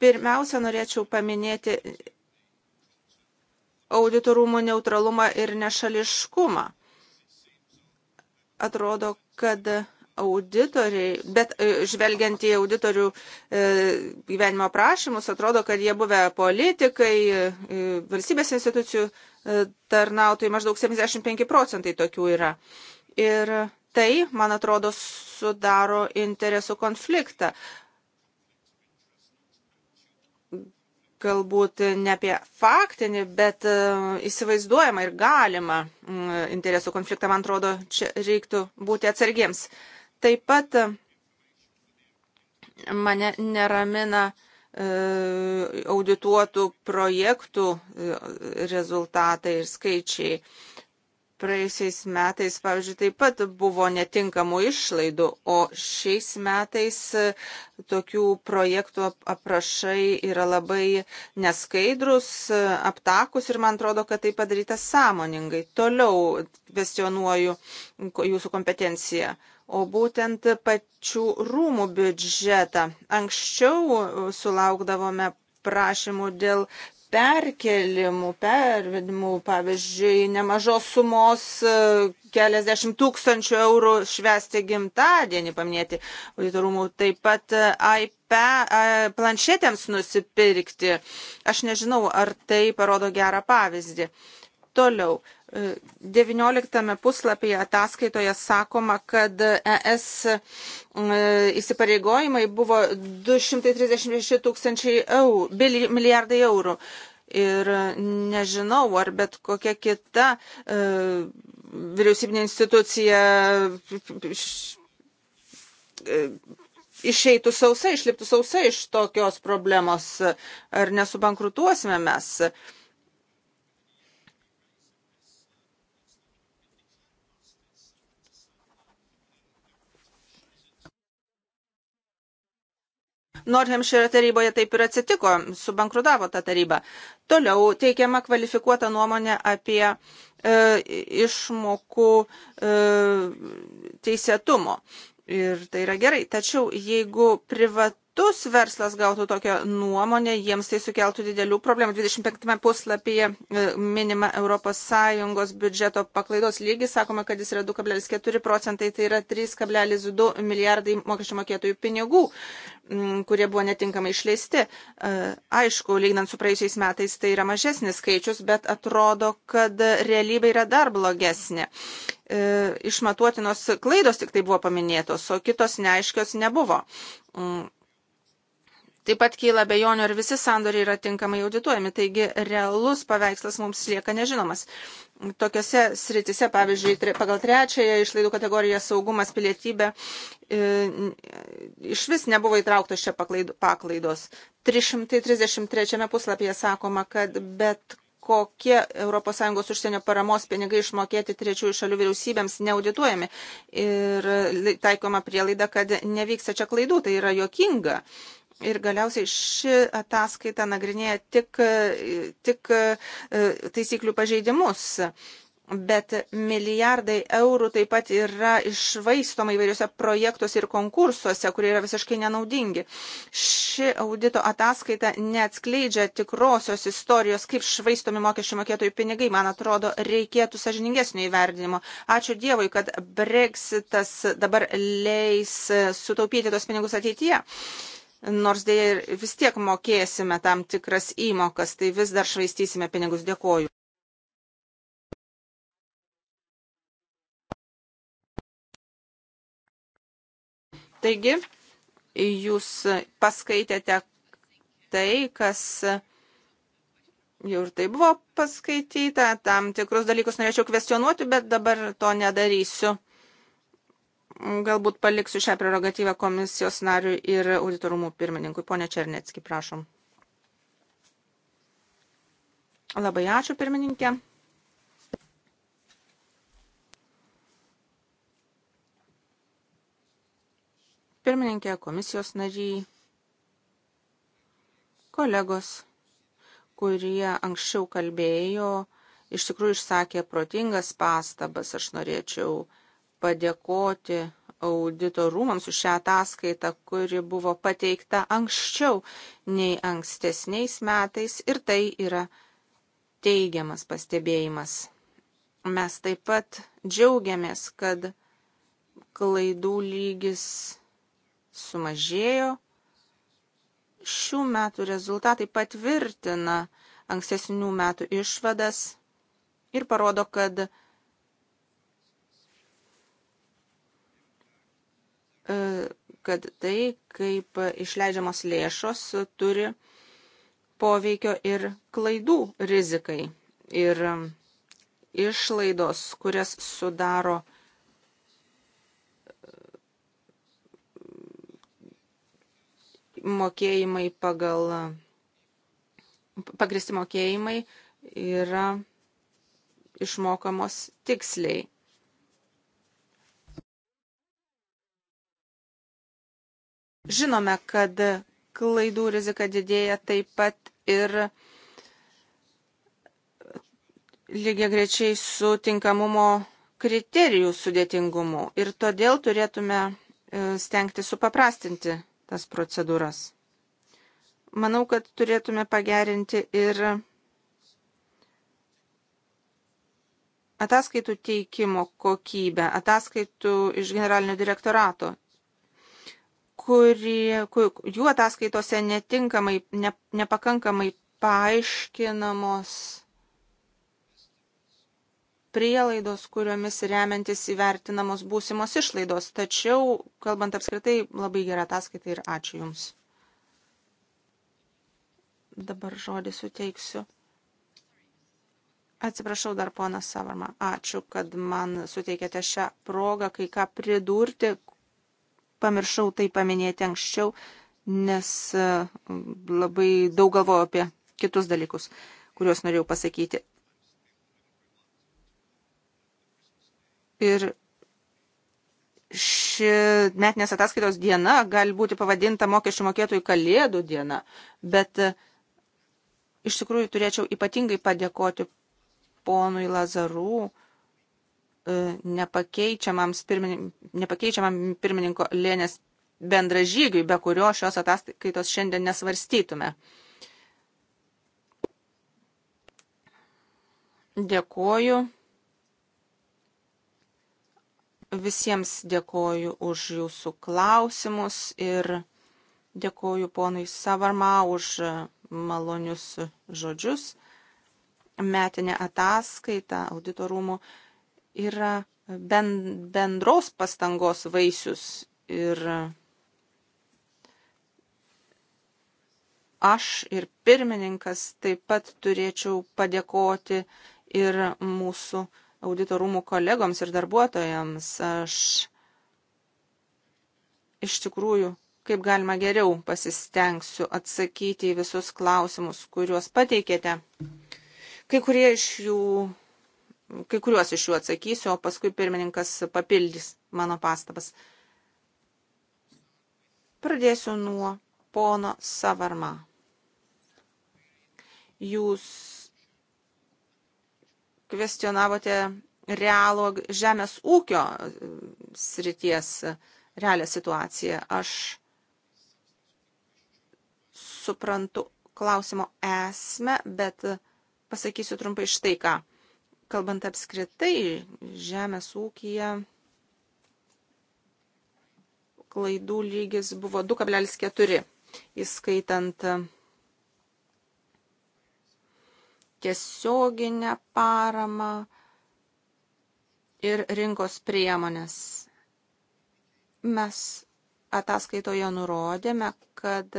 Pirmiausia, norėčiau paminėti auditorumų neutralumą ir nešališkumą. Atrodo, kad auditoriai, bet e, žvelgiant į auditorių e, gyvenimo prašymus, atrodo, kad jie buvę politikai, e, valstybės institucijų tarnautojai, maždaug 75 procentai tokių yra. Ir tai, man atrodo, sudaro interesų konfliktą. Galbūt ne apie faktinį, bet e, įsivaizduojama ir galima interesų konfliktą, man atrodo, čia reiktų būti atsargiems. Taip pat e, mane neramina uh, E, audituotų projektų e, rezultatai ir skaičiai. Praėjusiais metais, pavyzdžiui, taip pat buvo netinkamų išlaidų, o šiais metais e, tokių projektų aprašai yra labai neskaidrus, aptakus ir man atrodo, kad tai padaryta sąmoningai. Toliau kvestionuoju jūsų kompetenciją o būtent pačių rūmų biudžetą. Anksčiau e, sulaukdavome prašymų dėl perkelimų, pervedimų, pavyzdžiui, nemažos sumos e, keliasdešimt tūkstančių eurų švesti gimtadienį paminėti auditorumų, taip pat e, iPad planšetėms nusipirkti. Aš nežinau, ar tai parodo gerą pavyzdį. Toliau, 19 puslapyje ataskaitoje sakoma, kad ES įsipareigojimai buvo 236 tūkstančiai eurų, milijardai eurų. Ir nežinau, ar bet kokia kita e, vyriausybinė institucija e, išeitų sausai, išliptų sausai iš tokios problemos, ar nesubankrutuosime mes. E, Nordhamshire taryboje taip ir atsitiko, subankrutavo ta taryba. Toliau teikiama kvalifikuota nuomonė apie e, išmokų e, teisėtumo ir tai yra gerai. Tačiau jeigu privatus verslas gautų tokią nuomonę, jiems tai sukeltų didelių problemų. 25 puslapyje e, minima ES biudžeto paklaidos lygis, sakoma, kad jis yra 2,4 procentai, tai yra 3,2 milijardai mokesčių mokėtojų pinigų, kurie buvo netinkamai išleisti. E, aišku, lygnant su praėjusiais metais tai yra mažesnis skaičius, bet atrodo, kad realybė yra dar blogesnė. E, išmatuotinos klaidos tik tai buvo paminėtos, o kitos neaiškios nebuvo. Mm. Taip pat kyla bejonių, ar visi sandoriai yra tinkamai audituojami, taigi realus paveikslas mums lieka nežinomas. Tokiose sritise, pavyzdžiui, pagal trečiąją išlaidų kategoriją saugumas pilietybė e, iš vis nebuvo įtrauktos čia paklaidos. 333 puslapyje sakoma, kad bet kokie ES užsienio paramos pinigai išmokėti trečiųjų šalių vyriausybėms neaudituojami. Ir taikoma prielaida, kad nevyksta čia klaidų, tai yra jokinga. Ir galiausiai ši ataskaita nagrinėja tik, tik e, taisyklių pažeidimus bet milijardai eurų taip pat yra išvaistoma įvairiuose projektuose ir konkursuose, kurie yra visiškai nenaudingi. Ši audito ataskaita neatskleidžia tikrosios istorijos, kaip švaistomi mokesčių mokėtojų pinigai. Man atrodo, reikėtų sažiningesnio įverdinimo. Ačiū Dievui, kad Brexitas dabar leis sutaupyti tos pinigus ateityje. Nors dėja vis tiek mokėsime tam tikras įmokas, tai vis dar švaistysime pinigus. Dėkoju. Taigi, jūs paskaitėte tai, kas jau ir tai buvo paskaityta, tam tikrus dalykus norėčiau kvestionuoti, bet dabar to nedarysiu. Galbūt paliksiu šią prerogatyvą komisijos nariui ir auditorumų pirmininkui. Pone Černecki, prašom. Labai ačiū, pirmininkė. Pirmininkė, komisijos nariai, kolegos, kurie anksčiau kalbėjo, iš tikrųjų išsakė protingas pastabas. Aš norėčiau padėkoti audito rūmams už šią ataskaitą, kuri buvo pateikta anksčiau nei ankstesniais metais ir tai yra teigiamas pastebėjimas. Mes taip pat džiaugiamės, kad klaidų lygis sumažėjo. Šių metų rezultatai patvirtina ankstesnių metų išvadas ir parodo, kad e, kad tai, kaip išleidžiamos lėšos, turi poveikio ir klaidų rizikai. Ir e, išlaidos, kurias sudaro mokėjimai pagal pagristi mokėjimai yra išmokamos tiksliai. Žinome, kad klaidų rizika didėja taip pat ir lygiai grečiai su tinkamumo kriterijų sudėtingumu. Ir todėl turėtume e, stengti supaprastinti tas procedūras. Manau, kad turėtume pagerinti ir ataskaitų teikimo kokybę, ataskaitų iš generalinio direktorato, kuri, kur, jų ataskaitose netinkamai, ne, nepakankamai paaiškinamos prielaidos, kuriomis remiantis įvertinamos būsimos išlaidos. Tačiau, kalbant apskritai, labai gera ataskaita ir ačiū Jums. Dabar žodį suteiksiu. Atsiprašau dar ponas Savarma. Ačiū, kad man suteikėte šią progą kai ką pridurti. Pamiršau tai paminėti anksčiau, nes e, labai daug galvoju apie kitus dalykus, kuriuos norėjau pasakyti. Ir ši metinės ataskaitos diena gali būti pavadinta mokesčių mokėtojų kalėdų diena, bet e, iš tikrųjų turėčiau ypatingai padėkoti ponui Lazarų e, nepakeičiamam pirmininko Lėnės bendražygiui, be kurio šios ataskaitos šiandien nesvarstytume. Dėkoju. Visiems dėkoju už jūsų klausimus ir dėkoju ponui Savarma už malonius žodžius. Metinė ataskaita auditorumų yra bendros pastangos vaisius ir aš ir pirmininkas taip pat turėčiau padėkoti ir mūsų auditorumų kolegoms ir darbuotojams. Aš iš tikrųjų kaip galima geriau pasistengsiu atsakyti į visus klausimus, kuriuos pateikėte. Kai, iš jų, kai kuriuos iš jų atsakysiu, o paskui pirmininkas papildys mano pastabas. Pradėsiu nuo pono Savarma. Jūs kvestionavote realo žemės ūkio e, srities e, realią situaciją. Aš suprantu klausimo esmę, bet e, pasakysiu trumpai štai ką. Kalbant apskritai, žemės ūkija klaidų lygis buvo 2,4, įskaitant tiesioginę paramą ir rinkos priemonės. Mes ataskaitoje nurodėme, kad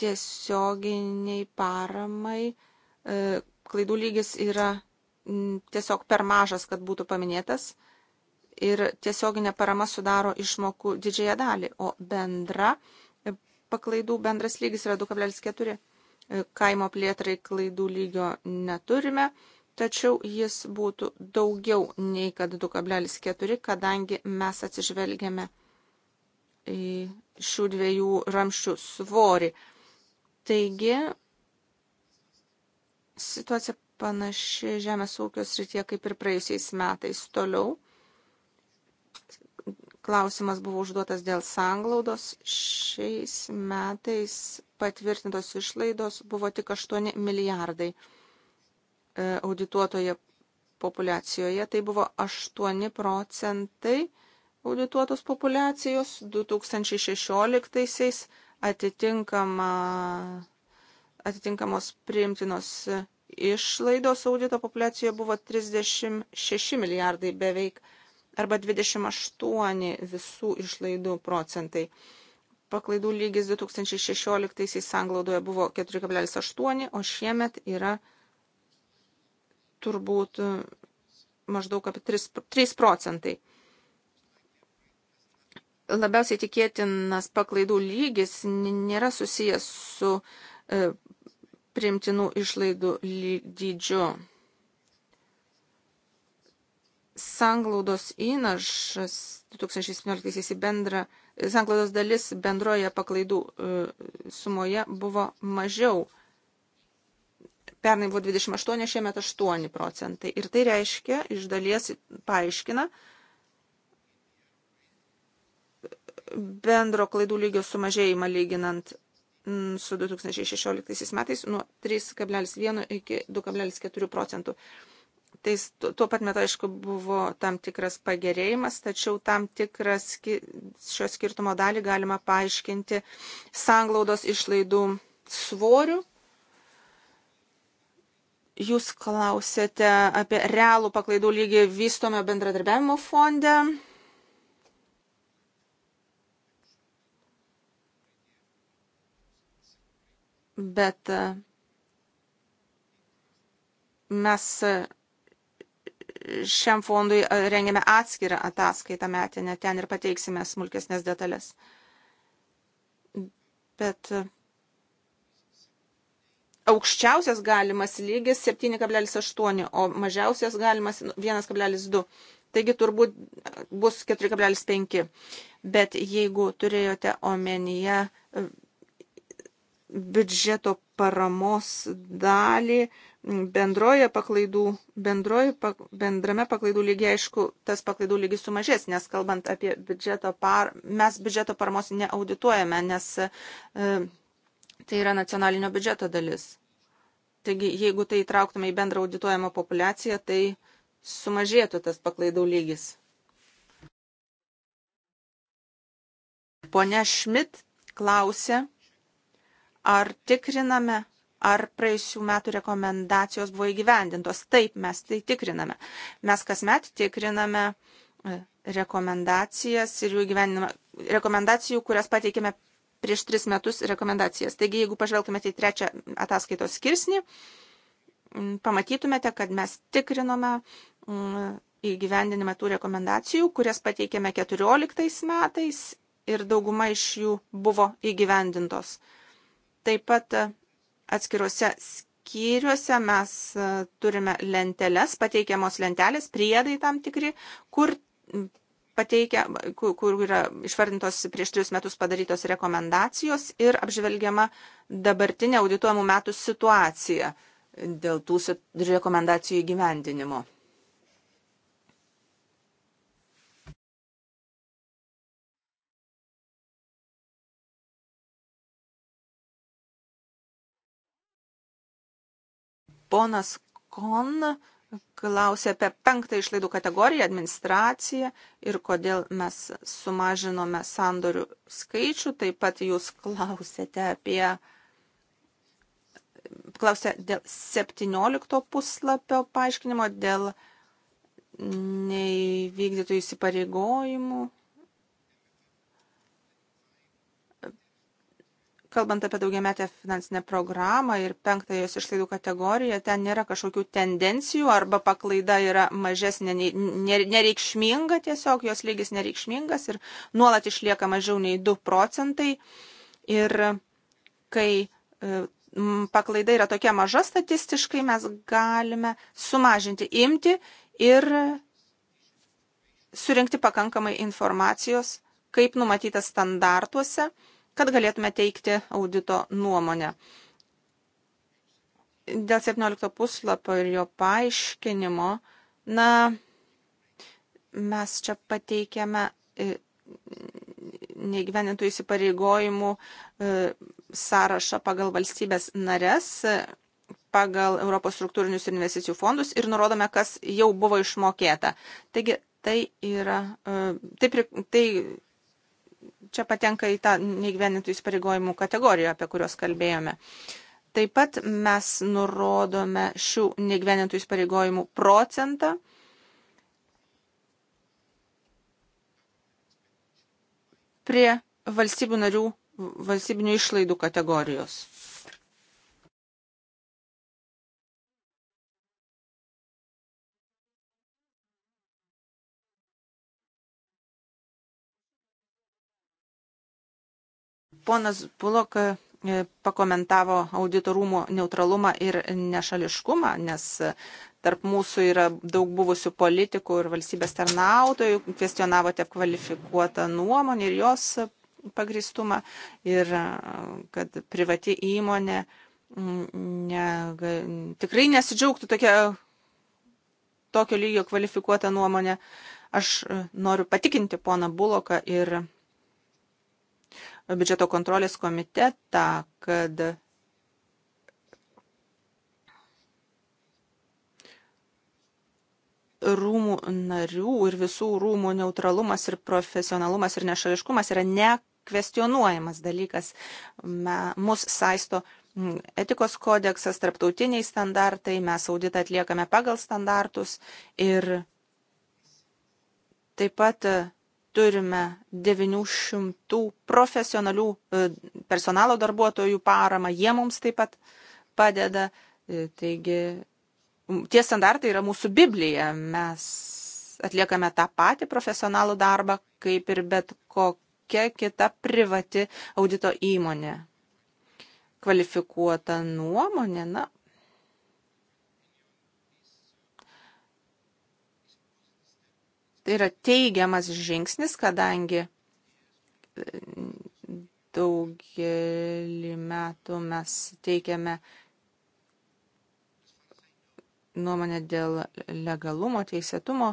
tiesioginiai paramai e, klaidų lygis yra tiesiog per mažas, kad būtų paminėtas. Ir tiesioginė parama sudaro išmokų didžiąją dalį, o bendra e, paklaidų bendras lygis yra 2,4. E, kaimo plėtrai klaidų lygio neturime, tačiau jis būtų daugiau nei kad 2,4, kadangi mes atsižvelgiame į šių dviejų ramščių svorį. Taigi, situacija panaši žemės ūkio srityje kaip ir praėjusiais metais toliau. Klausimas buvo užduotas dėl sanglaudos. Šiais metais patvirtintos išlaidos buvo tik 8 milijardai e, audituotoje populiacijoje. Tai buvo 8 procentai audituotos populiacijos 2016-aisiais atitinkama, atitinkamos priimtinos išlaidos audito populiacijoje buvo 36 milijardai beveik arba 28 visų išlaidų procentai. Paklaidų lygis 2016 sanglaudoje buvo 4,8, o šiemet yra turbūt e, maždaug apie 3, 3 procentai. Labiausiai tikėtinas paklaidų lygis nėra susijęs su e, primtinų išlaidų dydžiu sanglaudos įnašas 2017 į bendrą, sanglaudos dalis bendroje paklaidų e, sumoje buvo mažiau. Pernai buvo 28, šiemet 8 procentai. Ir tai reiškia, iš dalies paaiškina bendro klaidų lygio sumažėjimą lyginant mm, su 2016 metais nuo 3,1 iki 2,4 procentų. Tai tuo pat metu, aišku, buvo tam tikras pagerėjimas, tačiau tam tikras šio skirtumo dalį galima paaiškinti sanglaudos išlaidų svoriu. Jūs klausėte apie realų paklaidų lygį vystomio bendradarbiavimo fonde. Bet e, mes šiam fondui rengiame atskirą ataskaitą metinę, ten ir pateiksime smulkesnės detalės. Bet aukščiausias galimas lygis 7,8, o mažiausias galimas 1,2. Taigi turbūt bus 4,5. Bet jeigu turėjote omenyje biudžeto paramos dalį bendroje paklaidų, bendroje, bendrame paklaidų lygiai, aišku, tas paklaidų lygis sumažės, nes kalbant apie biudžeto par, mes biudžeto paramos neaudituojame, nes e, tai yra nacionalinio biudžeto dalis. Taigi, jeigu tai įtrauktume į bendrą audituojamą populaciją, tai sumažėtų tas paklaidų lygis. Pone Šmit klausė, ar tikriname, ar praėjusių metų rekomendacijos buvo įgyvendintos. Taip, mes tai tikriname. Mes kasmet tikriname e, rekomendacijas ir jų gyvenimą, rekomendacijų, kurias pateikėme prieš tris metus rekomendacijas. Taigi, jeigu pažvelgtumėte į trečią ataskaitos skirsnį, pamatytumėte, kad mes tikrinome įgyvendinimą tų rekomendacijų, kurias pateikėme 14 metais ir dauguma iš jų buvo įgyvendintos. Taip pat e, atskiruose skyriuose mes e, turime lenteles, pateikiamos lentelės, priedai tam tikri, kur pateikia, kur, kur yra išvardintos prieš tris metus padarytos rekomendacijos ir apžvelgiama dabartinė audituojamų metų situacija dėl tų rekomendacijų įgyvendinimo. Ponas Kon klausė apie penktą išlaidų kategoriją - administraciją ir kodėl mes sumažinome sandorių skaičių. Taip pat jūs klausėte apie. Klausė dėl 17 puslapio paaiškinimo, dėl neįvykdytų įsipareigojimų. Kalbant apie daugiametę finansinę programą ir penktą jos išlaidų kategoriją, ten nėra kažkokių tendencijų arba paklaida yra mažesnė, nereikšminga tiesiog, jos lygis nereikšmingas ir nuolat išlieka mažiau nei 2 procentai. Ir kai e, paklaida yra tokia maža statistiškai, mes galime sumažinti imti ir surinkti pakankamai informacijos, kaip numatyta standartuose kad galėtume teikti audito nuomonę. Dėl 17 puslapio ir jo paaiškinimo, na, mes čia pateikėme e, neįgyvenintų įsipareigojimų e, sąrašą pagal valstybės nares, e, pagal Europos struktūrinius ir investicijų fondus ir nurodome, kas jau buvo išmokėta. Taigi tai yra, tai, tai čia patenka į tą neįgyvenintų įsipareigojimų kategoriją, apie kuriuos kalbėjome. Taip pat mes nurodome šių neįgyvenintų įsipareigojimų procentą. prie valstybių narių valstybinių išlaidų kategorijos. Ponas Pulok e, pakomentavo auditorumo neutralumą ir nešališkumą, nes tarp mūsų yra daug buvusių politikų ir valstybės tarnautojų, kvestionavote kvalifikuotą nuomonę ir jos pagristumą ir e, kad privati įmonė ne, tikrai nesidžiaugtų tokia, tokio lygio kvalifikuotą nuomonę. Aš e, noriu patikinti poną Buloką ir biudžeto kontrolės komitetą, kad rūmų narių ir visų rūmų neutralumas ir profesionalumas ir nešališkumas yra nekvestionuojamas dalykas. Mus saisto etikos kodeksas, tarptautiniai standartai, mes auditą atliekame pagal standartus ir taip pat turime 900 profesionalių e, personalo darbuotojų paramą, jie mums taip pat padeda. E, taigi, tie standartai yra mūsų Biblija. Mes atliekame tą patį profesionalų darbą, kaip ir bet kokia kita privati audito įmonė. Kvalifikuota nuomonė, na, tai yra teigiamas žingsnis, kadangi e, daugelį metų mes teikiame nuomonę dėl legalumo, teisėtumo,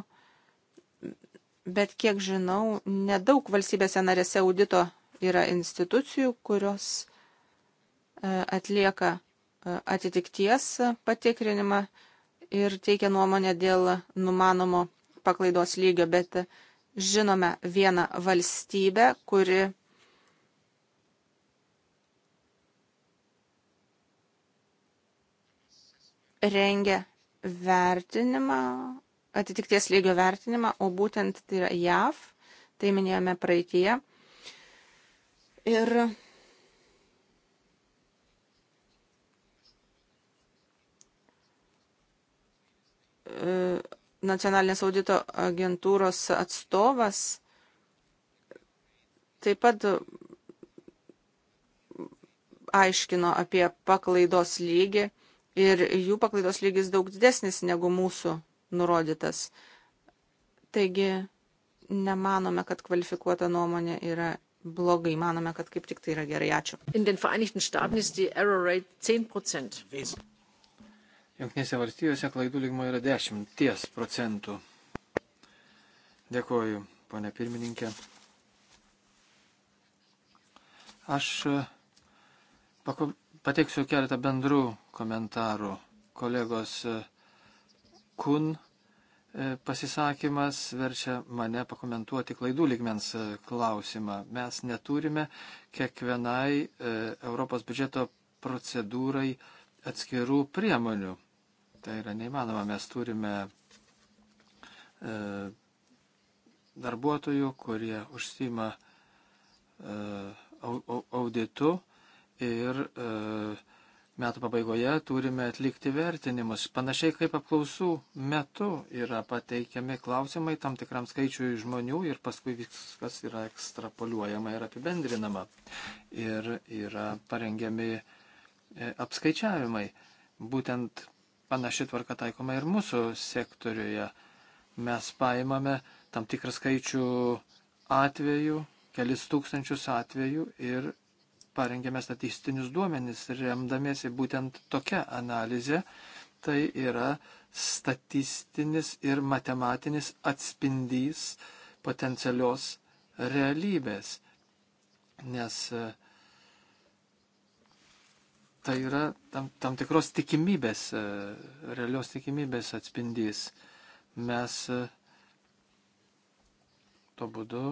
bet kiek žinau, nedaug valstybėse narėse audito yra institucijų, kurios e, atlieka e, atitikties patikrinimą ir teikia nuomonę dėl numanomo paklaidos lygio, bet žinome vieną valstybę, kuri rengia vertinimą, atitikties lygio vertinimą, o būtent tai yra JAV, tai minėjome praeitie. Ir nacionalinės audito agentūros atstovas taip pat aiškino apie paklaidos lygį ir jų paklaidos lygis daug didesnis negu mūsų nurodytas. Taigi nemanome, kad kvalifikuota nuomonė yra blogai, manome, kad kaip tik tai yra gerai. Ačiū. Junknėse valstijose klaidų lygmo yra 10 procentų. Dėkoju, ponė pirmininkė. Aš e, pateiksiu keletą bendrų komentarų. Kolegos e, Kun e, pasisakymas verčia mane pakomentuoti klaidų lygmens klausimą. Mes neturime kiekvienai Europos biudžeto procedūrai uh, atskirų priemonių. Tai yra neįmanoma. Mes turime e, darbuotojų, kurie užsima e, auditu ir e, metų pabaigoje turime atlikti vertinimus. Panašiai kaip apklausų metu yra pateikiami klausimai tam tikram skaičiui žmonių ir paskui viskas yra ekstrapoliuojama ir apibendrinama. Ir yra parengiami e, E, apskaičiavimai. Būtent panaši tvarka taikoma ir mūsų sektoriuje. Mes paimame tam tikrą skaičių atvejų, kelis tūkstančius atvejų ir parengėme statistinius duomenis, remdamiesi būtent tokia analizė. Tai yra statistinis ir matematinis atspindys potencialios realybės. Nes uh, tai yra tam, tam tikros tikimybės, e, realios tikimybės atspindys. Mes e, to būdu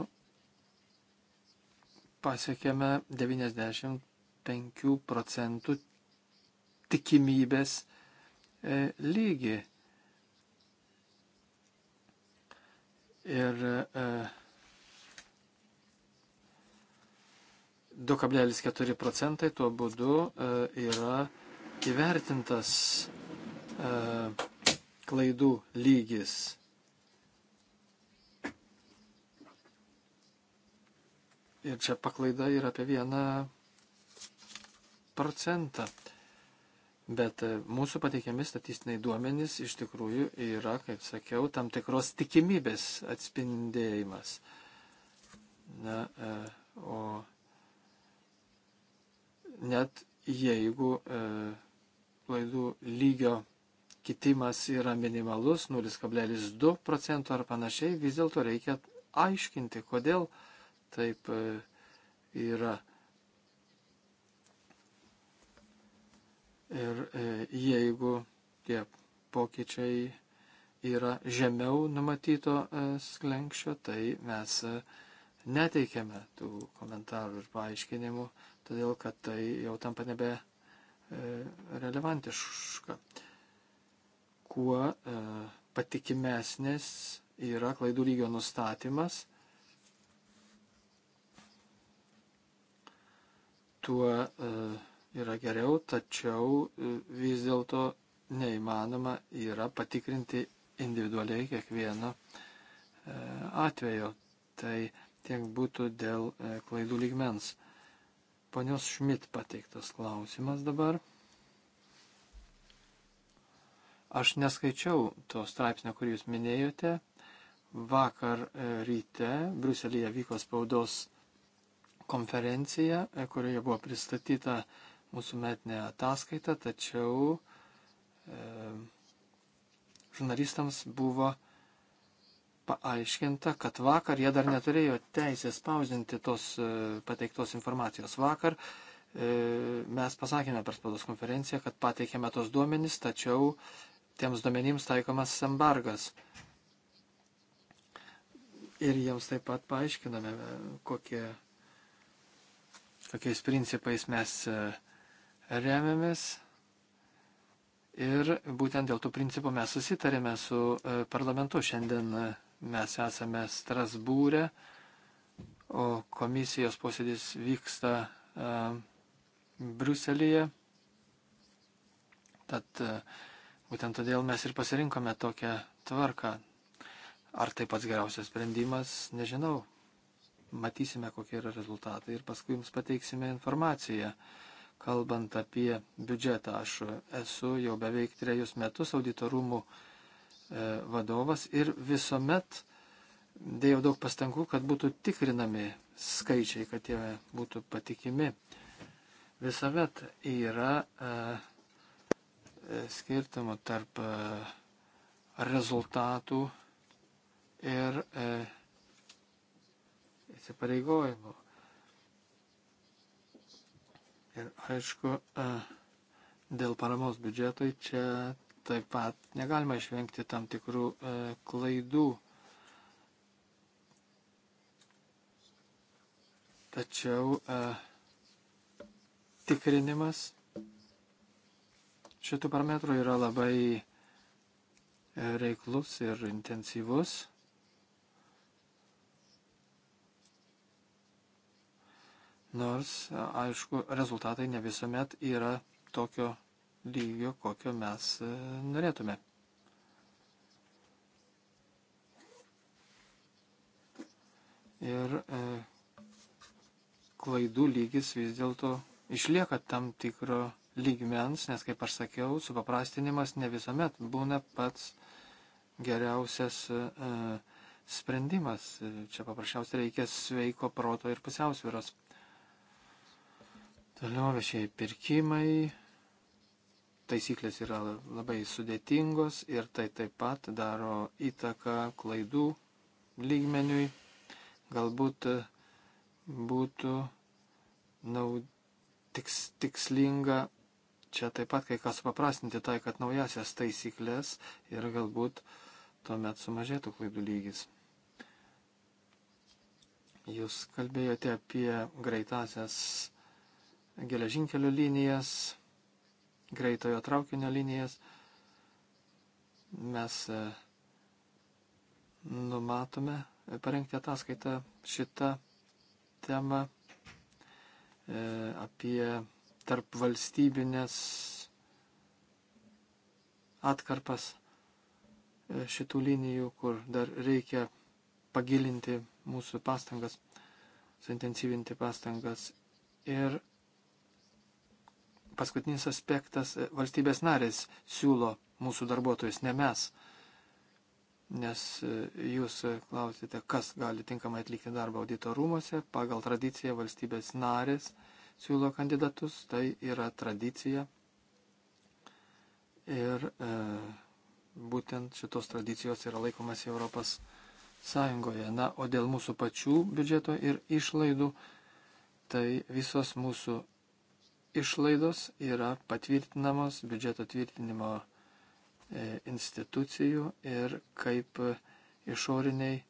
pasiekėme 95 procentų tikimybės e, lygį. Ir e, 2,4 procentai tuo būdu e, yra įvertintas e, klaidų lygis. Ir čia paklaida yra apie vieną procentą. Bet e, mūsų pateikiami statistiniai duomenys iš tikrųjų yra, kaip sakiau, tam tikros tikimybės atspindėjimas. Na, o net jeigu e, klaidų lygio kitimas yra minimalus, 0,2 procento ar panašiai, vis dėlto reikia aiškinti, kodėl taip e, yra. Ir e, jeigu tie pokyčiai yra žemiau numatyto e, sklenkščio, tai mes neteikiame tų komentarų ir paaiškinimų todėl kad tai jau tampa nebe e, relevantiška. Kuo e, patikimesnės yra klaidų lygio nustatymas, tuo e, yra geriau, tačiau vis dėlto neįmanoma yra patikrinti individualiai kiekvieno atvejo. Tai tiek būtų dėl klaidų lygmens. Ponios Šmit pateiktas klausimas dabar. Aš neskaičiau to straipsnio, kurį jūs minėjote. Vakar e, ryte Bruselėje vyko spaudos konferencija, e, kurioje buvo pristatyta mūsų metinė ataskaita, tačiau e, žurnalistams buvo e, paaiškinta, kad vakar jie dar neturėjo teisės spausdinti tos e, pateiktos informacijos. Vakar e, mes pasakėme per spaudos konferenciją, kad pateikėme tos duomenys, tačiau tiems duomenims taikomas embargas. Ir jiems taip pat paaiškiname, e, kokie, kokiais principais mes remiamės. Ir būtent dėl tų principų mes susitarėme su parlamentu šiandien Mes esame Strasbūre, o komisijos posėdis vyksta e, Bruselėje. Tad e, būtent todėl mes ir pasirinkome tokią tvarką. Ar tai pats geriausias sprendimas, nežinau. Matysime, kokie yra rezultatai ir paskui jums pateiksime informaciją. Kalbant apie biudžetą, aš esu jau beveik trejus metus auditorumų rūmų E, vadovas ir visuomet dėjau daug pastangų, kad būtų tikrinami skaičiai, kad jie būtų patikimi. Visuomet yra e, e, skirtumo tarp rezultatų ir įsipareigojimų. Ir aišku, dėl paramos biudžetui čia Taip pat negalima išvengti tam tikrų e, klaidų. Tačiau e, tikrinimas šitų parametrų yra labai e, reiklus ir intensyvus. Nors, e, aišku, rezultatai ne visuomet yra tokio lygio, kokio mes e, norėtume. Ir e, klaidų lygis vis dėlto išlieka tam tikro lygmens, nes, kaip aš sakiau, supaprastinimas ne visuomet būna pats geriausias e, sprendimas. E, čia paprasčiausiai reikia sveiko proto ir pusiausviros. Toliau viešieji pirkimai, taisyklės yra labai sudėtingos ir tai taip pat daro įtaką klaidų lygmeniui. Galbūt e, būtų naud... tiks, tikslinga čia taip pat kai kas paprastinti tai, kad naujasias taisyklės ir galbūt tuomet sumažėtų klaidų lygis. Jūs kalbėjote apie greitasias geležinkelių linijas, greitojo traukinio linijas. Mes e, numatome e, parengti ataskaitą šitą temą e, apie tarp valstybinės atkarpas šitų linijų, kur dar reikia pagilinti mūsų pastangas, suintensyvinti pastangas. Ir paskutinis aspektas e, - valstybės narės siūlo mūsų darbuotojus, ne mes. Nes e, jūs e, klausite, kas gali tinkamai atlikti darbą audito rūmose. Pagal tradiciją valstybės narės siūlo kandidatus, tai yra tradicija. Ir e, būtent šitos tradicijos yra laikomas Europos Sąjungoje. Na, o dėl mūsų pačių biudžeto ir išlaidų, tai visos mūsų išlaidos yra patvirtinamos biudžeto tvirtinimo e, institucijų ir kaip išoriniai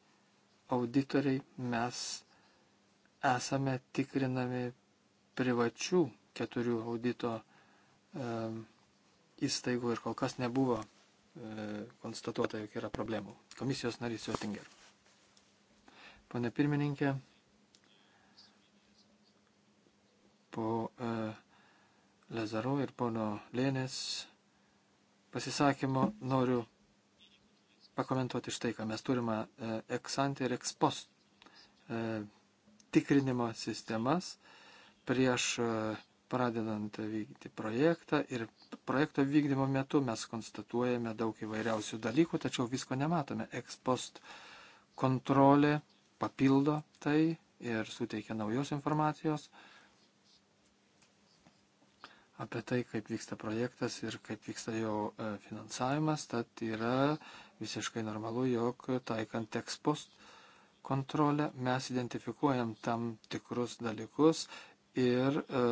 auditoriai mes esame tikrinami privačių keturių audito e, įstaigų ir kol kas nebuvo e, konstatuota, jog yra problemų. Komisijos narys Jotinger. Pone pirmininkė, po e, Lazaro ir pono Lėnės pasisakymo noriu pakomentuoti štai, ką mes turime eksantį ir ekspost e, tikrinimo sistemas prieš e, pradedant vykdyti projektą ir projekto vykdymo metu mes konstatuojame daug įvairiausių dalykų, tačiau visko nematome. Ekspost kontrolė papildo tai ir suteikia naujos informacijos. Uh, apie tai, kaip vyksta projektas ir kaip vyksta jo e, finansavimas, tad yra visiškai normalu, jog taikant ekspost kontrolę mes identifikuojam tam tikrus dalykus ir e,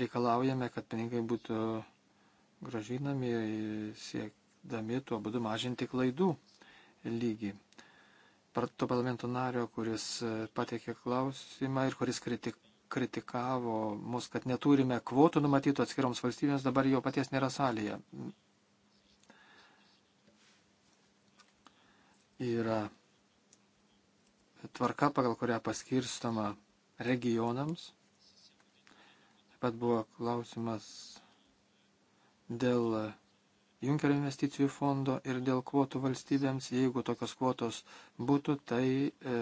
reikalaujame, kad pinigai būtų gražinami siekdami tuo būdu mažinti klaidų lygį. To parlamento nario, kuris e, pateikė klausimą ir kuris kritikavo kritikavo mus, kad neturime kvotų numatytų atskiroms valstybėms, dabar jo paties nėra salėje. Yra tvarka, pagal kurią paskirstama regionams. Taip pat buvo klausimas dėl Junkerio investicijų fondo ir dėl kvotų valstybėms. Jeigu tokios kvotos būtų, tai. E,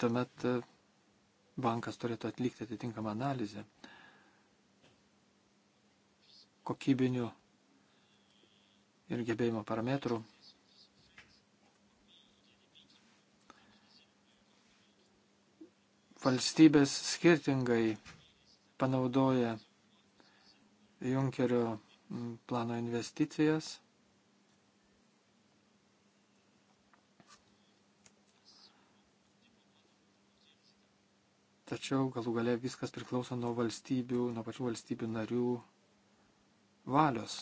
tuomet e, bankas turėtų atlikti atitinkamą analizę kokybinių ir gebėjimo parametrų. Valstybės skirtingai panaudoja Junkerio plano investicijas Tačiau galų gale viskas priklauso nuo valstybių, nuo pačių valstybių narių valios.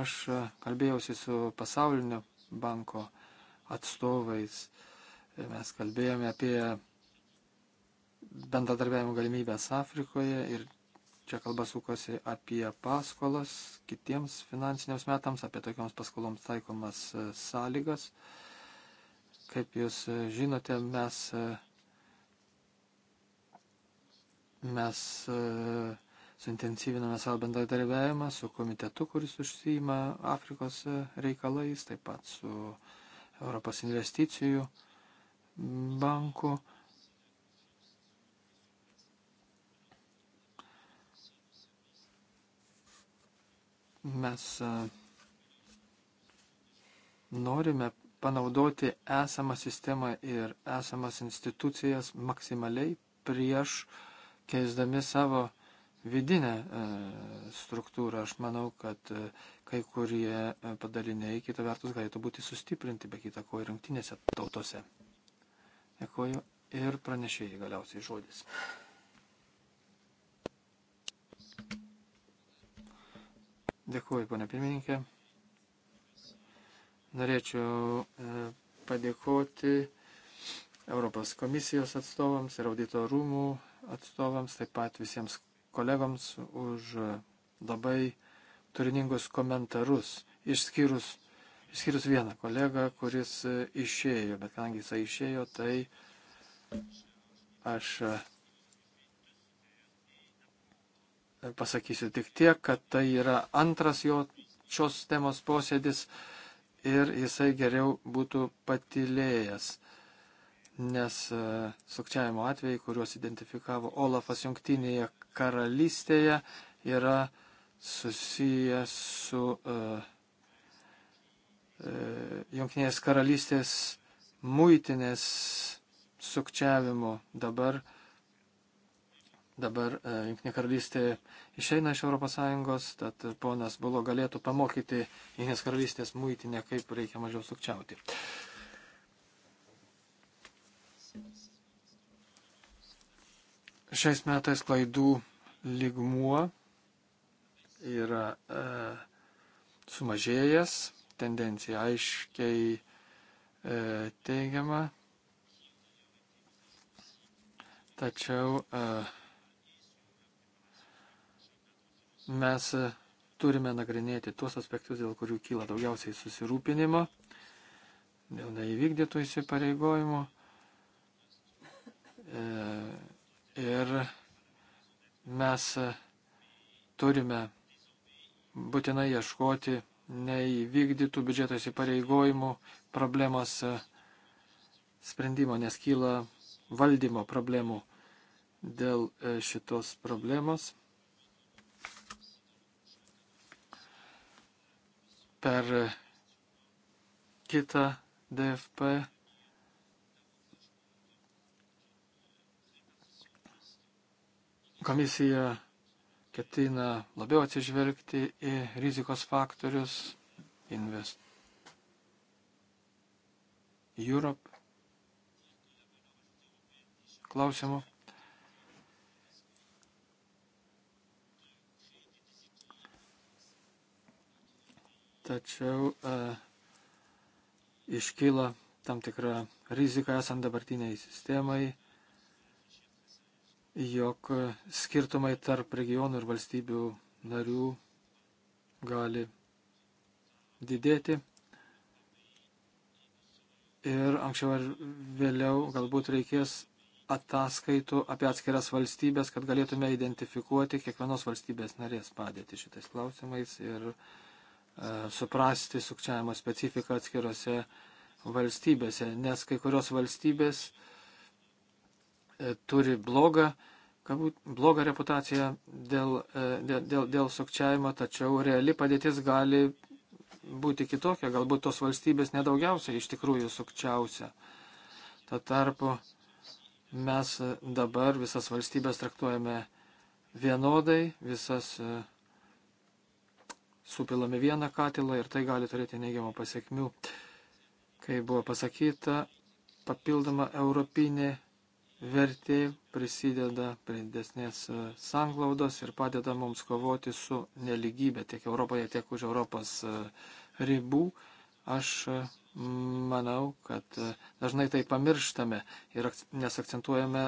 Aš e, kalbėjausi su pasaulinio banko atstovais. E, mes kalbėjome apie bendradarbiavimo galimybės Afrikoje ir čia kalba sukasi apie paskolas kitiems finansiniams metams, apie tokioms paskoloms taikomas e, sąlygas. Uh, Kaip jūs e, žinote, mes, e, mes e, suintensyviname savo bendradarbiavimą su komitetu, kuris užsijima Afrikos reikalais, taip pat su Europos investicijų banku. Mes norime panaudoti esamą sistemą ir esamas institucijas maksimaliai prieš keisdami savo vidinę e, struktūrą. Aš manau, kad e, kai kurie e, padaliniai kitą vertus galėtų būti sustiprinti, be kita ko, ir rinktinėse tautose. Dėkuoju ir pranešėjai galiausiai žodis. Dėkuoju, ponė pirmininkė. Norėčiau e, padėkoti Europos komisijos atstovams ir audito rūmų atstovams, taip pat visiems kolegams už labai turiningus komentarus, išskyrus, išskyrus vieną kolegą, kuris išėjo, bet kadangi jisai išėjo, tai aš e, pasakysiu tik tiek, kad tai yra antras jo šios temos posėdis ir jisai geriau būtų patilėjęs, nes e, sukčiavimo atvejai, kuriuos identifikavo Olafas jungtinėje karalystėje, yra susiję su uh, jungtinės karalystės muitinės sukčiavimu. Dabar uh, dabar e, Junktinė karalystė išeina iš ES, tad ponas Bulo galėtų pamokyti Junktinės karalystės muitinę, kaip reikia mažiau sukčiauti. Šiais metais klaidų lygmuo yra e, sumažėjęs, tendencija aiškiai e, teigiama. Tačiau e, mes e, turime nagrinėti tuos aspektus, dėl kurių kyla daugiausiai susirūpinimo, dėl neįvykdytų įsipareigojimų. E, ir mes e, turime būtinai ieškoti neįvykdytų biudžeto įsipareigojimų problemos sprendimo, nes kyla valdymo problemų dėl šitos problemos per kitą DFP. Komisija ketina labiau atsižvelgti į rizikos faktorius Invest Europe klausimų. tačiau e, iškyla tam tikra rizika esant dabartiniai sistemai, jog e, skirtumai tarp regionų ir valstybių narių gali didėti. Ir anksčiau ar vėliau galbūt reikės ataskaitų apie atskiras valstybės, kad galėtume identifikuoti kiekvienos valstybės narės padėti šitais klausimais ir uh, E, suprasti sukčiavimo specifiką atskirose valstybėse, nes kai kurios valstybės e, turi blogą, galbūt blogą reputaciją dėl, e, dėl, dėl, dėl sukčiavimo, tačiau reali padėtis gali būti kitokia, galbūt tos valstybės nedaugiausiai iš tikrųjų sukčiausia. Tuo tarpu mes dabar visas valstybės traktuojame vienodai, visas supilame vieną katilą ir tai gali turėti neigiamą pasiekmių. Kai buvo pasakyta, papildoma europinė vertė prisideda prie didesnės e, sanglaudos ir padeda mums kovoti su neligybė tiek Europoje, tiek už Europos e, ribų. Aš e, manau, kad dažnai tai pamirštame ir nesakcentuojame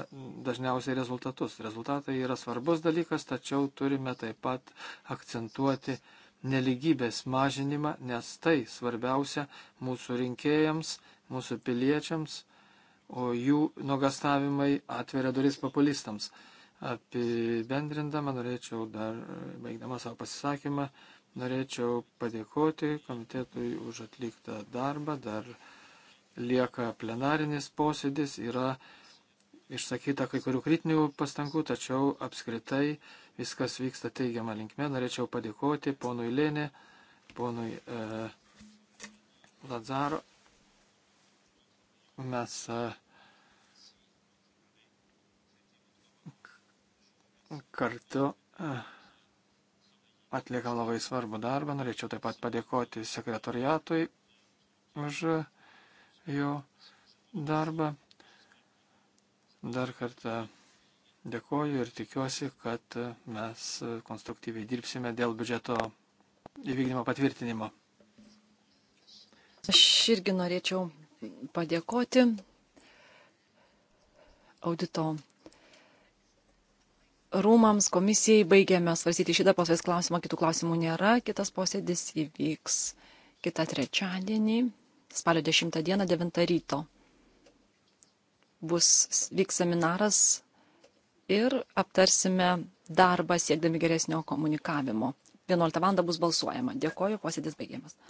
dažniausiai rezultatus. Rezultatai yra svarbus dalykas, tačiau turime taip pat akcentuoti uh, neligybės mažinimą, nes tai svarbiausia mūsų rinkėjams, mūsų piliečiams, o jų nuogastavimai atveria duris populistams. Apibendrindama norėčiau dar, baigdama savo pasisakymą, norėčiau padėkoti komitetui už atliktą darbą. Dar lieka plenarinis posėdis, yra išsakyta kai kurių kritinių pastangų, tačiau apskritai viskas vyksta teigiamą linkme. Norėčiau padėkoti ponui Lėnė, ponui e, Lazaro. Mes e, kartu e, atliekam labai svarbų darbą. Norėčiau taip pat padėkoti sekretoriatui už jo darbą. Dar kartą Dėkoju ir tikiuosi, kad mes konstruktyviai dirbsime dėl biudžeto įvykdymo patvirtinimo. Aš irgi norėčiau padėkoti audito rūmams, komisijai. Baigėme svarstyti šitą posės klausimą, kitų klausimų nėra. Kitas posėdis įvyks kitą trečiadienį, spalio 10 dieną, 9 ryto. Bus vyks seminaras ir aptarsime darbą siekdami geresnio komunikavimo. 11 val. bus balsuojama. Dėkoju, posėdis baigiamas.